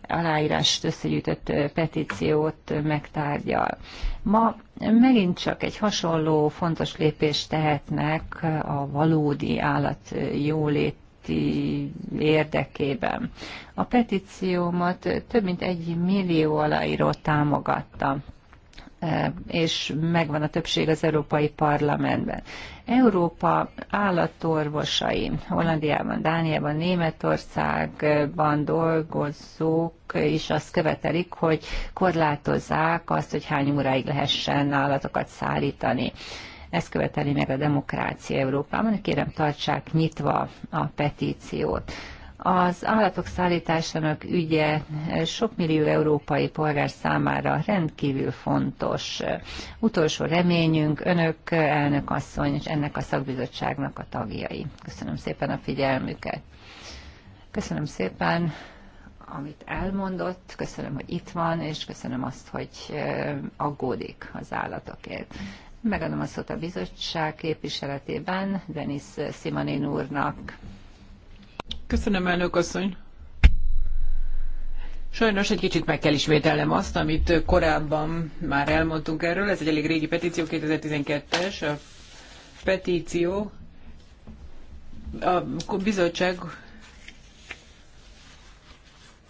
aláírást összegyűjtött petíciót megtárgyal. Ma megint csak egy hasonló fontos lépést tehetnek a valódi állat jólét érdekében. A petíciómat több mint egy millió aláíró támogatta és megvan a többség az Európai Parlamentben. Európa állatorvosai Hollandiában, Dániában, Németországban dolgozók is azt követelik, hogy korlátozzák azt, hogy hány óráig lehessen állatokat szállítani. Ezt követeli meg a demokrácia Európában. Kérem, tartsák nyitva a petíciót. Az állatok szállításának ügye sok millió európai polgár számára rendkívül fontos. Utolsó reményünk, önök, elnök asszony és ennek a szakbizottságnak a tagjai. Köszönöm szépen a figyelmüket. Köszönöm szépen, amit elmondott, köszönöm, hogy itt van, és köszönöm azt, hogy eh, aggódik az állatokért. Megadom a szót a bizottság képviseletében Denis Szimanin úrnak. Köszönöm, elnök asszony. Sajnos egy kicsit meg kell ismételnem azt, amit korábban már elmondtunk erről. Ez egy elég régi petíció, 2012-es. A petíció a bizottság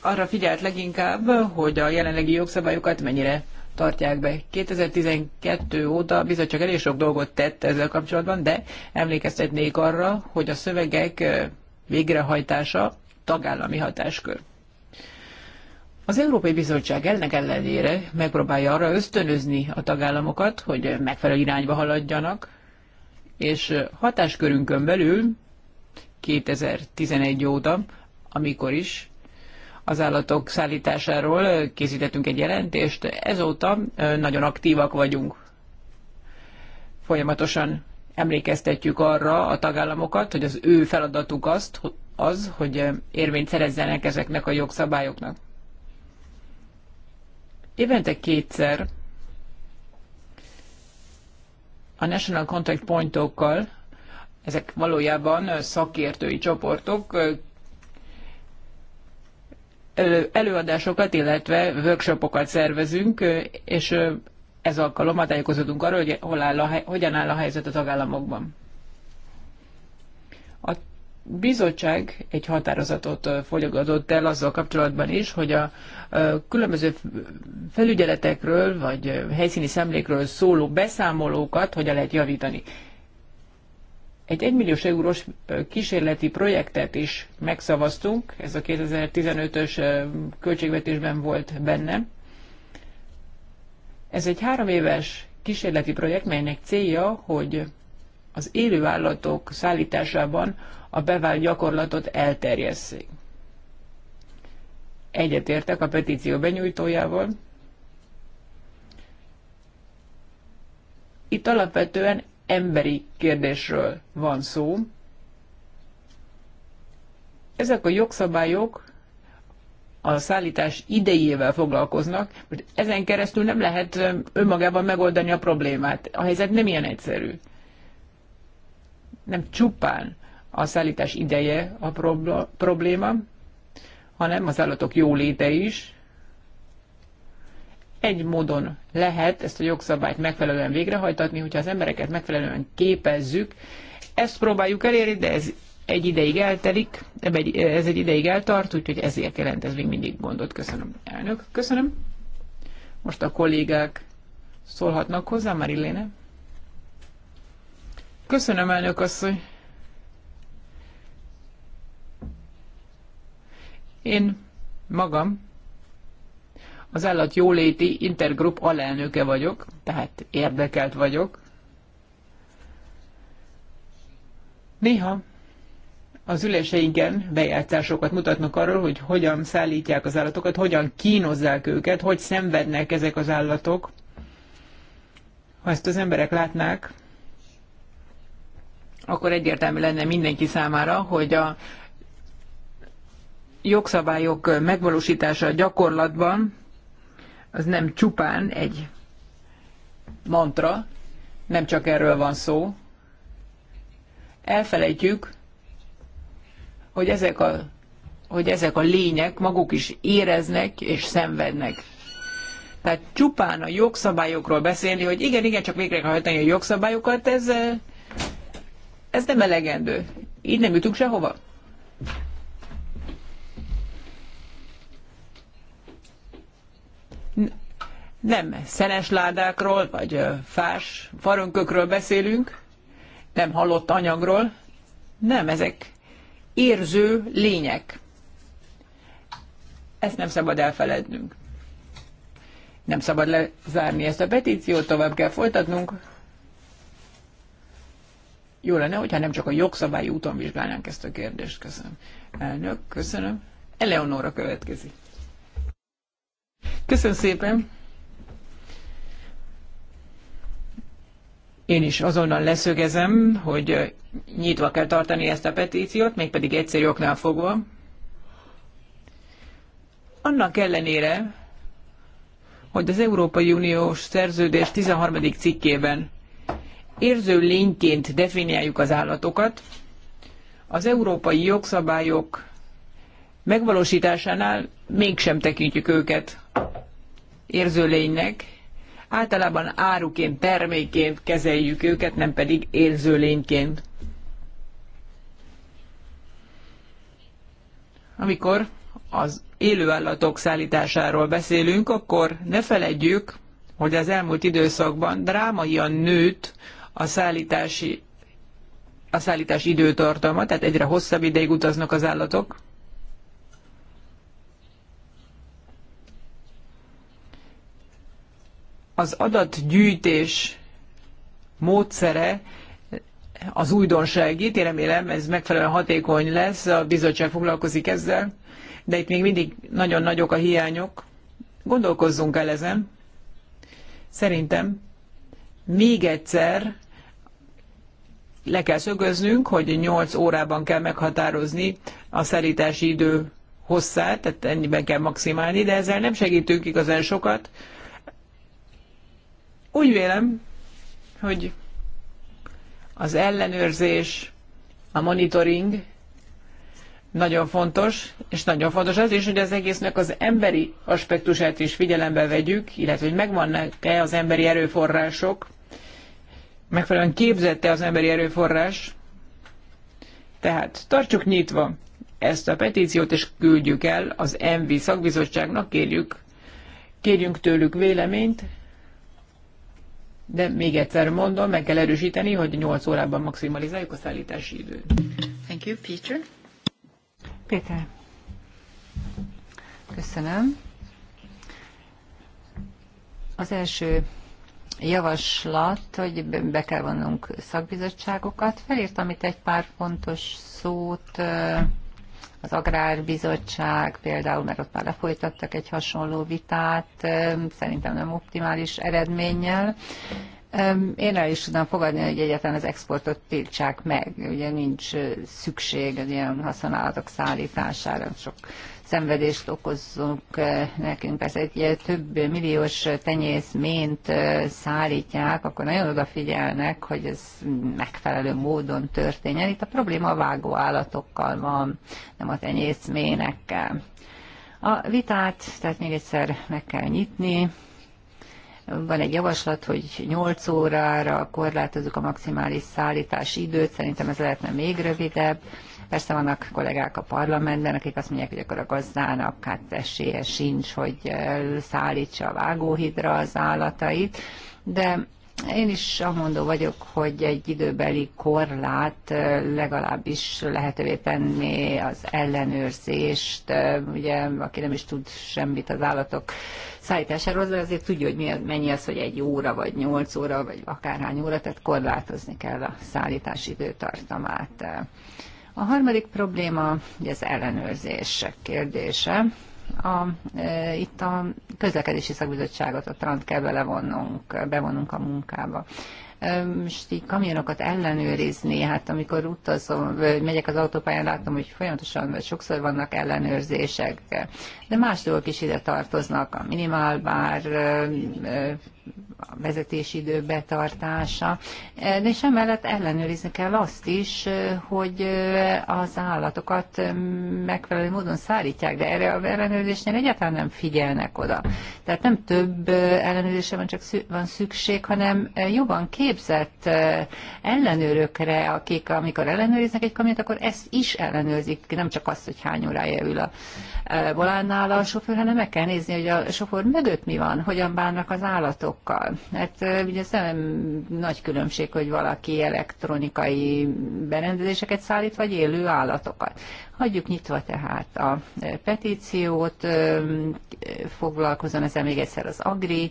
arra figyelt leginkább, hogy a jelenlegi jogszabályokat mennyire tartják be. 2012 óta a bizottság elég sok dolgot tett ezzel kapcsolatban, de emlékeztetnék arra, hogy a szövegek végrehajtása tagállami hatáskör. Az Európai Bizottság ennek ellenére megpróbálja arra ösztönözni a tagállamokat, hogy megfelelő irányba haladjanak, és hatáskörünkön belül 2011 óta, amikor is az állatok szállításáról készítettünk egy jelentést, ezóta nagyon aktívak vagyunk. Folyamatosan emlékeztetjük arra a tagállamokat, hogy az ő feladatuk azt, az, hogy érvényt szerezzenek ezeknek a jogszabályoknak. Évente kétszer a National Contact Pointokkal, ezek valójában szakértői csoportok, előadásokat, illetve workshopokat szervezünk, és ez alkalommal tájékozódunk arról, hogy hol áll a, hogyan áll a helyzet a tagállamokban. A bizottság egy határozatot fogyogatott el azzal kapcsolatban is, hogy a különböző felügyeletekről vagy helyszíni szemlékről szóló beszámolókat hogyan lehet javítani. Egy 1 milliós eurós kísérleti projektet is megszavaztunk, ez a 2015-ös költségvetésben volt benne, ez egy három éves kísérleti projekt, melynek célja, hogy az élőállatok szállításában a bevált gyakorlatot elterjesszék. Egyetértek a petíció benyújtójával. Itt alapvetően emberi kérdésről van szó. Ezek a jogszabályok a szállítás idejével foglalkoznak, hogy ezen keresztül nem lehet önmagában megoldani a problémát. A helyzet nem ilyen egyszerű. Nem csupán a szállítás ideje a probléma, hanem az állatok jóléte is. Egy módon lehet ezt a jogszabályt megfelelően végrehajtatni, hogyha az embereket megfelelően képezzük. Ezt próbáljuk elérni, de ez egy ideig eltelik, ez egy ideig eltart, úgyhogy ezért jelent ez még mindig gondot. Köszönöm, elnök. Köszönöm. Most a kollégák szólhatnak hozzá, Mariléne. Köszönöm, elnök asszony. Én magam az állat jóléti intergrup alelnöke vagyok, tehát érdekelt vagyok. Néha az üléseinken bejátszásokat mutatnak arról, hogy hogyan szállítják az állatokat, hogyan kínozzák őket, hogy szenvednek ezek az állatok. Ha ezt az emberek látnák, akkor egyértelmű lenne mindenki számára, hogy a jogszabályok megvalósítása a gyakorlatban az nem csupán egy mantra, nem csak erről van szó. Elfelejtjük, hogy ezek a, hogy ezek a lények maguk is éreznek és szenvednek. Tehát csupán a jogszabályokról beszélni, hogy igen, igen, csak végre kell hajtani a jogszabályokat, ez, ez nem elegendő. Így nem jutunk sehova. nem szenes ládákról, vagy fás farönkökről beszélünk, nem halott anyagról, nem, ezek érző lények. Ezt nem szabad elfelednünk. Nem szabad lezárni ezt a petíciót, tovább kell folytatnunk. Jó lenne, hogyha nem csak a jogszabályi úton vizsgálnánk ezt a kérdést. Köszönöm. Elnök, köszönöm. Eleonora következik. Köszönöm szépen. Én is azonnal leszögezem, hogy nyitva kell tartani ezt a petíciót, mégpedig egyszerű oknál fogva. Annak ellenére, hogy az Európai Uniós Szerződés 13. cikkében érző lényként definiáljuk az állatokat, az európai jogszabályok megvalósításánál mégsem tekintjük őket érző lénynek, Általában áruként, termékként kezeljük őket, nem pedig lényként. Amikor az élőállatok szállításáról beszélünk, akkor ne feledjük, hogy az elmúlt időszakban drámaian nőtt a szállítási a szállítási időtartalma, tehát egyre hosszabb ideig utaznak az állatok. az adatgyűjtés módszere az újdonság itt. Én remélem ez megfelelően hatékony lesz, a bizottság foglalkozik ezzel, de itt még mindig nagyon nagyok a hiányok. Gondolkozzunk el ezen. Szerintem még egyszer le kell szögöznünk, hogy 8 órában kell meghatározni a szerítási idő hosszát, tehát ennyiben kell maximálni, de ezzel nem segítünk igazán sokat, úgy vélem, hogy az ellenőrzés, a monitoring nagyon fontos, és nagyon fontos az is, hogy az egésznek az emberi aspektusát is figyelembe vegyük, illetve hogy megvannak-e az emberi erőforrások, megfelelően képzette az emberi erőforrás. Tehát tartsuk nyitva ezt a petíciót, és küldjük el az MV szakbizottságnak, kérjük, kérjünk tőlük véleményt, de még egyszer mondom, meg kell erősíteni, hogy 8 órában maximalizáljuk a szállítási időt. Thank you, Peter. Péter. Köszönöm. Az első javaslat, hogy be kell vonnunk szakbizottságokat. Felírtam itt egy pár fontos szót, az Agrárbizottság például, mert ott már lefolytattak egy hasonló vitát, szerintem nem optimális eredménnyel. Én el is tudom fogadni, hogy egyetlen az exportot tiltsák meg. Ugye nincs szükség az ilyen használatok szállítására, sok szenvedést okozzunk nekünk. Persze egy több milliós tenyészményt szállítják, akkor nagyon odafigyelnek, hogy ez megfelelő módon történjen. Itt a probléma a vágóállatokkal van, nem a tenyészménekkel. A vitát, tehát még egyszer meg kell nyitni, van egy javaslat, hogy 8 órára korlátozzuk a maximális szállítási időt, szerintem ez lehetne még rövidebb. Persze vannak kollégák a parlamentben, akik azt mondják, hogy akkor a gazdának hát esélye sincs, hogy eh, szállítsa a vágóhidra az állatait, de én is amondó vagyok, hogy egy időbeli korlát eh, legalábbis lehetővé tenni az ellenőrzést. Eh, ugye, aki nem is tud semmit az állatok szállítására de azért tudja, hogy mennyi az, hogy egy óra, vagy nyolc óra, vagy akárhány óra, tehát korlátozni kell a szállítási időtartamát. A harmadik probléma ugye az ellenőrzések kérdése. A, e, itt a közlekedési szakbizottságot, a TRANT kell belevonnunk, bevonnunk a munkába most így kamionokat ellenőrizni, hát amikor utazom, megyek az autópályán, látom, hogy folyamatosan sokszor vannak ellenőrzések, de más dolgok is ide tartoznak, a minimálbár a vezetési idő betartása, eh, de és emellett ellenőrizni kell azt is, eh, hogy eh, az állatokat mm, megfelelő módon szállítják, de erre a ellenőrzésnél egyáltalán nem figyelnek oda. Tehát nem több ellenőrzésre van csak van szükség, hanem jobban képzett ellenőrökre, akik amikor ellenőriznek egy kamiont, akkor ezt is ellenőrzik, nem csak azt, hogy hány órája ül a volánnál a sofőr, hanem meg kell nézni, hogy a sofőr mögött mi van, hogyan bánnak az állatok, programokkal. Hát ugye ez nem nagy különbség, hogy valaki elektronikai berendezéseket szállít, vagy élő állatokat. Hagyjuk nyitva tehát a petíciót, foglalkozom ezzel még egyszer az Agri,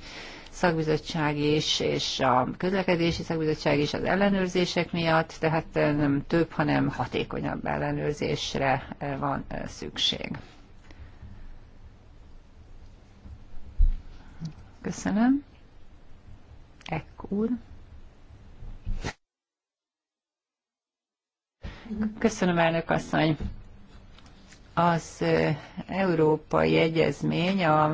szakbizottság is, és a közlekedési szakbizottság is az ellenőrzések miatt, tehát nem több, hanem hatékonyabb ellenőrzésre van szükség. Köszönöm ekkor. Köszönöm, elnök asszony. Az Európai Egyezmény a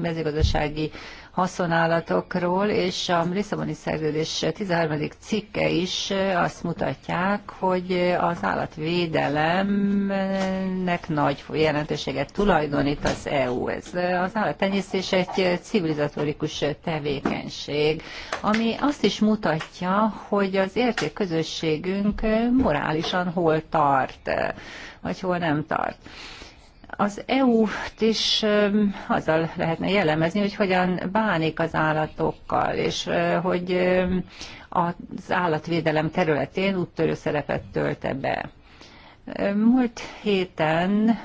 mezőgazdasági haszonállatokról, és a Lisszaboni szerződés 13. cikke is eh, azt mutatják, hogy az állatvédelemnek nagy jelentőséget tulajdonít az EU. Ez eh, az állattenyésztés egy civilizatórikus tevékenység, ami azt is mutatja, hogy az értékközösségünk eh, morálisan hol tart, vagy hol nem tart. Az EU-t is azzal lehetne jellemezni, hogy hogyan bánik az állatokkal, és hogy az állatvédelem területén úttörő szerepet tölte be. Múlt héten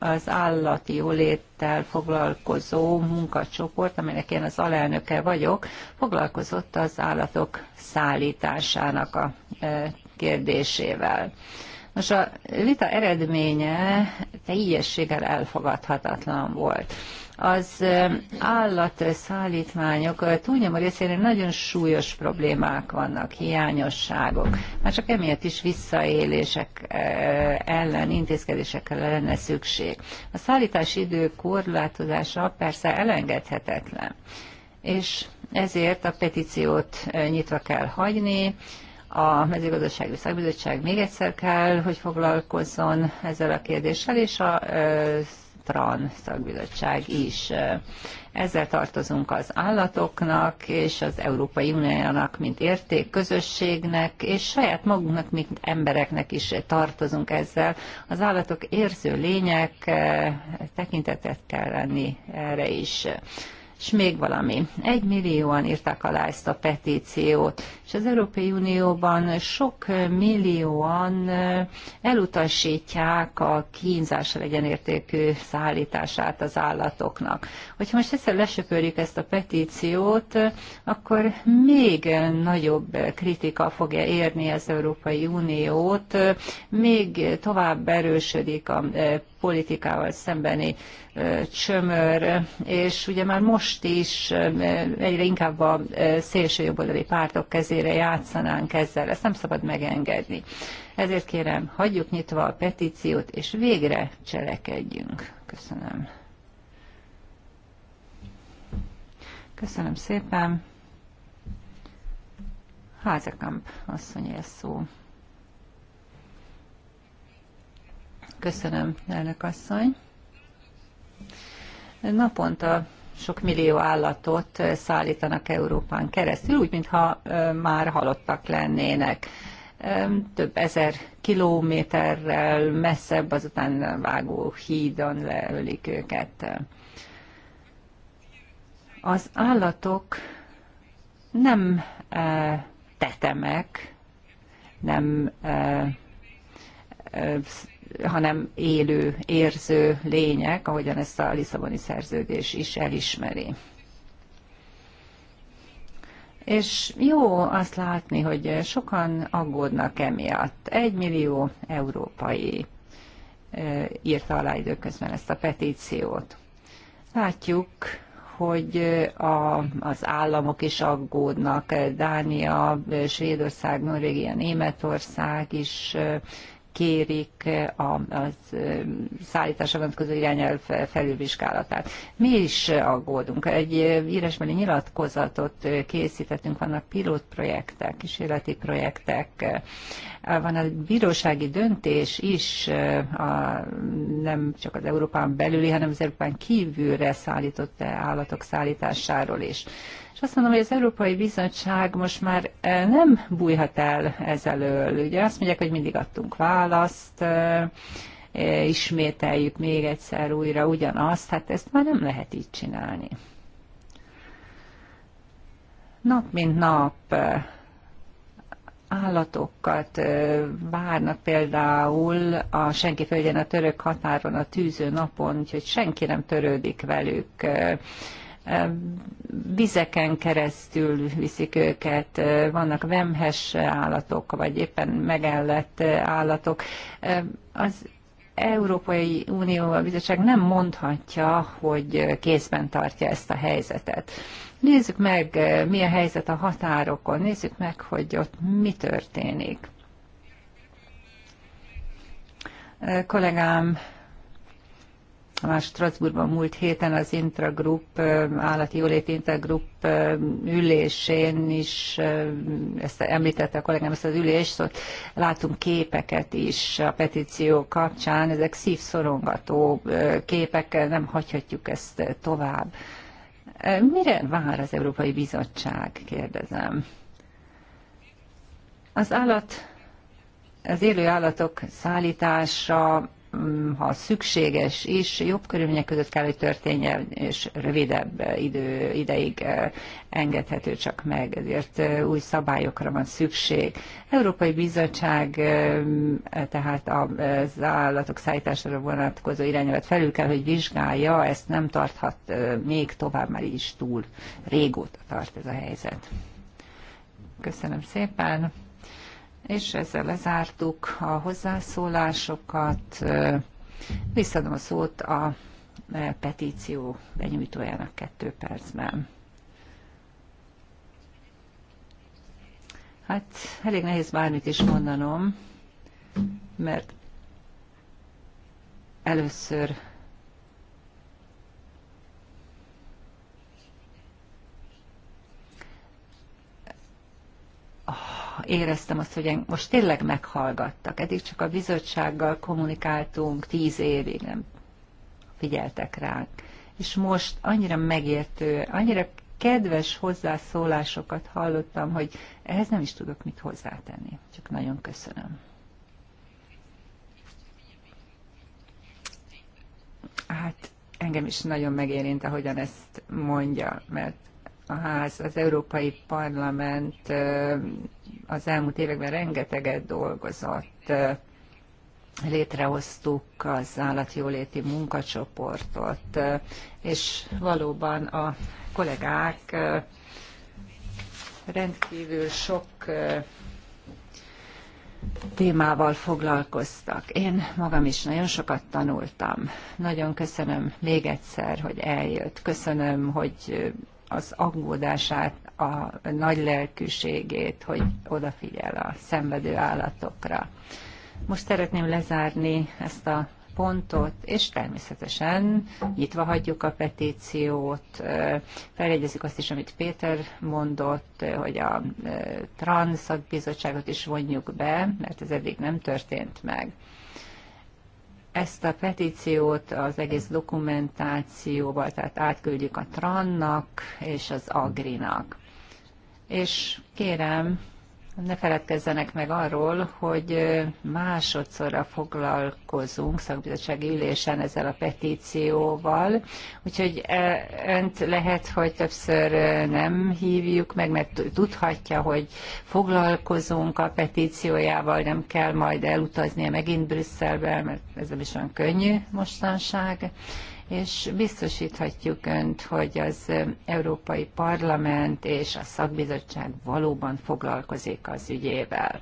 az állati jóléttel foglalkozó munkacsoport, amelynek én az alelnöke vagyok, foglalkozott az állatok szállításának a kérdésével. Most a vita eredménye teljességgel elfogadhatatlan volt az állatszállítmányok túlnyomó részéről nagyon súlyos problémák vannak, hiányosságok. Már csak emiatt is visszaélések ellen intézkedésekkel lenne szükség. A szállítási idő korlátozása persze elengedhetetlen, és ezért a petíciót nyitva kell hagyni, a mezőgazdasági szakbizottság még egyszer kell, hogy foglalkozzon ezzel a kérdéssel, és a TRAN szakbizottság is. Ezzel tartozunk az állatoknak és az Európai Uniónak, mint értékközösségnek, és saját magunknak, mint embereknek is tartozunk ezzel. Az állatok érző lények, tekintetet kell lenni erre is. És még valami, egy millióan írták alá ezt a petíciót, és az Európai Unióban sok millióan elutasítják a kínzásra egyenértékű szállítását az állatoknak. Hogyha most egyszer lesöpörjük ezt a petíciót, akkor még nagyobb kritika fogja érni az Európai Uniót, még tovább erősödik a politikával szembeni csömör, és ugye már most is egyre inkább a szélsőjobboldali pártok kezére játszanánk ezzel, ezt nem szabad megengedni. Ezért kérem, hagyjuk nyitva a petíciót, és végre cselekedjünk. Köszönöm. Köszönöm szépen. Házekamp asszony szó. Köszönöm, elnök asszony. Naponta sok millió állatot szállítanak Európán keresztül, úgy, mintha már halottak lennének. Több ezer kilométerrel messzebb, azután vágó hídon leölik őket. Az állatok nem tetemek, nem hanem élő, érző lények, ahogyan ezt a Lisszaboni szerződés is elismeri. És jó azt látni, hogy sokan aggódnak emiatt. Egy millió európai írta alá időközben ezt a petíciót. Látjuk, hogy a, az államok is aggódnak, Dánia, Svédország, Norvégia, Németország is kérik a, a szállításra vonatkozó irányelv felülvizsgálatát. Mi is aggódunk. Egy írásbeli nyilatkozatot készítettünk, vannak pilotprojektek, kísérleti projektek, van a bírósági döntés is, a, nem csak az Európán belüli, hanem az Európán kívülre szállított állatok szállításáról is. És azt mondom, hogy az Európai Bizottság most már eh, nem bújhat el ezelől. Ugye azt mondják, hogy mindig adtunk választ, eh, eh, ismételjük még egyszer újra ugyanazt, hát ezt már nem lehet így csinálni. Nap mint nap állatokat várnak például a senki földjén a török határon a tűző napon, úgyhogy senki nem törődik velük vizeken keresztül viszik őket, vannak vemhes állatok, vagy éppen megellett állatok. Az Európai Unió, a bizottság nem mondhatja, hogy kézben tartja ezt a helyzetet. Nézzük meg, mi a helyzet a határokon, nézzük meg, hogy ott mi történik. Kollégám már Strasbourgban múlt héten az Intragrup, állati jólét Intragrup ülésén is, ezt említette a kollégám ezt az ülést, ott látunk képeket is a petíció kapcsán, ezek szívszorongató képek, nem hagyhatjuk ezt tovább. Mire vár az Európai Bizottság, kérdezem. Az állat az élő állatok szállítása Mm, ha szükséges is, jobb körülmények között kell, hogy történjen, és rövidebb eh, idő, ideig eh, engedhető csak meg, ezért eh, új szabályokra van szükség. Európai Bizottság tehát az állatok szállítására vonatkozó irányelvet felül kell, hogy vizsgálja, ezt nem tarthat még tovább, már így is túl régóta tart ez a helyzet. Köszönöm szépen! és ezzel lezártuk a hozzászólásokat. Visszadom a szót a e, petíció benyújtójának kettő percben. Hát elég nehéz bármit is mondanom, mert először éreztem azt, hogy most tényleg meghallgattak. Eddig csak a bizottsággal kommunikáltunk tíz évig, nem figyeltek ránk. És most annyira megértő, annyira kedves hozzászólásokat hallottam, hogy ehhez nem is tudok mit hozzátenni. Csak nagyon köszönöm. Hát engem is nagyon megérint, ahogyan ezt mondja, mert a ház, az Európai Parlament az elmúlt években rengeteget dolgozott. Létrehoztuk az állatjóléti munkacsoportot, és valóban a kollégák rendkívül sok témával foglalkoztak. Én magam is nagyon sokat tanultam. Nagyon köszönöm még egyszer, hogy eljött. Köszönöm, hogy az aggódását, a nagy lelkűségét, hogy odafigyel a szenvedő állatokra. Most szeretném lezárni ezt a pontot, és természetesen nyitva hagyjuk a petíciót, feljegyezzük azt is, amit Péter mondott, hogy a transzakbizottságot is vonjuk be, mert ez eddig nem történt meg ezt a petíciót az egész dokumentációval, tehát átküldjük a Trannak és az Agrinak. És kérem, ne feledkezzenek meg arról, hogy másodszorra foglalkozunk szakbizottsági ülésen ezzel a petícióval, úgyhogy e, önt lehet, hogy többször nem hívjuk meg, mert tudhatja, hogy foglalkozunk a petíciójával, nem kell majd elutaznia megint Brüsszelbe, mert ez nem is olyan könnyű mostanság és biztosíthatjuk Önt, hogy az Európai Parlament és a szakbizottság valóban foglalkozik az ügyével.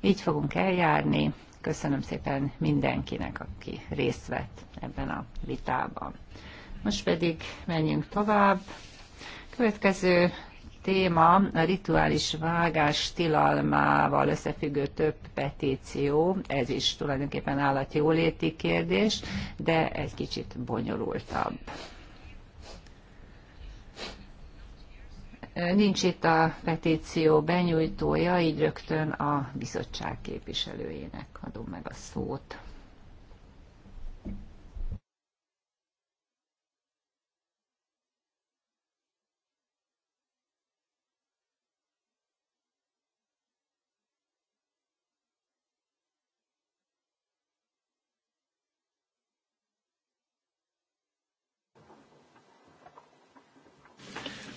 Így fogunk eljárni. Köszönöm szépen mindenkinek, aki részt vett ebben a vitában. Most pedig menjünk tovább. Következő téma a rituális vágás tilalmával összefüggő több petíció, ez is tulajdonképpen állatjóléti kérdés, de egy kicsit bonyolultabb. Nincs itt a petíció benyújtója, így rögtön a bizottság képviselőjének adom meg a szót.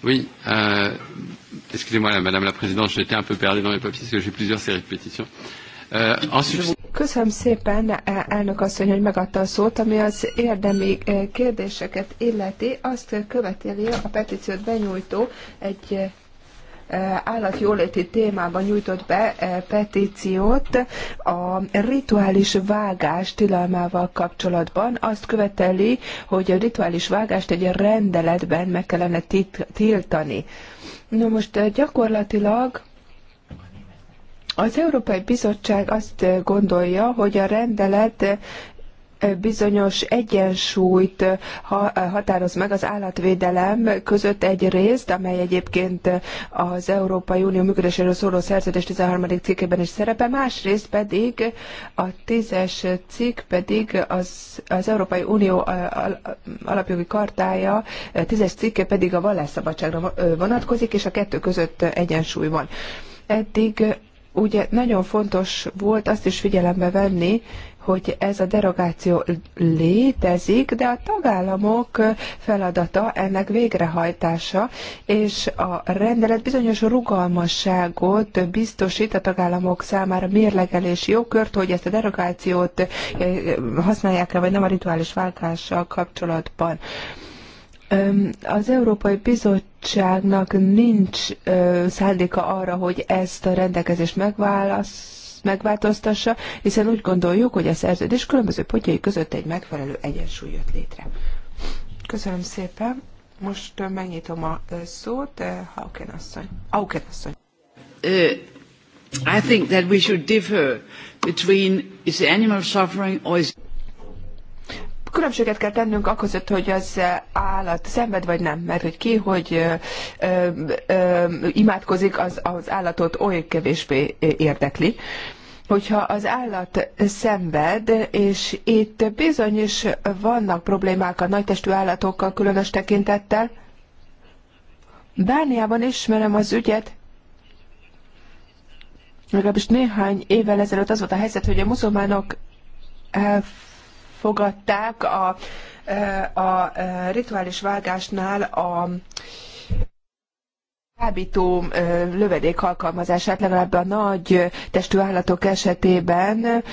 Oui, euh, excusez-moi, Madame la Présidente, j'étais un peu perdu dans mes papiers parce que j'ai plusieurs séries de pétitions. Euh, ensuite... Köszönöm szépen, elnök asszony, hogy megadta a szót, ami az érdemi eh, kérdéseket illeti, azt követeli a petíciót benyújtó egy eh, Eh, állatjóléti témában nyújtott be eh, petíciót a rituális vágás tilalmával kapcsolatban. Azt követeli, hogy a rituális vágást egy rendeletben meg kellene tiltani. Na most eh, gyakorlatilag az Európai Bizottság azt gondolja, hogy a rendelet bizonyos egyensúlyt határoz meg az állatvédelem között egy részt, amely egyébként az Európai Unió működéséről szóló szerződés 13. cikkében is szerepel, másrészt pedig a 10-es cikk pedig az, az Európai Unió alapjogi kartája, 10-es cikke pedig a vallásszabadságra vonatkozik, és a kettő között egyensúly van. Eddig ugye nagyon fontos volt azt is figyelembe venni, hogy ez a derogáció létezik, de a tagállamok feladata ennek végrehajtása, és a rendelet bizonyos rugalmasságot biztosít a tagállamok számára mérlegelési jogkört, hogy ezt a derogációt eh, használják-e, vagy nem a rituális válkással kapcsolatban. Az Európai Bizottságnak nincs szándéka arra, hogy ezt a rendelkezést megválasz megváltoztassa, hiszen úgy gondoljuk, hogy a szerződés különböző pontjai között egy megfelelő egyensúly jött létre. Köszönöm szépen. Most megnyitom a szót. Hauken asszony. Hauken asszony. Uh, I think that we should differ between is the animal suffering or is különbséget kell tennünk aközött, hogy az állat szenved vagy nem, mert hogy ki, hogy ö, ö, imádkozik, az, az állatot oly kevésbé érdekli hogyha az állat szenved, és itt bizony is vannak problémák a nagytestű állatokkal különös tekintettel. Bániában ismerem az ügyet, legalábbis néhány évvel ezelőtt az volt a helyzet, hogy a muzulmánok fogadták a, a rituális vágásnál a kábító lövedék alkalmazását, legalább a nagy testű állatok esetében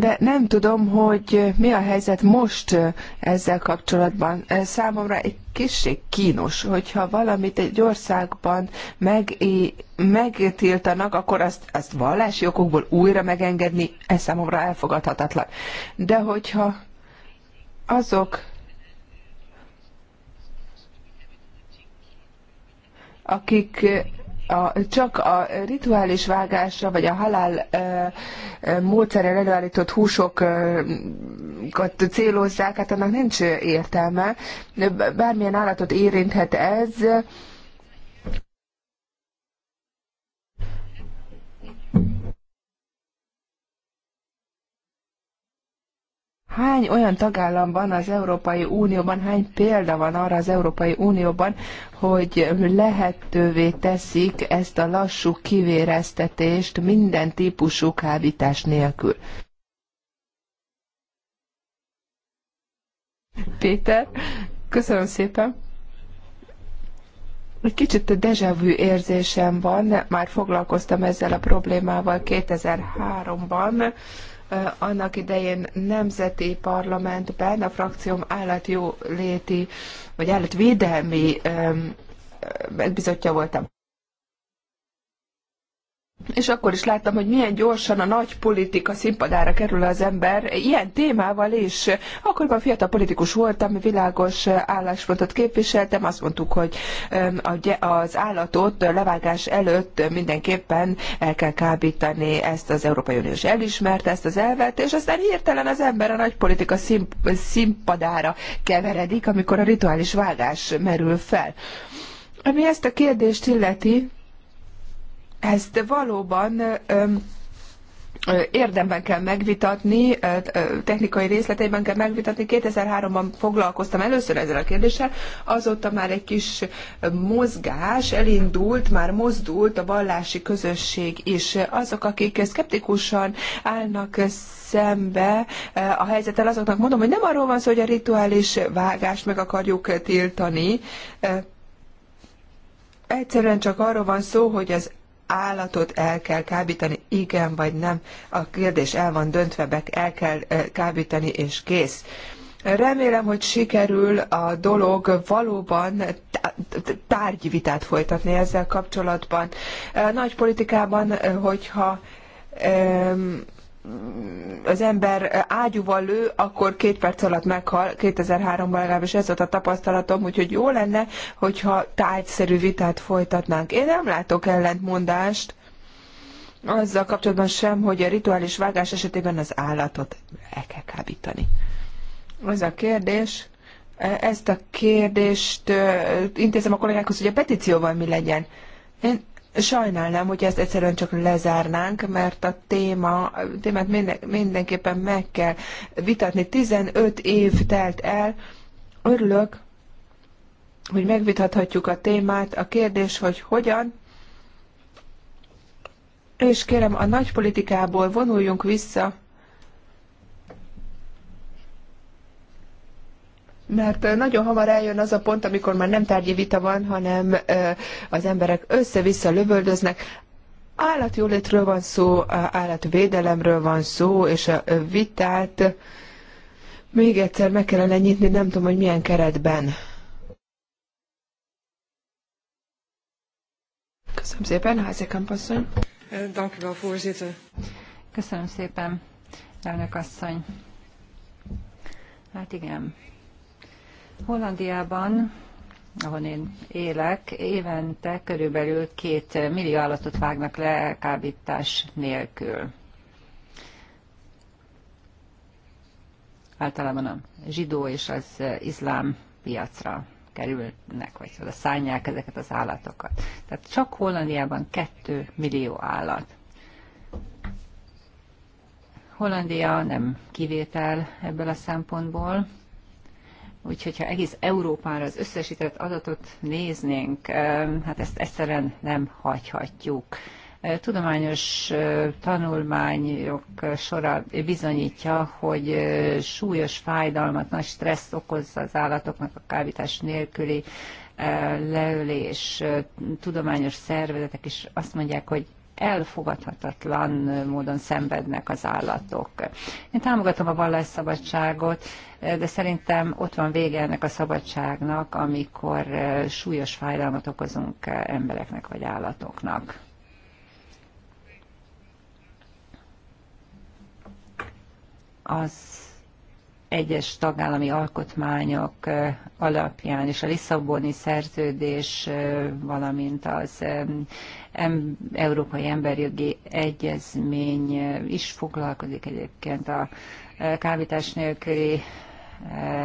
de nem tudom, hogy mi a helyzet most ezzel kapcsolatban. Számomra egy kicsit kínos, hogyha valamit egy országban meg, megtiltanak, akkor azt, azt vallási okokból újra megengedni, ez számomra elfogadhatatlan. De hogyha azok akik a, csak a rituális vágásra, vagy a halál e, módszerrel előállított húsokat célozzák, hát annak nincs értelme. Bármilyen állatot érinthet ez, Hány olyan tagállam van az Európai Unióban, hány példa van arra az Európai Unióban, hogy lehetővé teszik ezt a lassú kivéreztetést minden típusú kábítás nélkül? Péter, köszönöm szépen. Egy kicsit deja vu érzésem van, már foglalkoztam ezzel a problémával 2003-ban, annak idején nemzeti parlamentben a frakcióm állatjóléti vagy állatvédelmi bizottja voltam és akkor is láttam, hogy milyen gyorsan a nagy politika színpadára kerül az ember, ilyen témával is. Akkoriban fiatal politikus voltam, világos álláspontot képviseltem, azt mondtuk, hogy az állatot levágás előtt mindenképpen el kell kábítani, ezt az Európai uniós elismert elismerte, ezt az elvet, és aztán hirtelen az ember a nagy politika színpadára keveredik, amikor a rituális vágás merül fel. Ami ezt a kérdést illeti, ezt valóban érdemben kell megvitatni, technikai részleteiben kell megvitatni. 2003-ban foglalkoztam először ezzel a kérdéssel, azóta már egy kis mozgás elindult, már mozdult a vallási közösség is. Azok, akik szkeptikusan állnak szembe a helyzettel, azoknak mondom, hogy nem arról van szó, hogy a rituális vágást meg akarjuk tiltani, Egyszerűen csak arról van szó, hogy az állatot el kell kábítani, igen vagy nem. A kérdés el van döntve, be el kell eh, kábítani, és kész. Remélem, hogy sikerül a dolog valóban tárgyi vitát folytatni ezzel kapcsolatban. Nagy politikában, eh, hogyha az ember ágyúval lő, akkor két perc alatt meghal. 2003-ban legalábbis ez volt a tapasztalatom, úgyhogy jó lenne, hogyha tárgyszerű vitát folytatnánk. Én nem látok ellentmondást azzal kapcsolatban sem, hogy a rituális vágás esetében az állatot el kell kábítani. Az a kérdés, ezt a kérdést intézem a kollégákhoz, hogy a petícióval mi legyen. Én Sajnálnám, hogy ezt egyszerűen csak lezárnánk, mert a téma, témát mindenképpen meg kell vitatni. 15 év telt el. Örülök, hogy megvitathatjuk a témát. A kérdés, hogy hogyan, és kérem, a nagy politikából vonuljunk vissza, mert nagyon hamar eljön az a pont, amikor már nem tárgyi vita van, hanem az emberek össze-vissza lövöldöznek. Állatjólétről van szó, állatvédelemről van szó, és a vitát még egyszer meg kellene nyitni, nem tudom, hogy milyen keretben. Köszönöm szépen, Házékamp asszony. Köszönöm szépen, elnök asszony. Hát igen, Hollandiában, ahol én élek, évente körülbelül két millió állatot vágnak le elkábítás nélkül. Általában a zsidó és az iszlám piacra kerülnek, vagy oda szállják ezeket az állatokat. Tehát csak Hollandiában kettő millió állat. Hollandia nem kivétel ebből a szempontból. Úgyhogy ha egész Európára az összesített adatot néznénk, hát ezt egyszerűen nem hagyhatjuk. Tudományos tanulmányok sora bizonyítja, hogy súlyos fájdalmat, nagy stressz okoz az állatoknak a kábítás nélküli leölés. Tudományos szervezetek is azt mondják, hogy elfogadhatatlan módon szenvednek az állatok. Én támogatom a vallásszabadságot, de szerintem ott van vége ennek a szabadságnak, amikor súlyos fájdalmat okozunk embereknek vagy állatoknak. Az egyes tagállami alkotmányok alapján és a Lisszaboni szerződés, valamint az Európai Emberjogi Egyezmény is foglalkozik egyébként a kábítás nélküli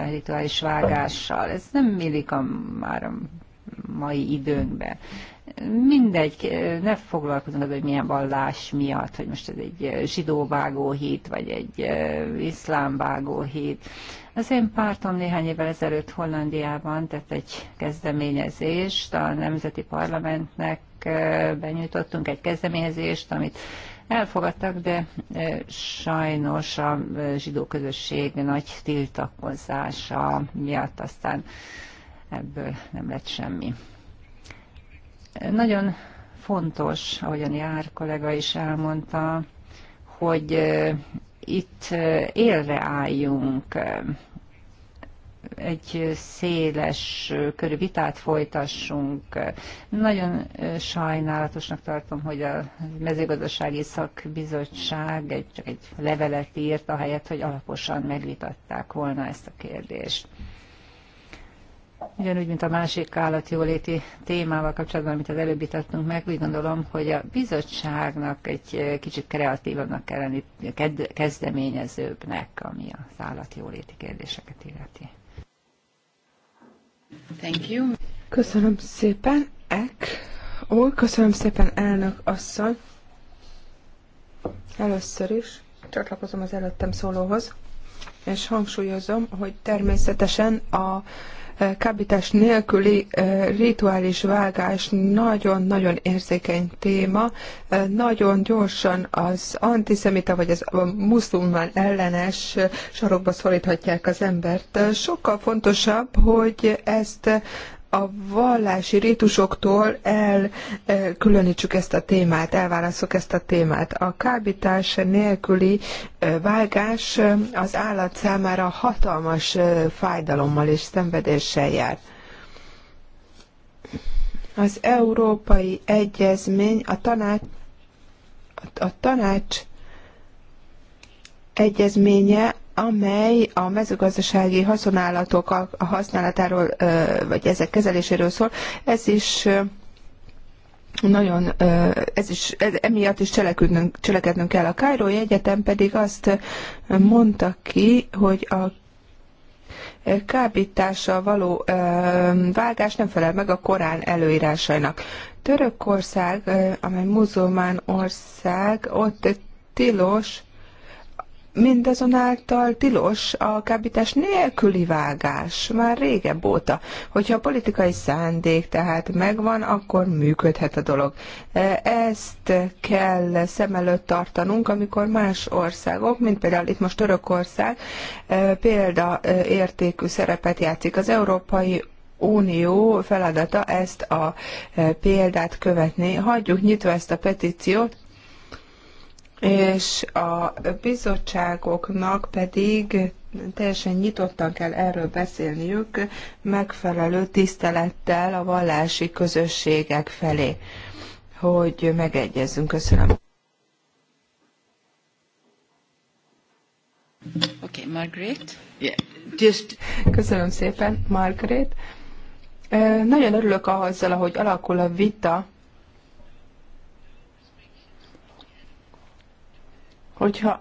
rituális vágással. Ez nem illik a, már a mai időnkben mindegy, ne foglalkozunk az, hogy milyen vallás miatt, hogy most ez egy zsidó hit, vagy egy iszlám hit. Az én pártom néhány évvel ezelőtt Hollandiában tett egy kezdeményezést, a Nemzeti Parlamentnek benyújtottunk egy kezdeményezést, amit elfogadtak, de sajnos a zsidó közösség nagy tiltakozása miatt aztán ebből nem lett semmi. Nagyon fontos, ahogy a Jár kollega is elmondta, hogy itt élre álljunk, egy széles körű vitát folytassunk. Nagyon sajnálatosnak tartom, hogy a mezőgazdasági szakbizottság egy, csak egy levelet írt, ahelyett, hogy alaposan megvitatták volna ezt a kérdést. Ugyanúgy, mint a másik állatjóléti témával kapcsolatban, amit az előbb vitattunk meg, úgy gondolom, hogy a bizottságnak egy kicsit kreatívabbnak kell lenni, kezdeményezőbbnek, ami az állatjóléti kérdéseket illeti. Thank you. Köszönöm szépen, Ek. Ó, köszönöm szépen, elnök asszony. Először is csatlakozom az előttem szólóhoz, és hangsúlyozom, hogy természetesen a kábítás nélküli rituális vágás nagyon-nagyon érzékeny téma. Nagyon gyorsan az antiszemita vagy az a muszlimán ellenes sarokba szoríthatják az embert. Sokkal fontosabb, hogy ezt a vallási rítusoktól elkülönítsük eh, ezt a témát, elválaszok ezt a témát. A kábítás nélküli eh, vágás eh, az állat számára hatalmas fájdalommal és szenvedéssel jár. Az Európai Egyezmény, a tanács, a tanács egyezménye amely a mezőgazdasági haszonállatok a használatáról, vagy ezek kezeléséről szól. Ez is nagyon, ez is, ez, emiatt is cselekednünk, kell. A Károly Egyetem pedig azt mondta ki, hogy a kábítással való vágás nem felel meg a Korán előírásainak. Törökország, amely muzulmán ország, ott tilos Mindazonáltal tilos a kábítás nélküli vágás már régebb óta. Hogyha a politikai szándék tehát megvan, akkor működhet a dolog. E, ezt kell szem előtt tartanunk, amikor más országok, mint például itt most Törökország, e, példaértékű e, szerepet játszik. Az Európai Unió feladata ezt a példát követni. Hagyjuk nyitva ezt a petíciót, és a bizottságoknak pedig teljesen nyitottan kell erről beszélniük, megfelelő tisztelettel a vallási közösségek felé, hogy megegyezzünk. Köszönöm. Okay, Margaret. Yeah, just... Köszönöm szépen, Margaret. Nagyon örülök azzal, ahogy alakul a vita hogyha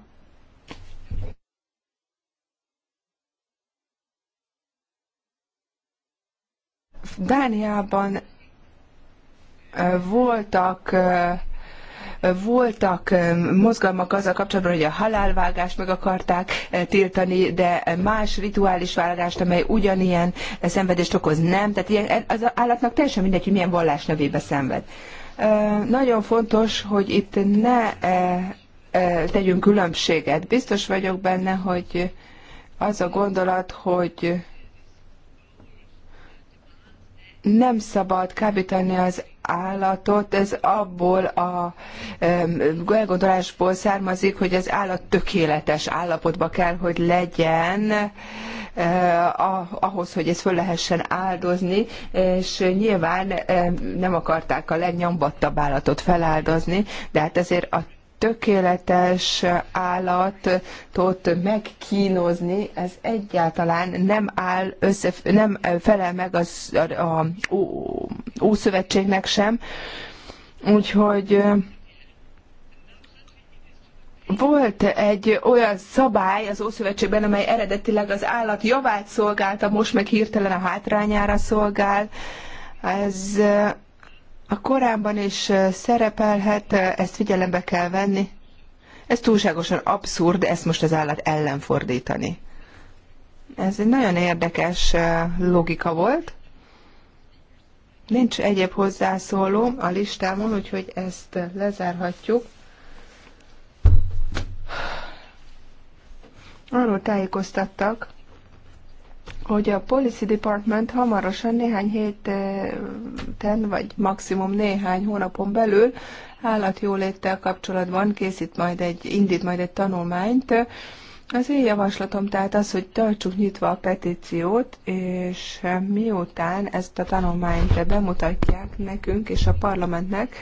Dániában voltak voltak mozgalmak azzal kapcsolatban, hogy a halálvágást meg akarták tiltani, de más rituális vágást, amely ugyanilyen szenvedést okoz, nem. Tehát ilyen, e, az állatnak teljesen mindegy, hogy milyen vallás nevébe szenved. Nagyon fontos, hogy itt ne tegyünk különbséget. Biztos vagyok benne, hogy az a gondolat, hogy nem szabad kábítani az állatot, ez abból a elgondolásból származik, hogy az állat tökéletes állapotba kell, hogy legyen ahhoz, hogy ezt föl lehessen áldozni, és nyilván nem akarták a legnyambattabb állatot feláldozni, de hát ezért a tökéletes állatot megkínozni, ez egyáltalán nem áll össze, nem felel meg az a, a, Ószövetségnek sem. Úgyhogy volt egy olyan szabály az Ószövetségben, amely eredetileg az állat javát szolgálta, most meg hirtelen a hátrányára szolgál. Ez a Koránban is szerepelhet, ezt figyelembe kell venni. Ez túlságosan abszurd, ezt most az állat ellen fordítani. Ez egy nagyon érdekes logika volt. Nincs egyéb hozzászóló a listámon, úgyhogy ezt lezárhatjuk. Arról tájékoztattak, hogy a Policy Department hamarosan néhány héten, vagy maximum néhány hónapon belül állatjóléttel kapcsolatban készít majd egy, indít majd egy tanulmányt. Az én javaslatom tehát az, hogy tartsuk nyitva a petíciót, és miután ezt a tanulmányt bemutatják nekünk és a parlamentnek,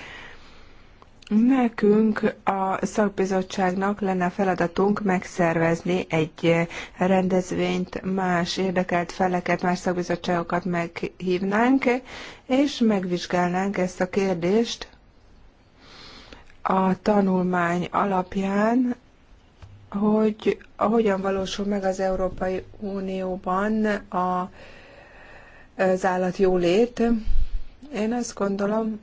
Nekünk a szakbizottságnak lenne feladatunk megszervezni egy rendezvényt, más érdekelt feleket, más szakbizottságokat meghívnánk, és megvizsgálnánk ezt a kérdést a tanulmány alapján, hogy hogyan valósul meg az Európai Unióban a, az jólét. Én azt gondolom,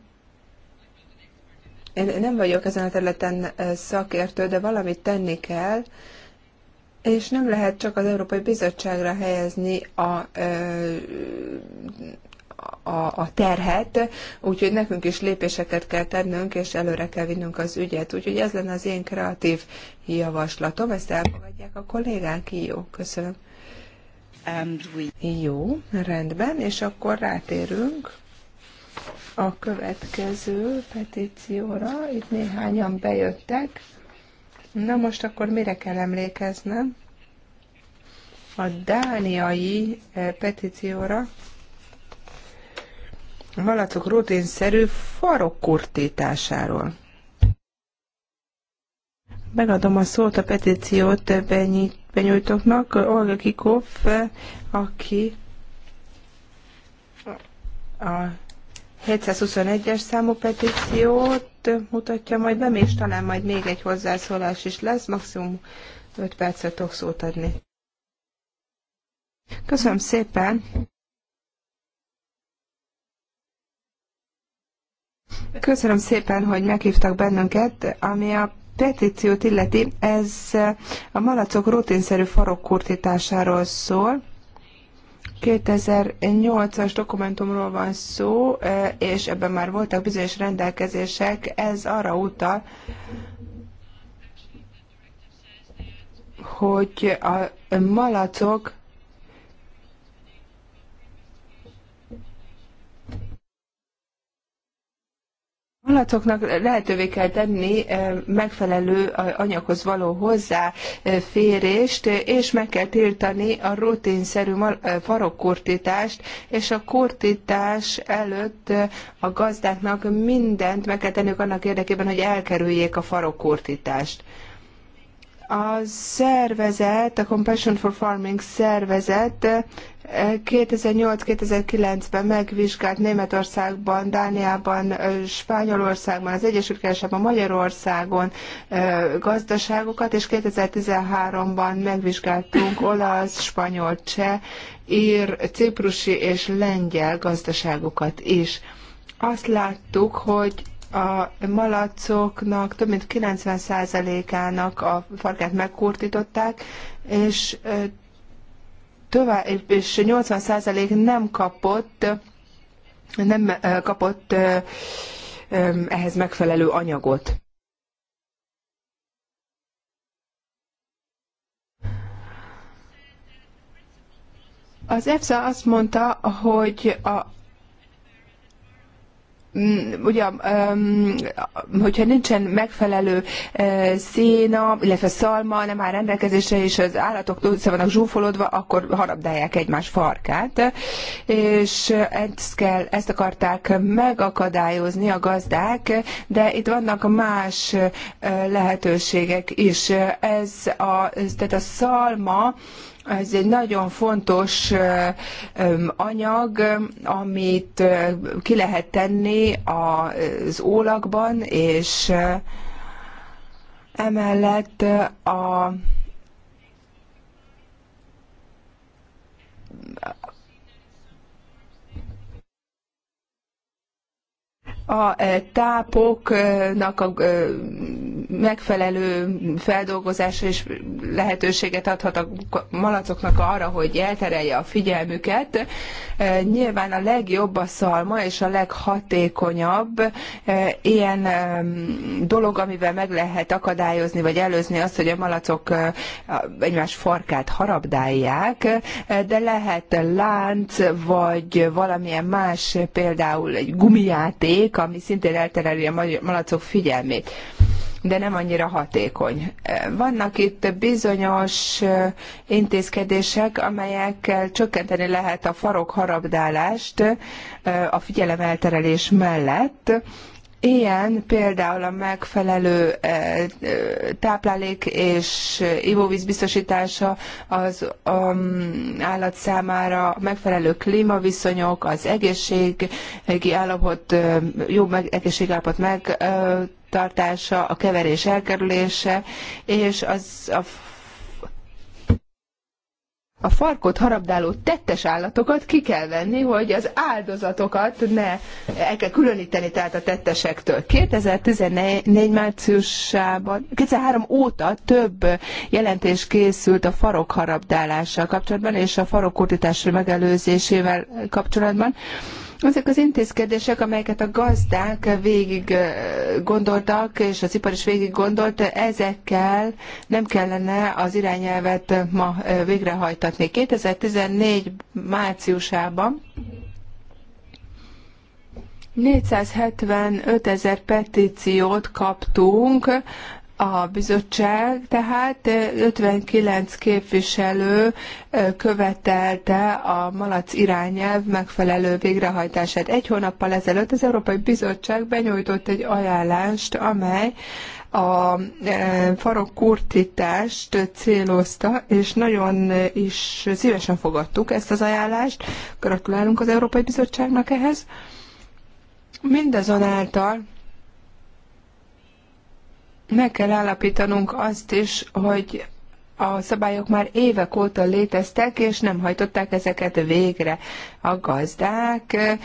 én nem vagyok ezen a területen szakértő, de valamit tenni kell, és nem lehet csak az Európai Bizottságra helyezni a, a, a terhet, úgyhogy nekünk is lépéseket kell tennünk, és előre kell vinnünk az ügyet. Úgyhogy ez lenne az én kreatív javaslatom, ezt elfogadják a kollégák. Jó, köszönöm. Jó, rendben, és akkor rátérünk a következő petícióra. Itt néhányan bejöttek. Na most akkor mire kell emlékeznem? A dániai eh, petícióra. Malacok halacok rutinszerű farokkurtításáról. Megadom a szót a petíciót benyújtóknak, Olga Kikov, aki a 721-es számú petíciót mutatja majd be, és talán majd még egy hozzászólás is lesz, maximum 5 percet tudok szót adni. Köszönöm szépen! Köszönöm szépen, hogy meghívtak bennünket, ami a petíciót illeti, ez a malacok rutinszerű farokkurtításáról szól. 2008-as dokumentumról van szó, e, és ebben már voltak bizonyos rendelkezések, ez arra utal, hogy a malacok Alatoknak lehetővé kell tenni eh, megfelelő anyaghoz való hozzáférést, és meg kell tiltani a rutinszerű eh, farokkurtítást, és a kurtítás előtt eh, a gazdáknak mindent meg kell tenniük annak érdekében, hogy elkerüljék a farokkurtítást. A szervezet, a Compassion for Farming szervezet 2008-2009-ben eh, megvizsgált Németországban, Dániában, eh, Spanyolországban, az Egyesült Királyságban, Magyarországon eh, gazdaságokat, és 2013-ban megvizsgáltunk olasz, spanyol, cseh, ír, ciprusi és lengyel gazdaságokat is. Azt láttuk, hogy a malacoknak több mint 90%-ának a farkát megkurtították, és, tovább, és 80% nem kapott, nem kapott ehhez megfelelő anyagot. Az EFSA azt mondta, hogy a Mm, ugye, um, hogyha nincsen megfelelő eh, széna, illetve szalma nem áll rendelkezésre, és az állatok össze vannak zsúfolódva, akkor harabdálják egymás farkát, és ezt, kell, ezt akarták megakadályozni a gazdák, de itt vannak más eh, lehetőségek is. Ez a, tehát a szalma, ez egy nagyon fontos anyag, amit ki lehet tenni az ólakban, és emellett a a tápoknak a megfelelő feldolgozásra és lehetőséget adhat a malacoknak arra, hogy elterelje a figyelmüket. E, nyilván a legjobb a szalma és a leghatékonyabb e, ilyen e, dolog, amivel meg lehet akadályozni vagy előzni azt, hogy a malacok egymás farkát harabdálják, de lehet lánc vagy valamilyen más, például egy gumijáték, ami szintén eltereli a malacok figyelmét de nem annyira hatékony. Vannak itt bizonyos intézkedések, amelyekkel csökkenteni lehet a farok harabdálást a figyelemelterelés mellett, Ilyen például a megfelelő táplálék és ivóvíz biztosítása az um, állat számára, a megfelelő klímaviszonyok, az egészségi állapot, jó egészségállapot meg tartása, a keverés elkerülése, és az a a farkot harabdáló tettes állatokat ki kell venni, hogy az áldozatokat ne el kell különíteni tehát a tettesektől. 2014 márciusában, 2003 óta több jelentés készült a farok harabdálással kapcsolatban és a farok kurtításra megelőzésével kapcsolatban. Ezek az intézkedések, amelyeket a gazdák végig gondoltak, és az ipar is végig gondolt, ezekkel nem kellene az irányelvet ma végrehajtatni. 2014 márciusában 475 ezer petíciót kaptunk a bizottság tehát 59 képviselő követelte a malac irányelv megfelelő végrehajtását. Egy hónappal ezelőtt az Európai Bizottság benyújtott egy ajánlást, amely a farokkurtítást célozta, és nagyon is szívesen fogadtuk ezt az ajánlást. Gratulálunk az Európai Bizottságnak ehhez. Mindazonáltal meg kell állapítanunk azt is, hogy a szabályok már évek óta léteztek, és nem hajtották ezeket végre. A gazdák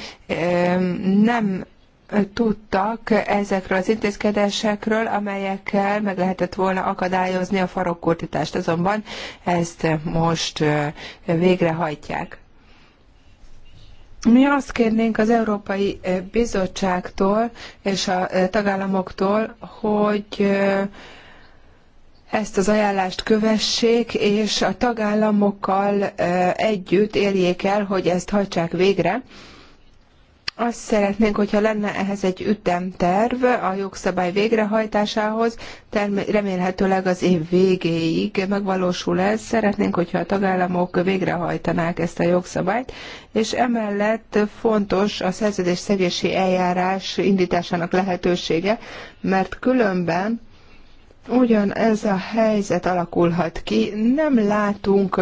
nem tudtak ezekről az intézkedésekről, amelyekkel meg lehetett volna akadályozni a farokkurtítást. Azonban ezt most végrehajtják. Mi azt kérnénk az Európai eh, Bizottságtól és a eh, tagállamoktól, hogy eh, ezt az ajánlást kövessék, és a tagállamokkal együtt érjék el, hogy ezt hajtsák végre azt szeretnénk, hogyha lenne ehhez egy ütemterv a jogszabály végrehajtásához, remélhetőleg az év végéig megvalósul ez. Szeretnénk, hogyha a tagállamok végrehajtanák ezt a jogszabályt, és emellett fontos a szerződés szegési eljárás indításának lehetősége, mert különben ugyan ez a helyzet alakulhat ki, nem látunk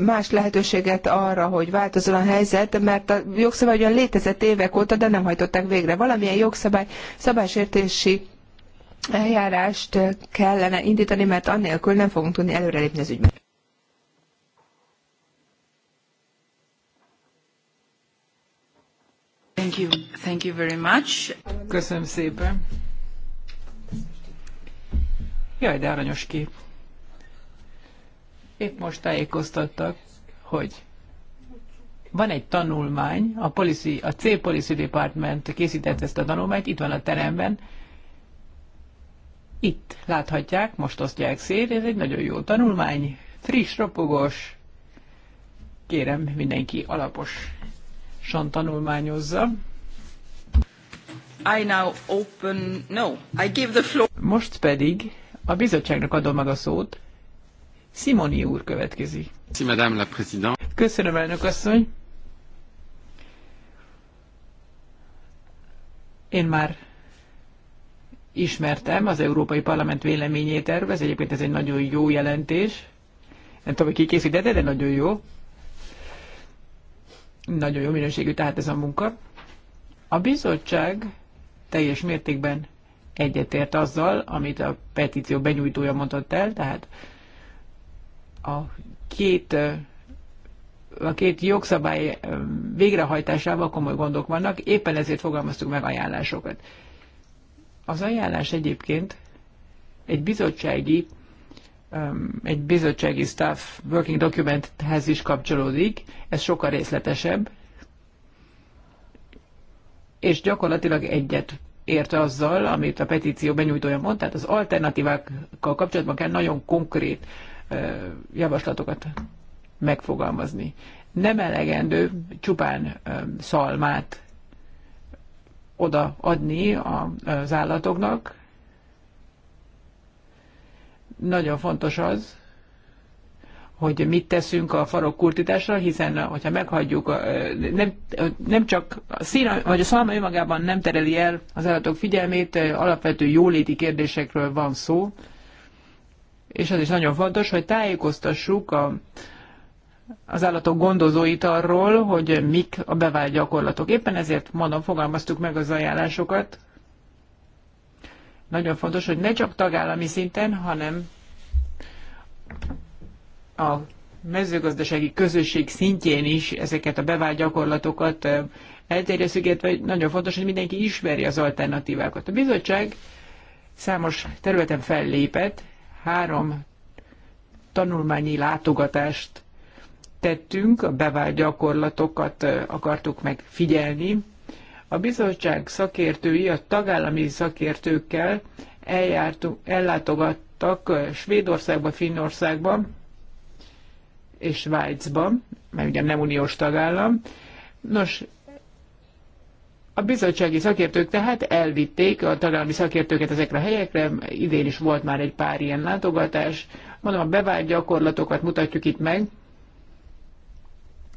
más lehetőséget arra, hogy változol a helyzet, mert a jogszabály ugyan létezett évek óta, de nem hajtották végre. Valamilyen jogszabály szabásértési eljárást kellene indítani, mert annélkül nem fogunk tudni előrelépni az ügyben. Thank you. Thank you very much. Köszönöm szépen. Jaj, de aranyos kép. Épp most tájékoztattak, hogy van egy tanulmány, a, policy, a C Policy Department készített ezt a tanulmányt, itt van a teremben, itt láthatják, most osztják szét, ez egy nagyon jó tanulmány, friss, ropogós, kérem mindenki alaposan tanulmányozza. I now open, no, I give the floor. Most pedig a bizottságnak adom meg a szót, Simoni úr következik. Köszönöm, elnök asszony. Én már ismertem az Európai Parlament véleményét erről, ez egyébként ez egy nagyon jó jelentés. Nem tudom, hogy ki készítette, de nagyon jó. Nagyon jó minőségű tehát ez a munka. A bizottság teljes mértékben egyetért azzal, amit a petíció benyújtója mondott el, tehát a két a két jogszabály végrehajtásával komoly gondok vannak, éppen ezért fogalmaztuk meg ajánlásokat. Az ajánlás egyébként egy bizottsági egy bizottsági staff working documenthez is kapcsolódik, ez sokkal részletesebb, és gyakorlatilag egyet ért azzal, amit a petíció benyújtója mond, tehát az alternatívákkal kapcsolatban kell nagyon konkrét javaslatokat megfogalmazni. Nem elegendő csupán szalmát oda adni az állatoknak. Nagyon fontos az, hogy mit teszünk a farok kurtításra, hiszen hogyha meghagyjuk, nem, nem csak a szín, vagy a szalma önmagában nem tereli el az állatok figyelmét, alapvető jóléti kérdésekről van szó, és az is nagyon fontos, hogy tájékoztassuk a, az állatok gondozóit arról, hogy mik a bevált gyakorlatok. Éppen ezért mondom, fogalmaztuk meg az ajánlásokat. Nagyon fontos, hogy ne csak tagállami szinten, hanem a mezőgazdasági közösség szintjén is ezeket a bevált gyakorlatokat elterjesztjük, illetve nagyon fontos, hogy mindenki ismeri az alternatívákat. A bizottság számos területen fellépett, három tanulmányi látogatást tettünk, a bevált gyakorlatokat akartuk megfigyelni. A bizottság szakértői a tagállami szakértőkkel eljártunk, ellátogattak Svédországba, Finnországba és Svájcba, mert ugye nem uniós tagállam. Nos, a bizottsági szakértők tehát elvitték a tagállami szakértőket ezekre a helyekre, idén is volt már egy pár ilyen látogatás. Mondom, a bevált gyakorlatokat mutatjuk itt meg.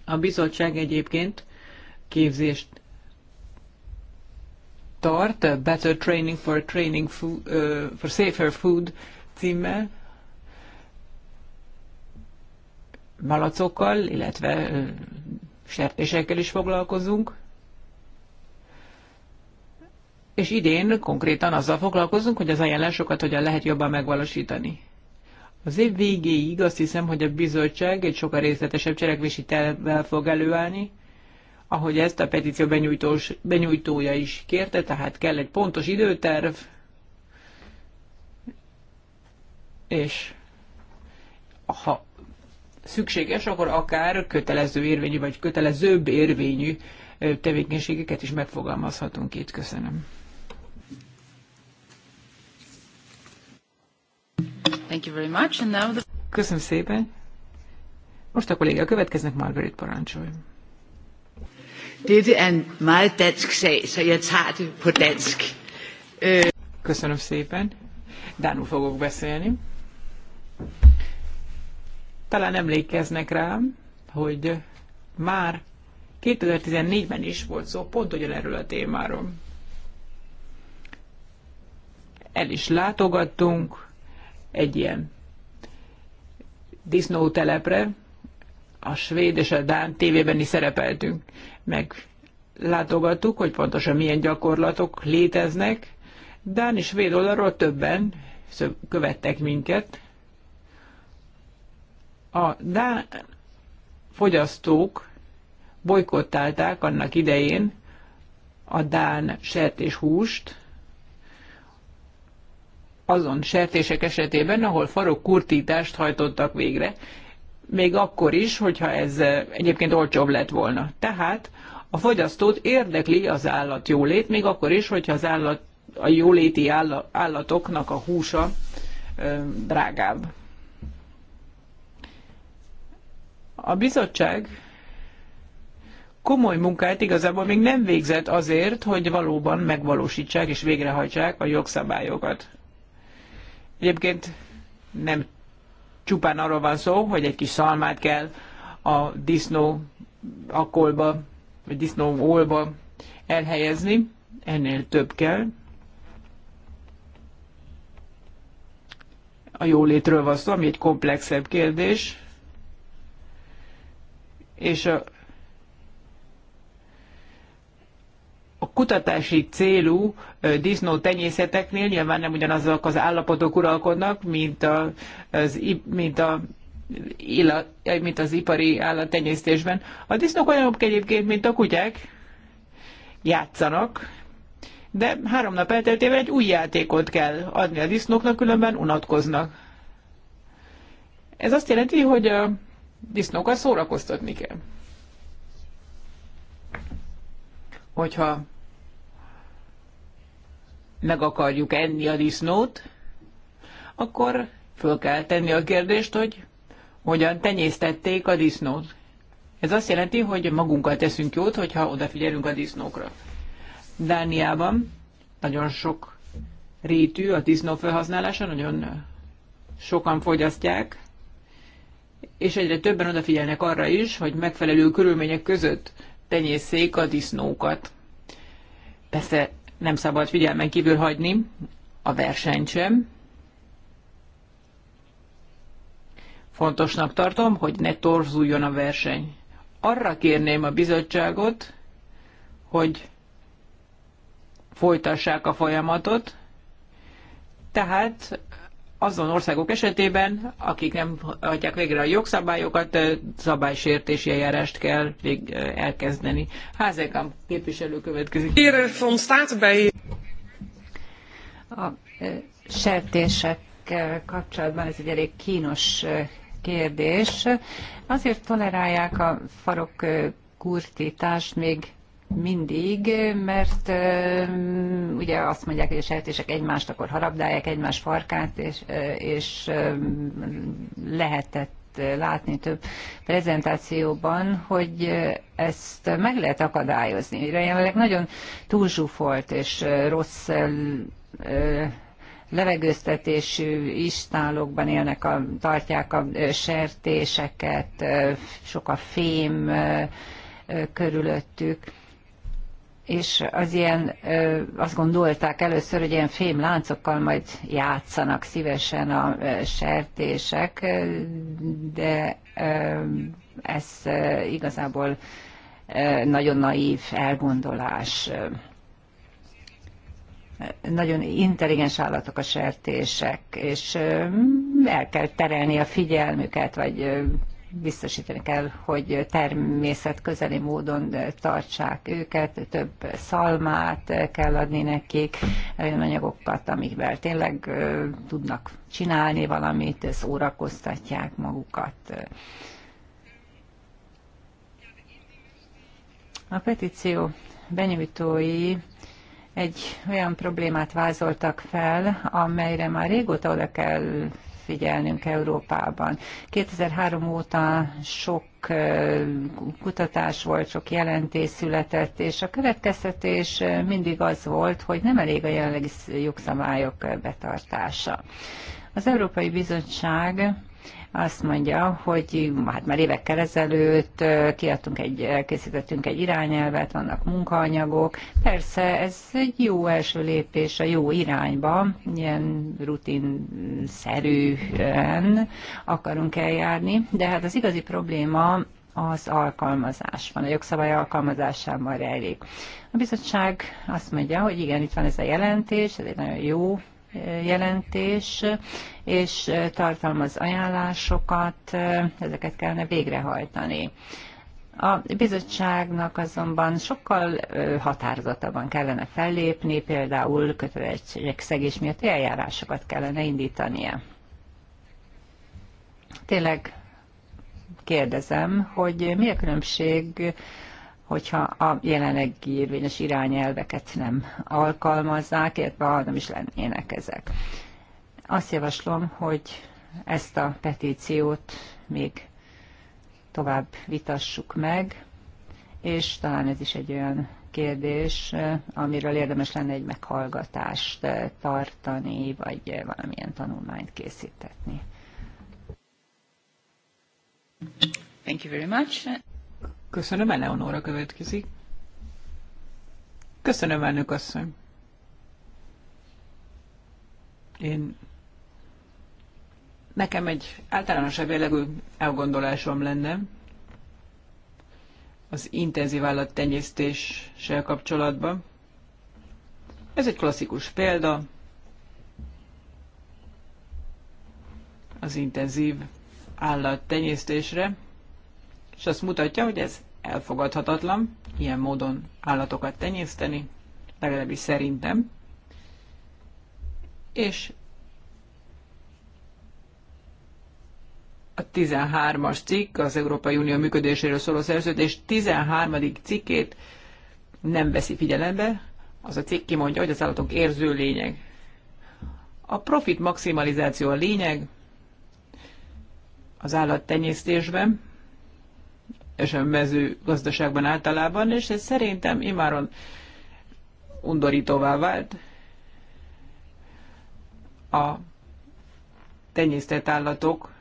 A bizottság egyébként képzést tart, Better Training for Training food, uh, for Safer Food címmel, malacokkal, illetve uh, sertésekkel is foglalkozunk és idén konkrétan azzal foglalkozunk, hogy az ajánlásokat hogyan lehet jobban megvalósítani. Az év végéig azt hiszem, hogy a bizottság egy sokkal részletesebb cselekvési tervvel fog előállni, ahogy ezt a petíció benyújtós, benyújtója is kérte, tehát kell egy pontos időterv, és ha szükséges, akkor akár kötelező érvényű, vagy kötelezőbb érvényű tevékenységeket is megfogalmazhatunk itt. Köszönöm. Thank you very much. And now the... Köszönöm szépen. Most a kolléga következnek, Margaret parancsolj. Dette er en meget dansk sag, så jeg tager det på dansk. Øh... Köszönöm szépen. Dánul fogok beszélni. Talán emlékeznek rám, hogy már 2014-ben is volt szó pont ugyanerről a témáról. El is látogattunk, egy ilyen disznótelepre, a svéd és a dán tévében is szerepeltünk, meg látogattuk, hogy pontosan milyen gyakorlatok léteznek. Dán és svéd oldalról többen követtek minket. A dán fogyasztók bolykottálták annak idején a dán sertéshúst, azon sertések esetében, ahol farok kurtítást hajtottak végre, még akkor is, hogyha ez eh, egyébként olcsóbb lett volna. Tehát a fogyasztót érdekli az állat jólét, még akkor is, hogyha az állat, a jóléti állatoknak a húsa ö, eh, drágább. A bizottság komoly munkát igazából még nem végzett azért, hogy valóban megvalósítsák és végrehajtsák a jogszabályokat. Egyébként nem csupán arról van szó, hogy egy kis szalmát kell a disznó akolba, vagy disznó olba elhelyezni, ennél több kell. A jólétről van szó, ami egy komplexebb kérdés, és a a kutatási célú disznó tenyészeteknél nyilván nem ugyanazok az állapotok uralkodnak, mint, a, az, mint, a, eh, mint az ipari állattenyésztésben. A disznók olyanok egyébként, mint a kutyák, játszanak, de három nap elteltével egy új játékot kell adni a disznóknak, különben unatkoznak. Ez azt jelenti, hogy a disznókat szórakoztatni kell. Hogyha meg akarjuk enni a disznót, akkor föl kell tenni a kérdést, hogy hogyan tenyésztették a disznót. Ez azt jelenti, hogy magunkkal teszünk jót, hogyha odafigyelünk a disznókra. Dániában nagyon sok rétű a disznó felhasználása, nagyon sokan fogyasztják, és egyre többen odafigyelnek arra is, hogy megfelelő körülmények között tenyészék a disznókat. Persze nem szabad figyelmen kívül hagyni, a versenyt sem. Fontosnak tartom, hogy ne torzuljon a verseny. Arra kérném a bizottságot, hogy folytassák a folyamatot, tehát azon országok esetében, akik nem hagyják végre a jogszabályokat, szabálysértési eljárást kell elkezdeni. Házekám képviselő következik. A sertésekkel kapcsolatban ez egy elég kínos kérdés. Azért tolerálják a farok kurtítást még mindig, mert ugye azt mondják, hogy a sejtések egymást akkor harabdálják, egymás farkát, és, és lehetett látni több prezentációban, hogy ezt meg lehet akadályozni. Jelenleg nagyon túlzsúfolt és rossz levegőztetésű istálokban élnek, a, tartják a sertéseket, sok a fém körülöttük és az ilyen, azt gondolták először, hogy ilyen fém láncokkal majd játszanak szívesen a sertések, de ez igazából nagyon naív elgondolás. Nagyon intelligens állatok a sertések, és el kell terelni a figyelmüket, vagy biztosítani kell, hogy természetközeli módon tartsák őket, több szalmát kell adni nekik, olyan anyagokat, amikben tényleg tudnak csinálni valamit, szórakoztatják magukat. A petíció benyújtói egy olyan problémát vázoltak fel, amelyre már régóta oda kell figyelnünk Európában. 2003 óta sok kutatás volt, sok jelentés született, és a következtetés mindig az volt, hogy nem elég a jelenlegi jogszabályok betartása. Az Európai Bizottság azt mondja, hogy hát már évekkel ezelőtt kiadtunk egy, készítettünk egy irányelvet, vannak munkaanyagok. Persze ez egy jó első lépés a jó irányba, ilyen rutinszerűen akarunk eljárni, de hát az igazi probléma az alkalmazás van, a jogszabály alkalmazásában rejlik. A bizottság azt mondja, hogy igen, itt van ez a jelentés, ez egy nagyon jó jelentés, és tartalmaz ajánlásokat, ezeket kellene végrehajtani. A bizottságnak azonban sokkal határozottabban kellene fellépni, például szegés miatt eljárásokat kellene indítania. Tényleg kérdezem, hogy mi a különbség hogyha a jelenlegi érvényes irányelveket nem alkalmazzák, illetve nem is lennének ezek. Azt javaslom, hogy ezt a petíciót még tovább vitassuk meg, és talán ez is egy olyan kérdés, amiről érdemes lenne egy meghallgatást tartani, vagy valamilyen tanulmányt készítetni. Thank you very much. Köszönöm, Eleonóra következik. Köszönöm, elnök asszony. Én nekem egy általánosabb jellegű elgondolásom lenne az intenzív állattenyésztéssel kapcsolatban. Ez egy klasszikus példa az intenzív állattenyésztésre és azt mutatja, hogy ez elfogadhatatlan, ilyen módon állatokat tenyészteni, legalábbis szerintem. És a 13-as cikk, az Európai Unió működéséről szóló szerződés 13. cikkét nem veszi figyelembe, az a cikk kimondja, hogy az állatok érző lényeg, A profit maximalizáció a lényeg az állattenyésztésben, és a mezőgazdaságban általában, és ez szerintem imáron undorítóvá vált. A tenyésztett állatok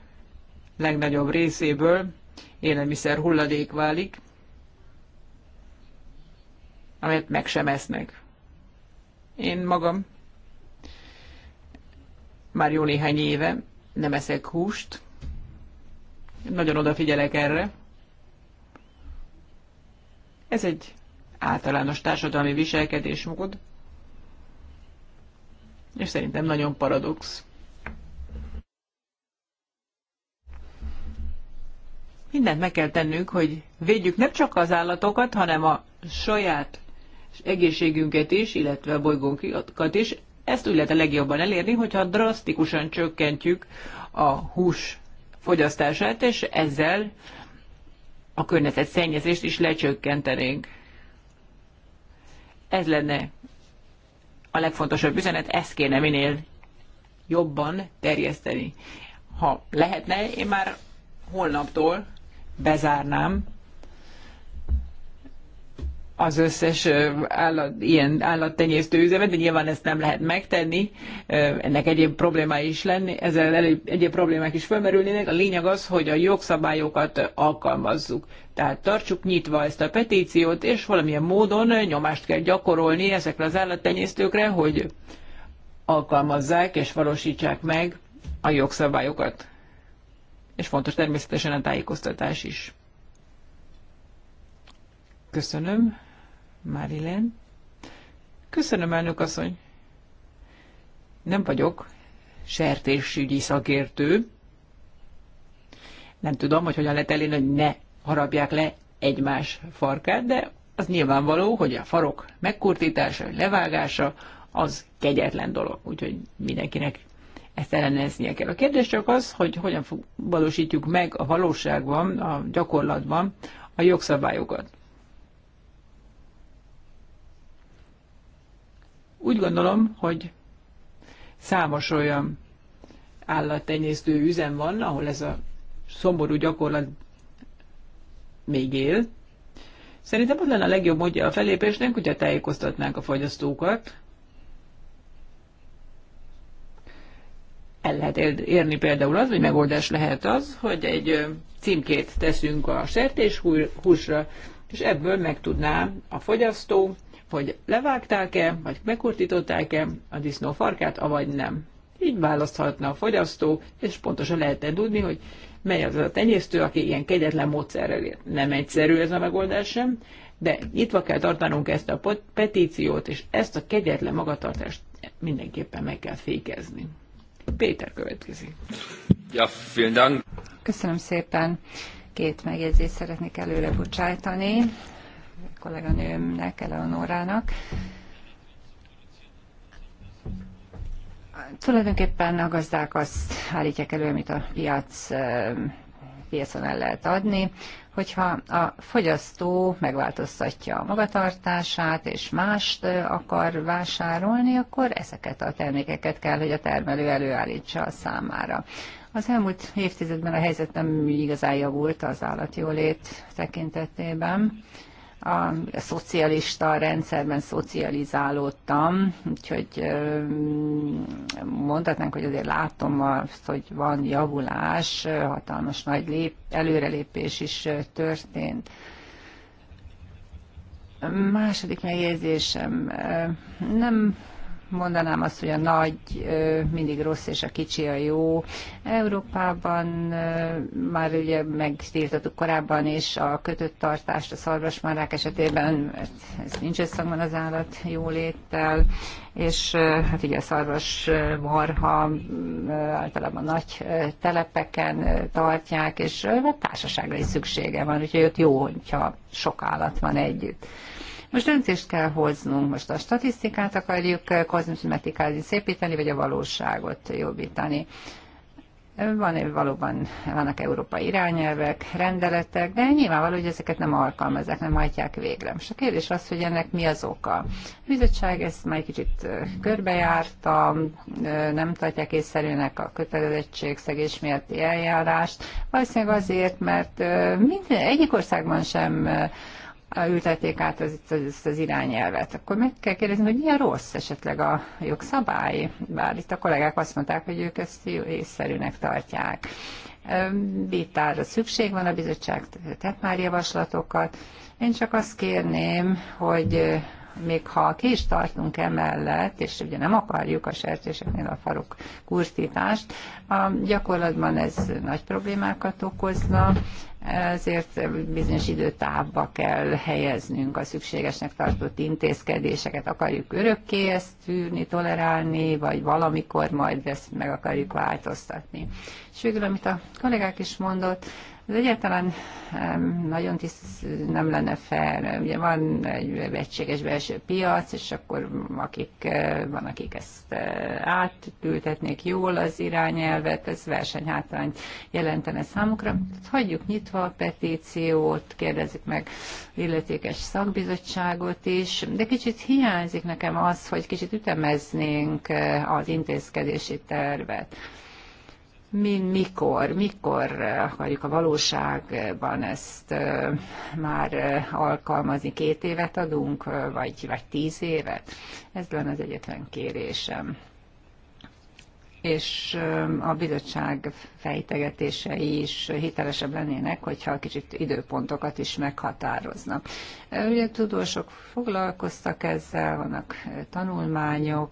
legnagyobb részéből élelmiszer hulladék válik, amelyet meg sem esznek. Én magam már jó néhány éve nem eszek húst, nagyon odafigyelek erre, ez egy általános társadalmi viselkedésmód, és szerintem nagyon paradox. Mindent meg kell tennünk, hogy védjük nem csak az állatokat, hanem a saját egészségünket is, illetve a bolygónkat is. Ezt úgy lehet a legjobban elérni, hogyha drasztikusan csökkentjük a hús fogyasztását, és ezzel a környezet szennyezést is lecsökkentenénk. Ez lenne a legfontosabb üzenet, ezt kéne minél jobban terjeszteni. Ha lehetne, én már holnaptól bezárnám az összes állat, ilyen állattenyésztő üzemet, de nyilván ezt nem lehet megtenni, ennek egyéb problémái is lenni, ezzel egyéb problémák is felmerülnének. A lényeg az, hogy a jogszabályokat alkalmazzuk. Tehát tartsuk nyitva ezt a petíciót, és valamilyen módon nyomást kell gyakorolni ezekre az állattenyésztőkre, hogy alkalmazzák és valósítsák meg a jogszabályokat. És fontos természetesen a tájékoztatás is. Köszönöm. Marilyn. Köszönöm, elnök asszony. Nem vagyok sertésügyi szakértő. Nem tudom, hogy hogyan lehet elérni, hogy ne harapják le egymás farkát, de az nyilvánvaló, hogy a farok megkurtítása, levágása az kegyetlen dolog, úgyhogy mindenkinek ezt elleneznie kell. A kérdés csak az, hogy hogyan valósítjuk meg a valóságban, a gyakorlatban a jogszabályokat. Úgy gondolom, hogy számos olyan állattenyésztő üzem van, ahol ez a szomorú gyakorlat még él. Szerintem ott lenne a legjobb módja a felépésnek, hogyha tájékoztatnánk a fogyasztókat. El lehet érni például az, hogy megoldás lehet az, hogy egy címkét teszünk a sertéshúsra, és ebből meg tudná a fogyasztó, hogy levágták-e, vagy megkurtították-e a disznó farkát, avagy nem. Így választhatna a fogyasztó, és pontosan lehetne tudni, hogy mely az a tenyésztő, aki ilyen kegyetlen módszerrel ér. Nem egyszerű ez a megoldás sem, de nyitva kell tartanunk ezt a petíciót, és ezt a kegyetlen magatartást mindenképpen meg kell fékezni. Péter következik. Ja, vielen Dank. Köszönöm szépen. Két megjegyzést szeretnék előre bocsájtani kolléganőmnek, Eleonórának. Tulajdonképpen a gazdák azt állítják elő, amit a piac piacon el lehet adni, hogyha a fogyasztó megváltoztatja a magatartását, és mást akar vásárolni, akkor ezeket a termékeket kell, hogy a termelő előállítsa a számára. Az elmúlt évtizedben a helyzet nem igazán javult az állatjólét tekintetében a szocialista rendszerben szocializálódtam, úgyhogy mondhatnánk, hogy azért látom azt, hogy van javulás, hatalmas nagy lép, előrelépés is történt. Második megjegyzésem, nem mondanám azt, hogy a nagy mindig rossz és a kicsi a jó. Európában már ugye megtiltottuk korábban is a kötött tartást a szarvasmarák esetében, mert ez nincs összhangban az állat jóléttel, és hát ugye a szarvas marha általában nagy telepeken tartják, és hát társaságra is szüksége van, úgyhogy ott jó, hogyha sok állat van együtt. Most döntést kell hoznunk, most a statisztikát akarjuk eh, kozmetikázni, szépíteni, vagy a valóságot jobbítani. Van eh, valóban vannak európai irányelvek, rendeletek, de nyilvánvaló, hogy ezeket nem alkalmazzák, nem hajtják végre. Most a kérdés az, hogy ennek mi az oka. A bizottság ezt már egy kicsit eh, körbejárta, nem tartják észszerűnek a szegés miatti eljárást. Valószínűleg azért, mert minden, egyik országban sem ültették át az, az, az irányelvet. Akkor meg kell kérdezni, hogy milyen rossz esetleg a jogszabály, bár itt a kollégák azt mondták, hogy ők ezt jó észszerűnek tartják. Vitára szükség van, a bizottság tett már javaslatokat. Én csak azt kérném, hogy még ha ki is tartunk emellett, és ugye nem akarjuk a sertéseknél a farok kurtítást, a gyakorlatban ez nagy problémákat okozna, ezért bizonyos időtávba kell helyeznünk a szükségesnek tartott intézkedéseket. Akarjuk örökké ezt tűrni, tolerálni, vagy valamikor majd ezt meg akarjuk változtatni. És végül, amit a kollégák is mondott, ez egyáltalán nagyon tiszt, nem lenne fel. Ugye van egy egységes belső piac, és akkor akik, eh, van, akik ezt eh, átültetnék jól az irányelvet, ez versenyhátrányt jelentene számukra. Hagyjuk nyitva a petíciót, kérdezzük meg illetékes szakbizottságot is, de kicsit hiányzik nekem az, hogy kicsit ütemeznénk eh, az intézkedési tervet mi mikor, mikor eh, akarjuk a valóságban ezt eh, már eh, alkalmazni, két évet adunk, vagy, vagy tíz évet? Ez lenne az egyetlen kérésem és a bizottság fejtegetései is hitelesebb lennének, hogyha kicsit időpontokat is meghatároznak. Ugye tudósok foglalkoztak ezzel, vannak tanulmányok,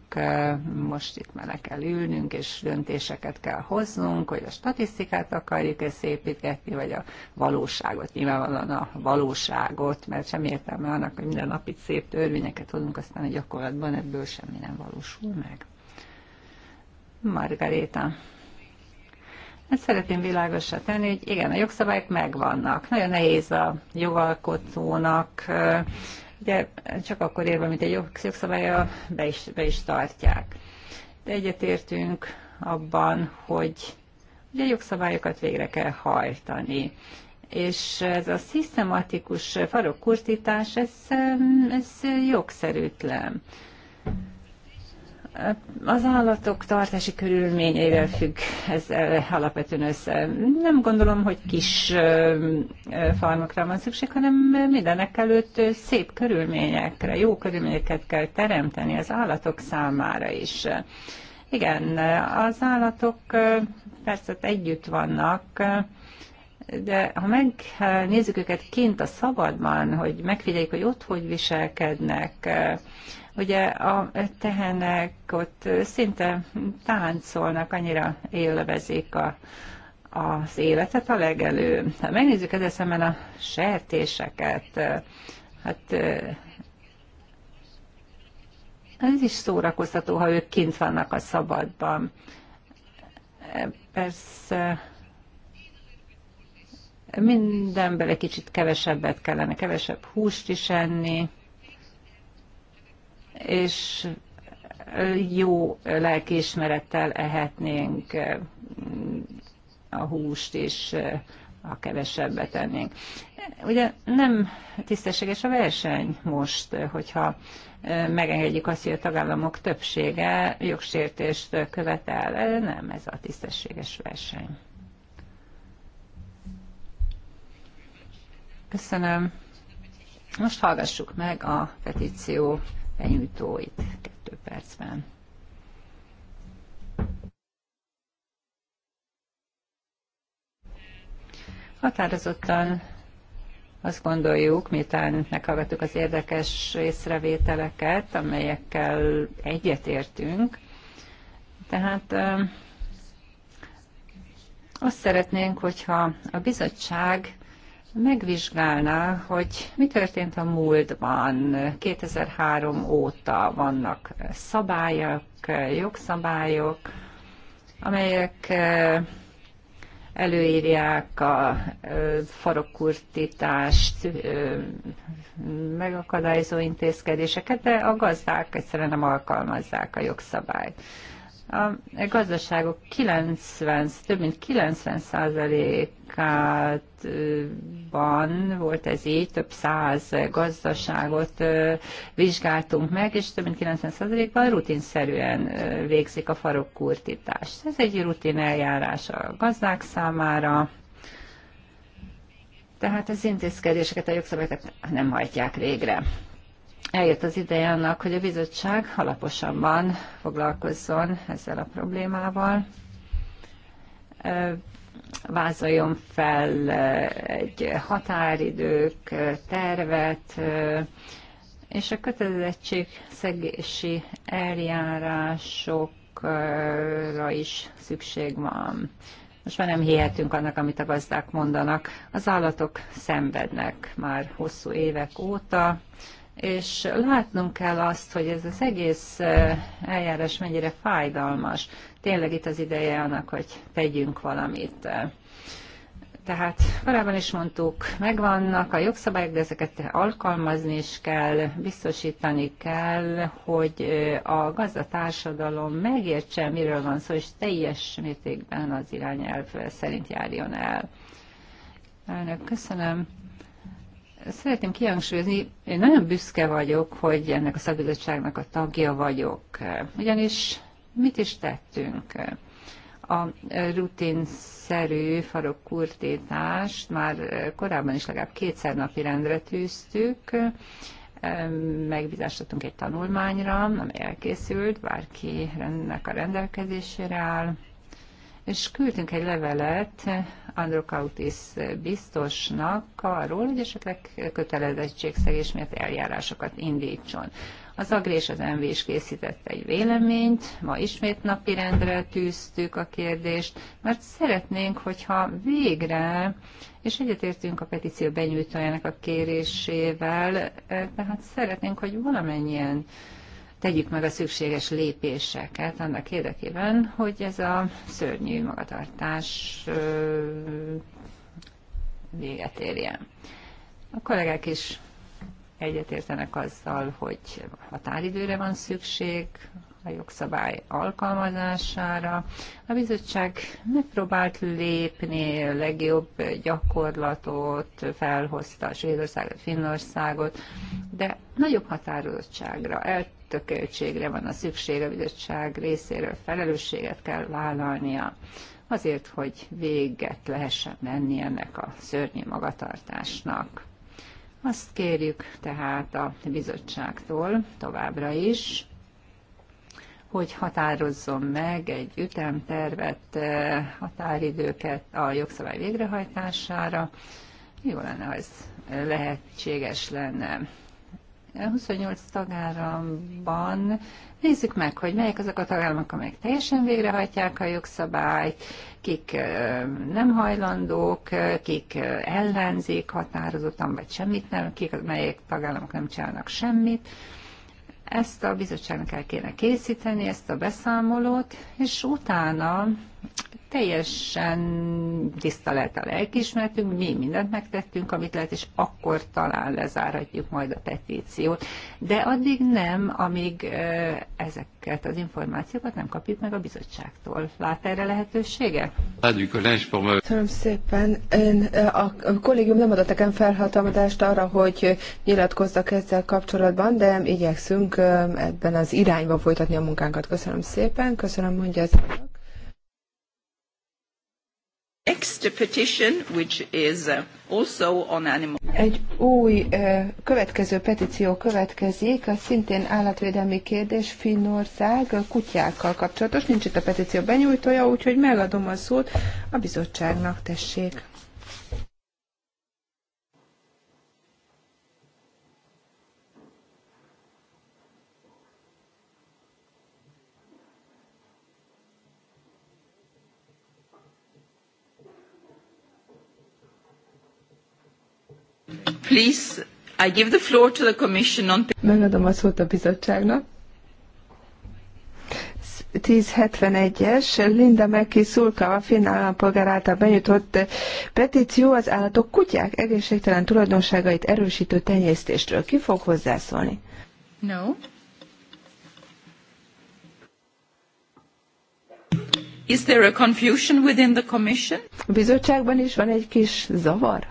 most itt már le kell ülnünk, és döntéseket kell hoznunk, hogy a statisztikát akarjuk ezt építgetni, vagy a valóságot, nyilvánvalóan a valóságot, mert semmi értelme annak, hogy minden nap itt szép törvényeket hozunk, aztán a gyakorlatban ebből semmi nem valósul meg. Margaréta. Ezt szeretném világosra tenni, hogy igen, a jogszabályok megvannak. Nagyon nehéz a jogalkotónak, ugye csak akkor érve, mint egy jogszabálya, be is, be is tartják. De egyetértünk abban, hogy ugye jogszabályokat végre kell hajtani. És ez a szisztematikus farokkurtítás, ez, ez jogszerűtlen. Az állatok tartási körülményeivel függ ez alapvetően össze. Nem gondolom, hogy kis farmokra van szükség, hanem mindenek előtt szép körülményekre, jó körülményeket kell teremteni az állatok számára is. Igen, az állatok persze együtt vannak, de ha megnézzük őket kint a szabadban, hogy megfigyeljük, hogy ott hogy viselkednek, Ugye a tehenek ott szinte táncolnak, annyira élvezik a, az életet a legelő. Ha megnézzük ezzel szemben a sertéseket, hát ez is szórakoztató, ha ők kint vannak a szabadban. Persze mindenből egy kicsit kevesebbet kellene, kevesebb húst is enni, és jó lelkiismerettel ehetnénk a húst, és a kevesebbet tennénk. Ugye nem tisztességes a verseny most, hogyha megengedjük azt, hogy a tagállamok többsége jogsértést követel. Nem ez a tisztességes verseny. Köszönöm. Most hallgassuk meg a petíció benyújtóit kettő percben. Határozottan azt gondoljuk, miután meghallgattuk az érdekes észrevételeket, amelyekkel egyetértünk, tehát azt szeretnénk, hogyha a bizottság megvizsgálná, hogy mi történt a múltban. 2003 óta vannak szabályok, jogszabályok, amelyek eh, előírják a eh, farokkurtítást, eh, megakadályozó intézkedéseket, de a gazdák egyszerűen nem alkalmazzák a jogszabályt. A gazdaságok 90, több mint 90 százalékában volt ez így, több száz gazdaságot vizsgáltunk meg, és több mint 90 százalékban rutinszerűen végzik a farokkurtítást. Ez egy rutin eljárás a gazdák számára. Tehát az intézkedéseket a jogszabályok nem hajtják végre eljött az ideje annak, hogy a bizottság alaposabban foglalkozzon ezzel a problémával, vázoljon fel egy határidők tervet, és a kötelezettségszegési eljárásokra is szükség van. Most már nem hihetünk annak, amit a gazdák mondanak. Az állatok szenvednek már hosszú évek óta, és látnunk kell azt, hogy ez az egész eljárás mennyire fájdalmas. Tényleg itt az ideje annak, hogy tegyünk valamit. Tehát korábban is mondtuk, megvannak a jogszabályok, de ezeket alkalmazni is kell, biztosítani kell, hogy a gazdatársadalom megértse, miről van szó, és teljes mértékben az irányelv szerint járjon el. Elnök, köszönöm. Szeretném kihangsúlyozni, én nagyon büszke vagyok, hogy ennek a szakbizottságnak a tagja vagyok. Ugyanis mit is tettünk? A rutinszerű farokkurtítást már korábban is legalább kétszer napi rendre tűztük, megbízást adtunk egy tanulmányra, ami elkészült, bárki ennek a rendelkezésére áll és küldtünk egy levelet Androkautis biztosnak arról, hogy esetleg kötelezettségszegés miatt eljárásokat indítson. Az Agri és az MV is készített egy véleményt, ma ismét napirendre tűztük a kérdést, mert szeretnénk, hogyha végre, és egyetértünk a petíció benyújtójának a kérésével, eh, tehát szeretnénk, hogy valamennyien tegyük meg a szükséges lépéseket annak érdekében, hogy ez a szörnyű magatartás véget érjen. A kollégák is egyetértenek azzal, hogy határidőre van szükség a jogszabály alkalmazására. A bizottság megpróbált lépni a legjobb gyakorlatot, felhozta a Svédországot, Finnországot, de nagyobb határozottságra, el eltököltségre van a szükség, a bizottság részéről felelősséget kell vállalnia azért, hogy véget lehessen menni ennek a szörnyű magatartásnak. Azt kérjük tehát a bizottságtól továbbra is, hogy határozzon meg egy ütemtervet, eh, határidőket a jogszabály végrehajtására. Jó lenne, ha ez lehetséges lenne. 28 tagállamban. Nézzük meg, hogy melyek azok a tagállamok, amelyek teljesen végrehajtják a jogszabályt, kik nem hajlandók, kik ellenzik határozottan, vagy semmit nem, kik, melyek tagállamok nem csinálnak semmit ezt a bizottságnak el kéne készíteni, ezt a beszámolót, és utána teljesen tiszta lett a lelkismertünk, mi mindent megtettünk, amit lehet, és akkor talán lezárhatjuk majd a petíciót. De addig nem, amíg ezeket az információkat nem kapjuk meg a bizottságtól. Lát erre lehetősége? Köszönöm szépen. Én, a kollégium nem adott nekem felhatalmazást arra, hogy nyilatkozzak ezzel kapcsolatban, de igyekszünk ebben az irányba folytatni a munkánkat. Köszönöm szépen, köszönöm, mondja ezt. Uh, Egy új következő petíció következik, a szintén állatvédelmi kérdés Finnország kutyákkal kapcsolatos. Nincs itt a petíció benyújtója, úgyhogy megadom a szót a bizottságnak, tessék. Please, I give the floor to the commission on... Megadom a szót a bizottságnak. 1071-es Linda Meki Szulka, a finn állampolgár által benyújtott petíció az állatok kutyák egészségtelen tulajdonságait erősítő tenyésztésről. Ki fog hozzászólni? No. Is there a confusion within the commission? A bizottságban is van egy kis zavar?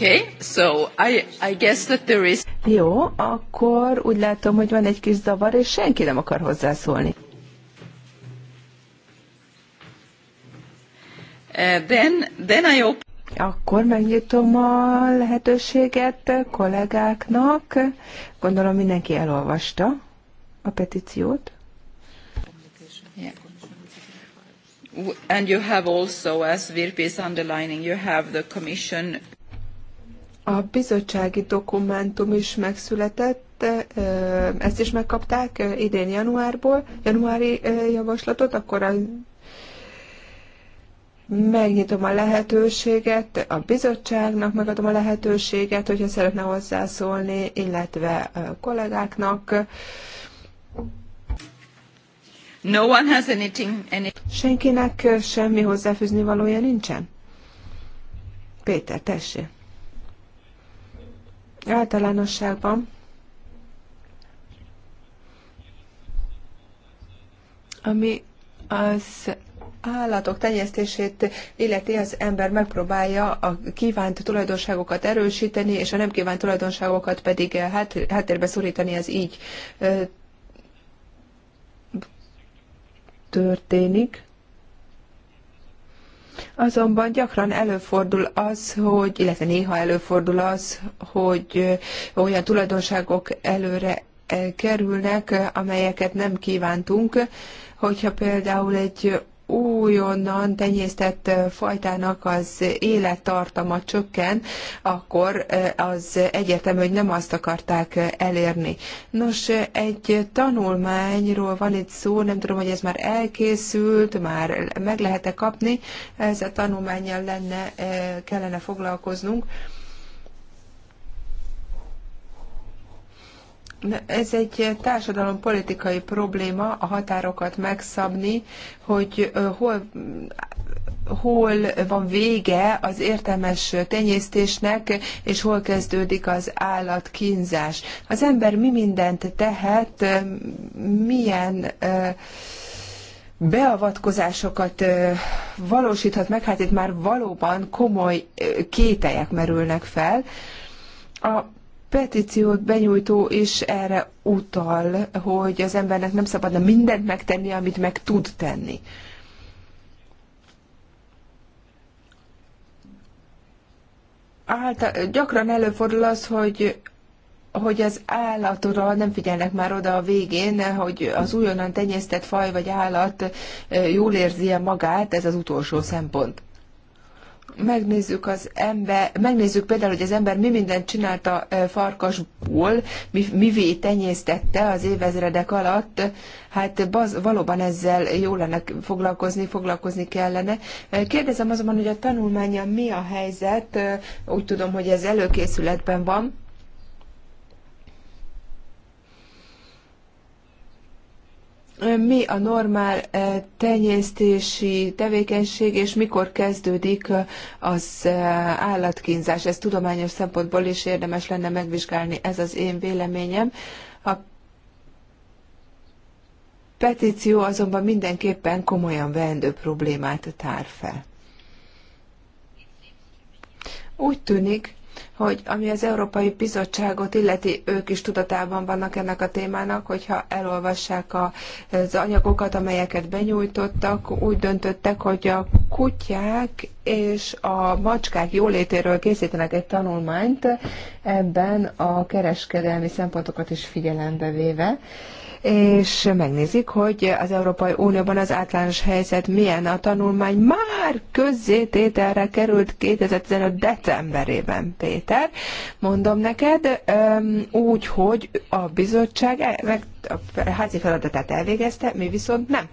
Okay, so I, I guess that there is... Jó, akkor úgy látom, hogy van egy kis zavar, és senki nem akar hozzászólni. Uh, then, then I open... Akkor megnyitom a lehetőséget kollégáknak. Gondolom mindenki elolvasta a petíciót. Yeah. And you have also, as Virpi is underlining, you have the commission a bizottsági dokumentum is megszületett, ezt is megkapták idén januárból, januári javaslatot, akkor a megnyitom a lehetőséget, a bizottságnak megadom a lehetőséget, hogyha szeretne hozzászólni, illetve a kollégáknak. No one has anything, any... Senkinek semmi hozzáfűzni valója nincsen? Péter, tessék általánosságban ami az állatok tenyésztését illeti az ember megpróbálja a kívánt tulajdonságokat erősíteni, és a nem kívánt tulajdonságokat pedig eh, hát, háttérbe szorítani, ez így eh, történik. Azonban gyakran előfordul az, hogy, illetve néha előfordul az, hogy olyan tulajdonságok előre kerülnek, amelyeket nem kívántunk, hogyha például egy újonnan tenyésztett fajtának az élettartama csökken, akkor az egyértelmű, hogy nem azt akarták elérni. Nos, egy tanulmányról van itt szó, nem tudom, hogy ez már elkészült, már meg lehet-e kapni, ez a tanulmányjal lenne, kellene foglalkoznunk. Ez egy politikai probléma a határokat megszabni, hogy hol hol van vége az értelmes tenyésztésnek, és hol kezdődik az állatkínzás. Az ember mi mindent tehet, milyen beavatkozásokat valósíthat meg, hát itt már valóban komoly kételyek merülnek fel. A petíciót benyújtó is erre utal, hogy az embernek nem szabadna mindent megtenni, amit meg tud tenni. Által, gyakran előfordul az, hogy hogy az állatra nem figyelnek már oda a végén, hogy az újonnan tenyésztett faj vagy állat jól érzi -e magát, ez az utolsó szempont megnézzük az ember, megnézzük például, hogy az ember mi mindent a e, farkasból, mi, mivé tenyésztette az évezredek alatt, hát baz, valóban ezzel jó lenne foglalkozni, foglalkozni kellene. E, kérdezem azonban, hogy a tanulmánya mi a helyzet, e, úgy tudom, hogy ez előkészületben van, mi a normál eh, tenyésztési tevékenység, és mikor kezdődik eh, az eh, állatkínzás. Ez tudományos szempontból is érdemes lenne megvizsgálni, ez az én véleményem. A petíció azonban mindenképpen komolyan veendő problémát tár fel. Úgy tűnik, hogy ami az Európai Bizottságot illeti, ők is tudatában vannak ennek a témának, hogyha elolvassák az anyagokat, amelyeket benyújtottak, úgy döntöttek, hogy a kutyák és a macskák jólétéről készítenek egy tanulmányt, ebben a kereskedelmi szempontokat is figyelembe véve és megnézik, hogy az Európai Unióban az általános helyzet milyen a tanulmány. Már közzétételre került 2015. decemberében, Péter, mondom neked, úgy, hogy a bizottság e- a házi feladatát elvégezte, mi viszont nem.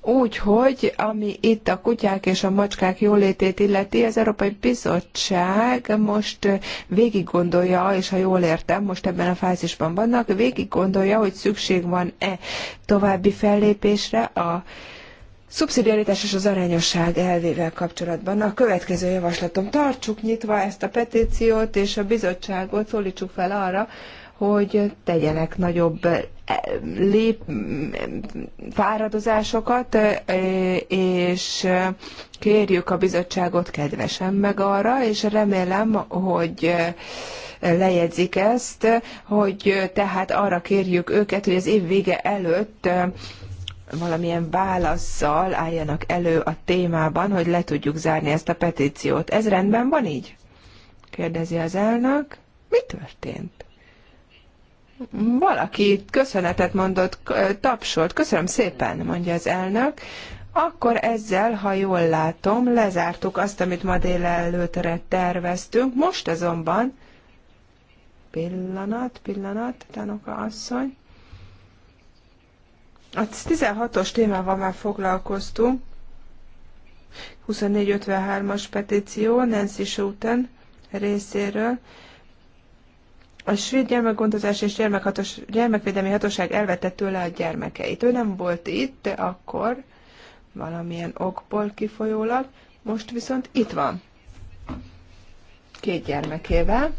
Úgyhogy, ami itt a kutyák és a macskák jólétét illeti, az Európai Bizottság most végig gondolja, és ha jól értem, most ebben a fázisban vannak, végig gondolja, hogy szükség van-e további fellépésre a Szubszidiaritás és az arányosság elvével kapcsolatban a következő javaslatom. Tartsuk nyitva ezt a petíciót, és a bizottságot szólítsuk fel arra, hogy tegyenek nagyobb e, lép, fáradozásokat, e, és kérjük a bizottságot kedvesen meg arra, és remélem, hogy e, lejegyzik ezt, hogy tehát arra kérjük őket, hogy az év vége előtt valamilyen válaszsal álljanak elő a témában, hogy le tudjuk zárni ezt a petíciót. Ez rendben van így? kérdezi az elnök. Mi történt? Valaki köszönetet mondott, tapsolt. Köszönöm szépen, mondja az elnök. Akkor ezzel, ha jól látom, lezártuk azt, amit ma délelőtre terveztünk. Most azonban... Pillanat, pillanat, Tanoka asszony. A 16-os témával már foglalkoztunk. 2453-as petíció Nancy Schouten részéről a svéd gyermekgondozás és gyermekhatos, gyermekvédelmi hatóság elvette tőle a gyermekeit. Ő nem volt itt, de akkor valamilyen okból kifolyólag, most viszont itt van. Két gyermekével.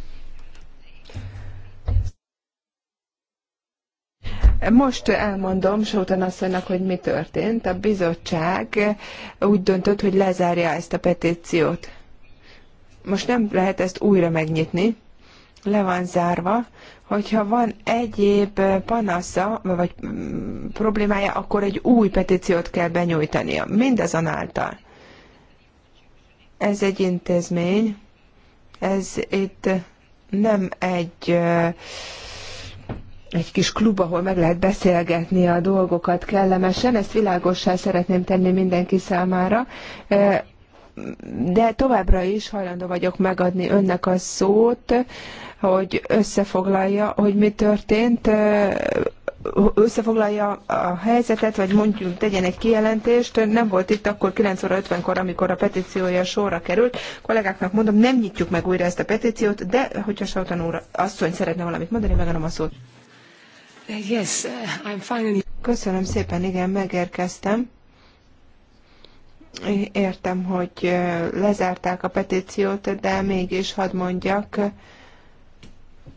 Most elmondom Sautan asszonynak, hogy mi történt. A bizottság úgy döntött, hogy lezárja ezt a petíciót. Most nem lehet ezt újra megnyitni, le van zárva, hogyha van egyéb eh, panasza, vagy mm, problémája, akkor egy új petíciót kell benyújtania, mindazonáltal. Ez egy intézmény, ez itt nem egy eh, egy kis klub, ahol meg lehet beszélgetni a dolgokat kellemesen, ezt világossá szeretném tenni mindenki számára, eh, de továbbra is hajlandó vagyok megadni önnek a szót, hogy összefoglalja, hogy mi történt, összefoglalja a helyzetet, vagy mondjuk tegyen egy kijelentést. Nem volt itt akkor 9 óra 50-kor, amikor a petíciója sorra került. Kollégáknak mondom, nem nyitjuk meg újra ezt a petíciót, de hogyha Sautan úr asszony szeretne valamit mondani, megadom a szót. Yes, uh, I'm finally... Köszönöm szépen, igen, megérkeztem. Értem, hogy lezárták a petíciót, de mégis hadd mondjak,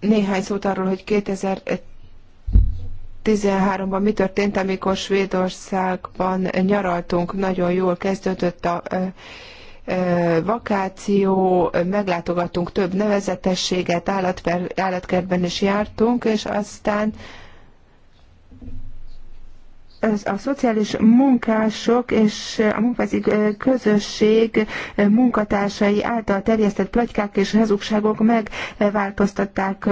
néhány szót arról, hogy 2013-ban mi történt, amikor Svédországban nyaraltunk, nagyon jól kezdődött a vakáció, meglátogattunk több nevezetességet, állatkertben is jártunk, és aztán a szociális munkások és a munkázik közösség munkatársai által terjesztett plegykák és hazugságok megváltoztatták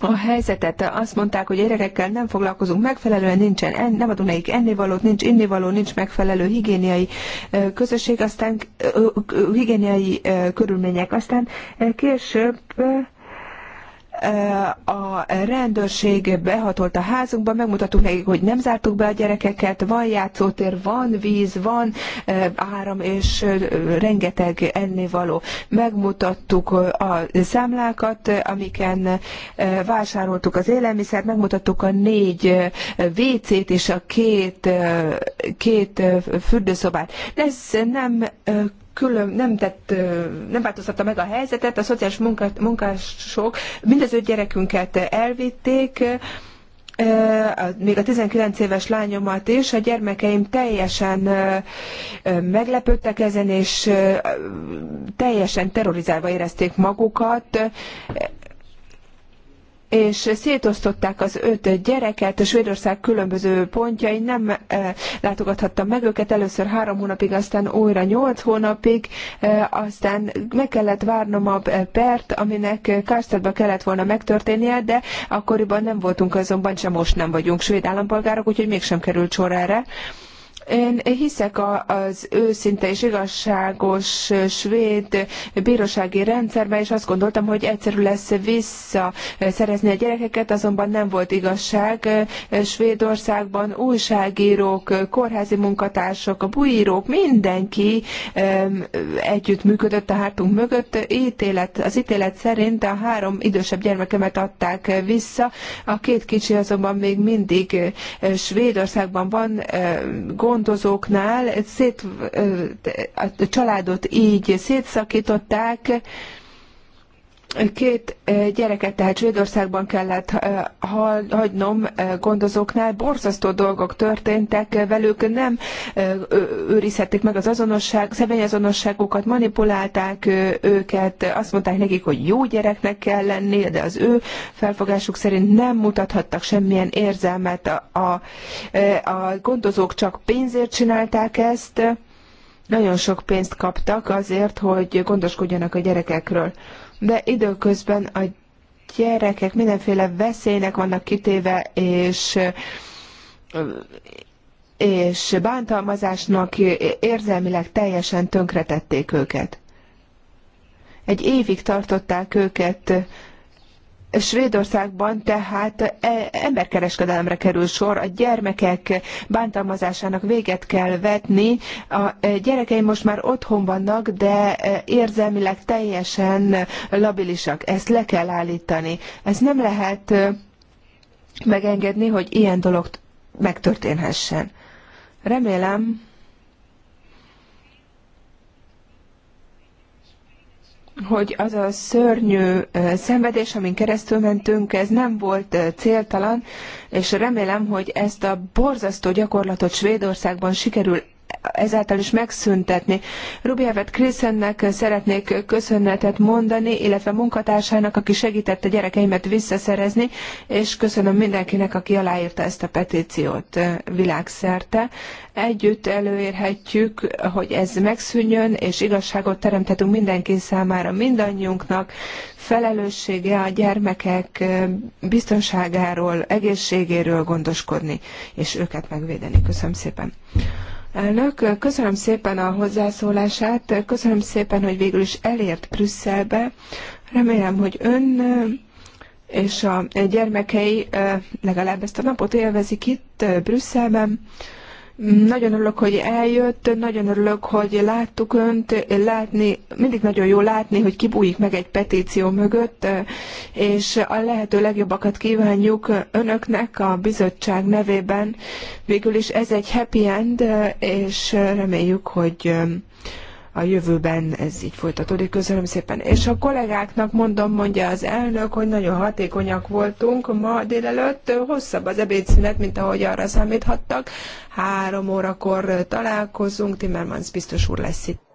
a helyzetet. Azt mondták, hogy gyerekekkel nem foglalkozunk megfelelően, nincsen, nem adunk nekik ennivalót, nincs innivaló, nincs megfelelő higiéniai közösség, aztán higiéniai körülmények. Aztán később a rendőrség behatolt a házunkba, megmutattuk nekik, hogy nem zártuk be a gyerekeket, van játszótér, van víz, van áram, és rengeteg ennivaló. Megmutattuk a számlákat, amiken vásároltuk az élelmiszert, megmutattuk a négy vécét és a két, két fürdőszobát. Ez nem külön, nem, tett, nem változtatta meg a helyzetet, a szociális munkát, munkások mindező gyerekünket elvitték, még a 19 éves lányomat is, a gyermekeim teljesen meglepődtek ezen, és teljesen terrorizálva érezték magukat és szétosztották az öt gyereket, a Svédország különböző pontjain, nem eh, látogathattam meg őket, először három hónapig, aztán újra nyolc hónapig, eh, aztán meg kellett várnom a eh, pert, aminek Kárstadba kellett volna megtörténnie, de akkoriban nem voltunk azonban, sem most nem vagyunk svéd állampolgárok, úgyhogy mégsem került sor erre. Én hiszek az őszinte és igazságos svéd bírósági rendszerben, és azt gondoltam, hogy egyszerű lesz visszaszerezni a gyerekeket, azonban nem volt igazság. Svédországban újságírók, kórházi munkatársak, a bújírók mindenki együtt működött a hátunk mögött. Ítélet, az ítélet szerint a három idősebb gyermekemet adták vissza, a két kicsi azonban még mindig Svédországban van, gond gondozóknál szét, a családot így szétszakították, Két gyereket tehát Svédországban kellett hagynom gondozóknál. Borzasztó dolgok történtek velük, nem őrizhették meg az azonosság, személyazonosságukat, manipulálták őket, azt mondták nekik, hogy jó gyereknek kell lenni, de az ő felfogásuk szerint nem mutathattak semmilyen érzelmet. a, a gondozók csak pénzért csinálták ezt, nagyon sok pénzt kaptak azért, hogy gondoskodjanak a gyerekekről de időközben a gyerekek mindenféle veszélynek vannak kitéve, és és bántalmazásnak érzelmileg teljesen tönkretették őket. Egy évig tartották őket Svédországban tehát e, emberkereskedelemre kerül sor, a gyermekek bántalmazásának véget kell vetni. A e, gyerekeim most már otthon vannak, de e, érzelmileg teljesen labilisak. Ezt le kell állítani. Ez nem lehet megengedni, hogy ilyen dolog megtörténhessen. Remélem, hogy az a szörnyű szenvedés, amin keresztül mentünk, ez nem volt céltalan, és remélem, hogy ezt a borzasztó gyakorlatot Svédországban sikerül ezáltal is megszüntetni. Rubjevet Kriszennek szeretnék köszönetet mondani, illetve munkatársának, aki segített a gyerekeimet visszaszerezni, és köszönöm mindenkinek, aki aláírta ezt a petíciót világszerte. Együtt előérhetjük, hogy ez megszűnjön, és igazságot teremthetünk mindenki számára, mindannyiunknak. Felelőssége a gyermekek biztonságáról, egészségéről gondoskodni, és őket megvédeni. Köszönöm szépen. Elnök, köszönöm szépen a hozzászólását, köszönöm szépen, hogy végül is elért Brüsszelbe. Remélem, hogy ön eh, és a gyermekei eh, legalább ezt a napot élvezik itt eh, Brüsszelben. Nagyon örülök, hogy eljött, nagyon örülök, hogy láttuk önt, látni, mindig nagyon jó látni, hogy kibújik meg egy petíció mögött, és a lehető legjobbakat kívánjuk önöknek a bizottság nevében. Végül is ez egy happy end, és reméljük, hogy a jövőben ez így folytatódik. Köszönöm szépen. És a kollégáknak mondom, mondja az elnök, hogy nagyon hatékonyak voltunk ma délelőtt. Hosszabb az ebédszünet, mint ahogy arra számíthattak. Három órakor találkozunk, Timmermans biztos úr lesz itt.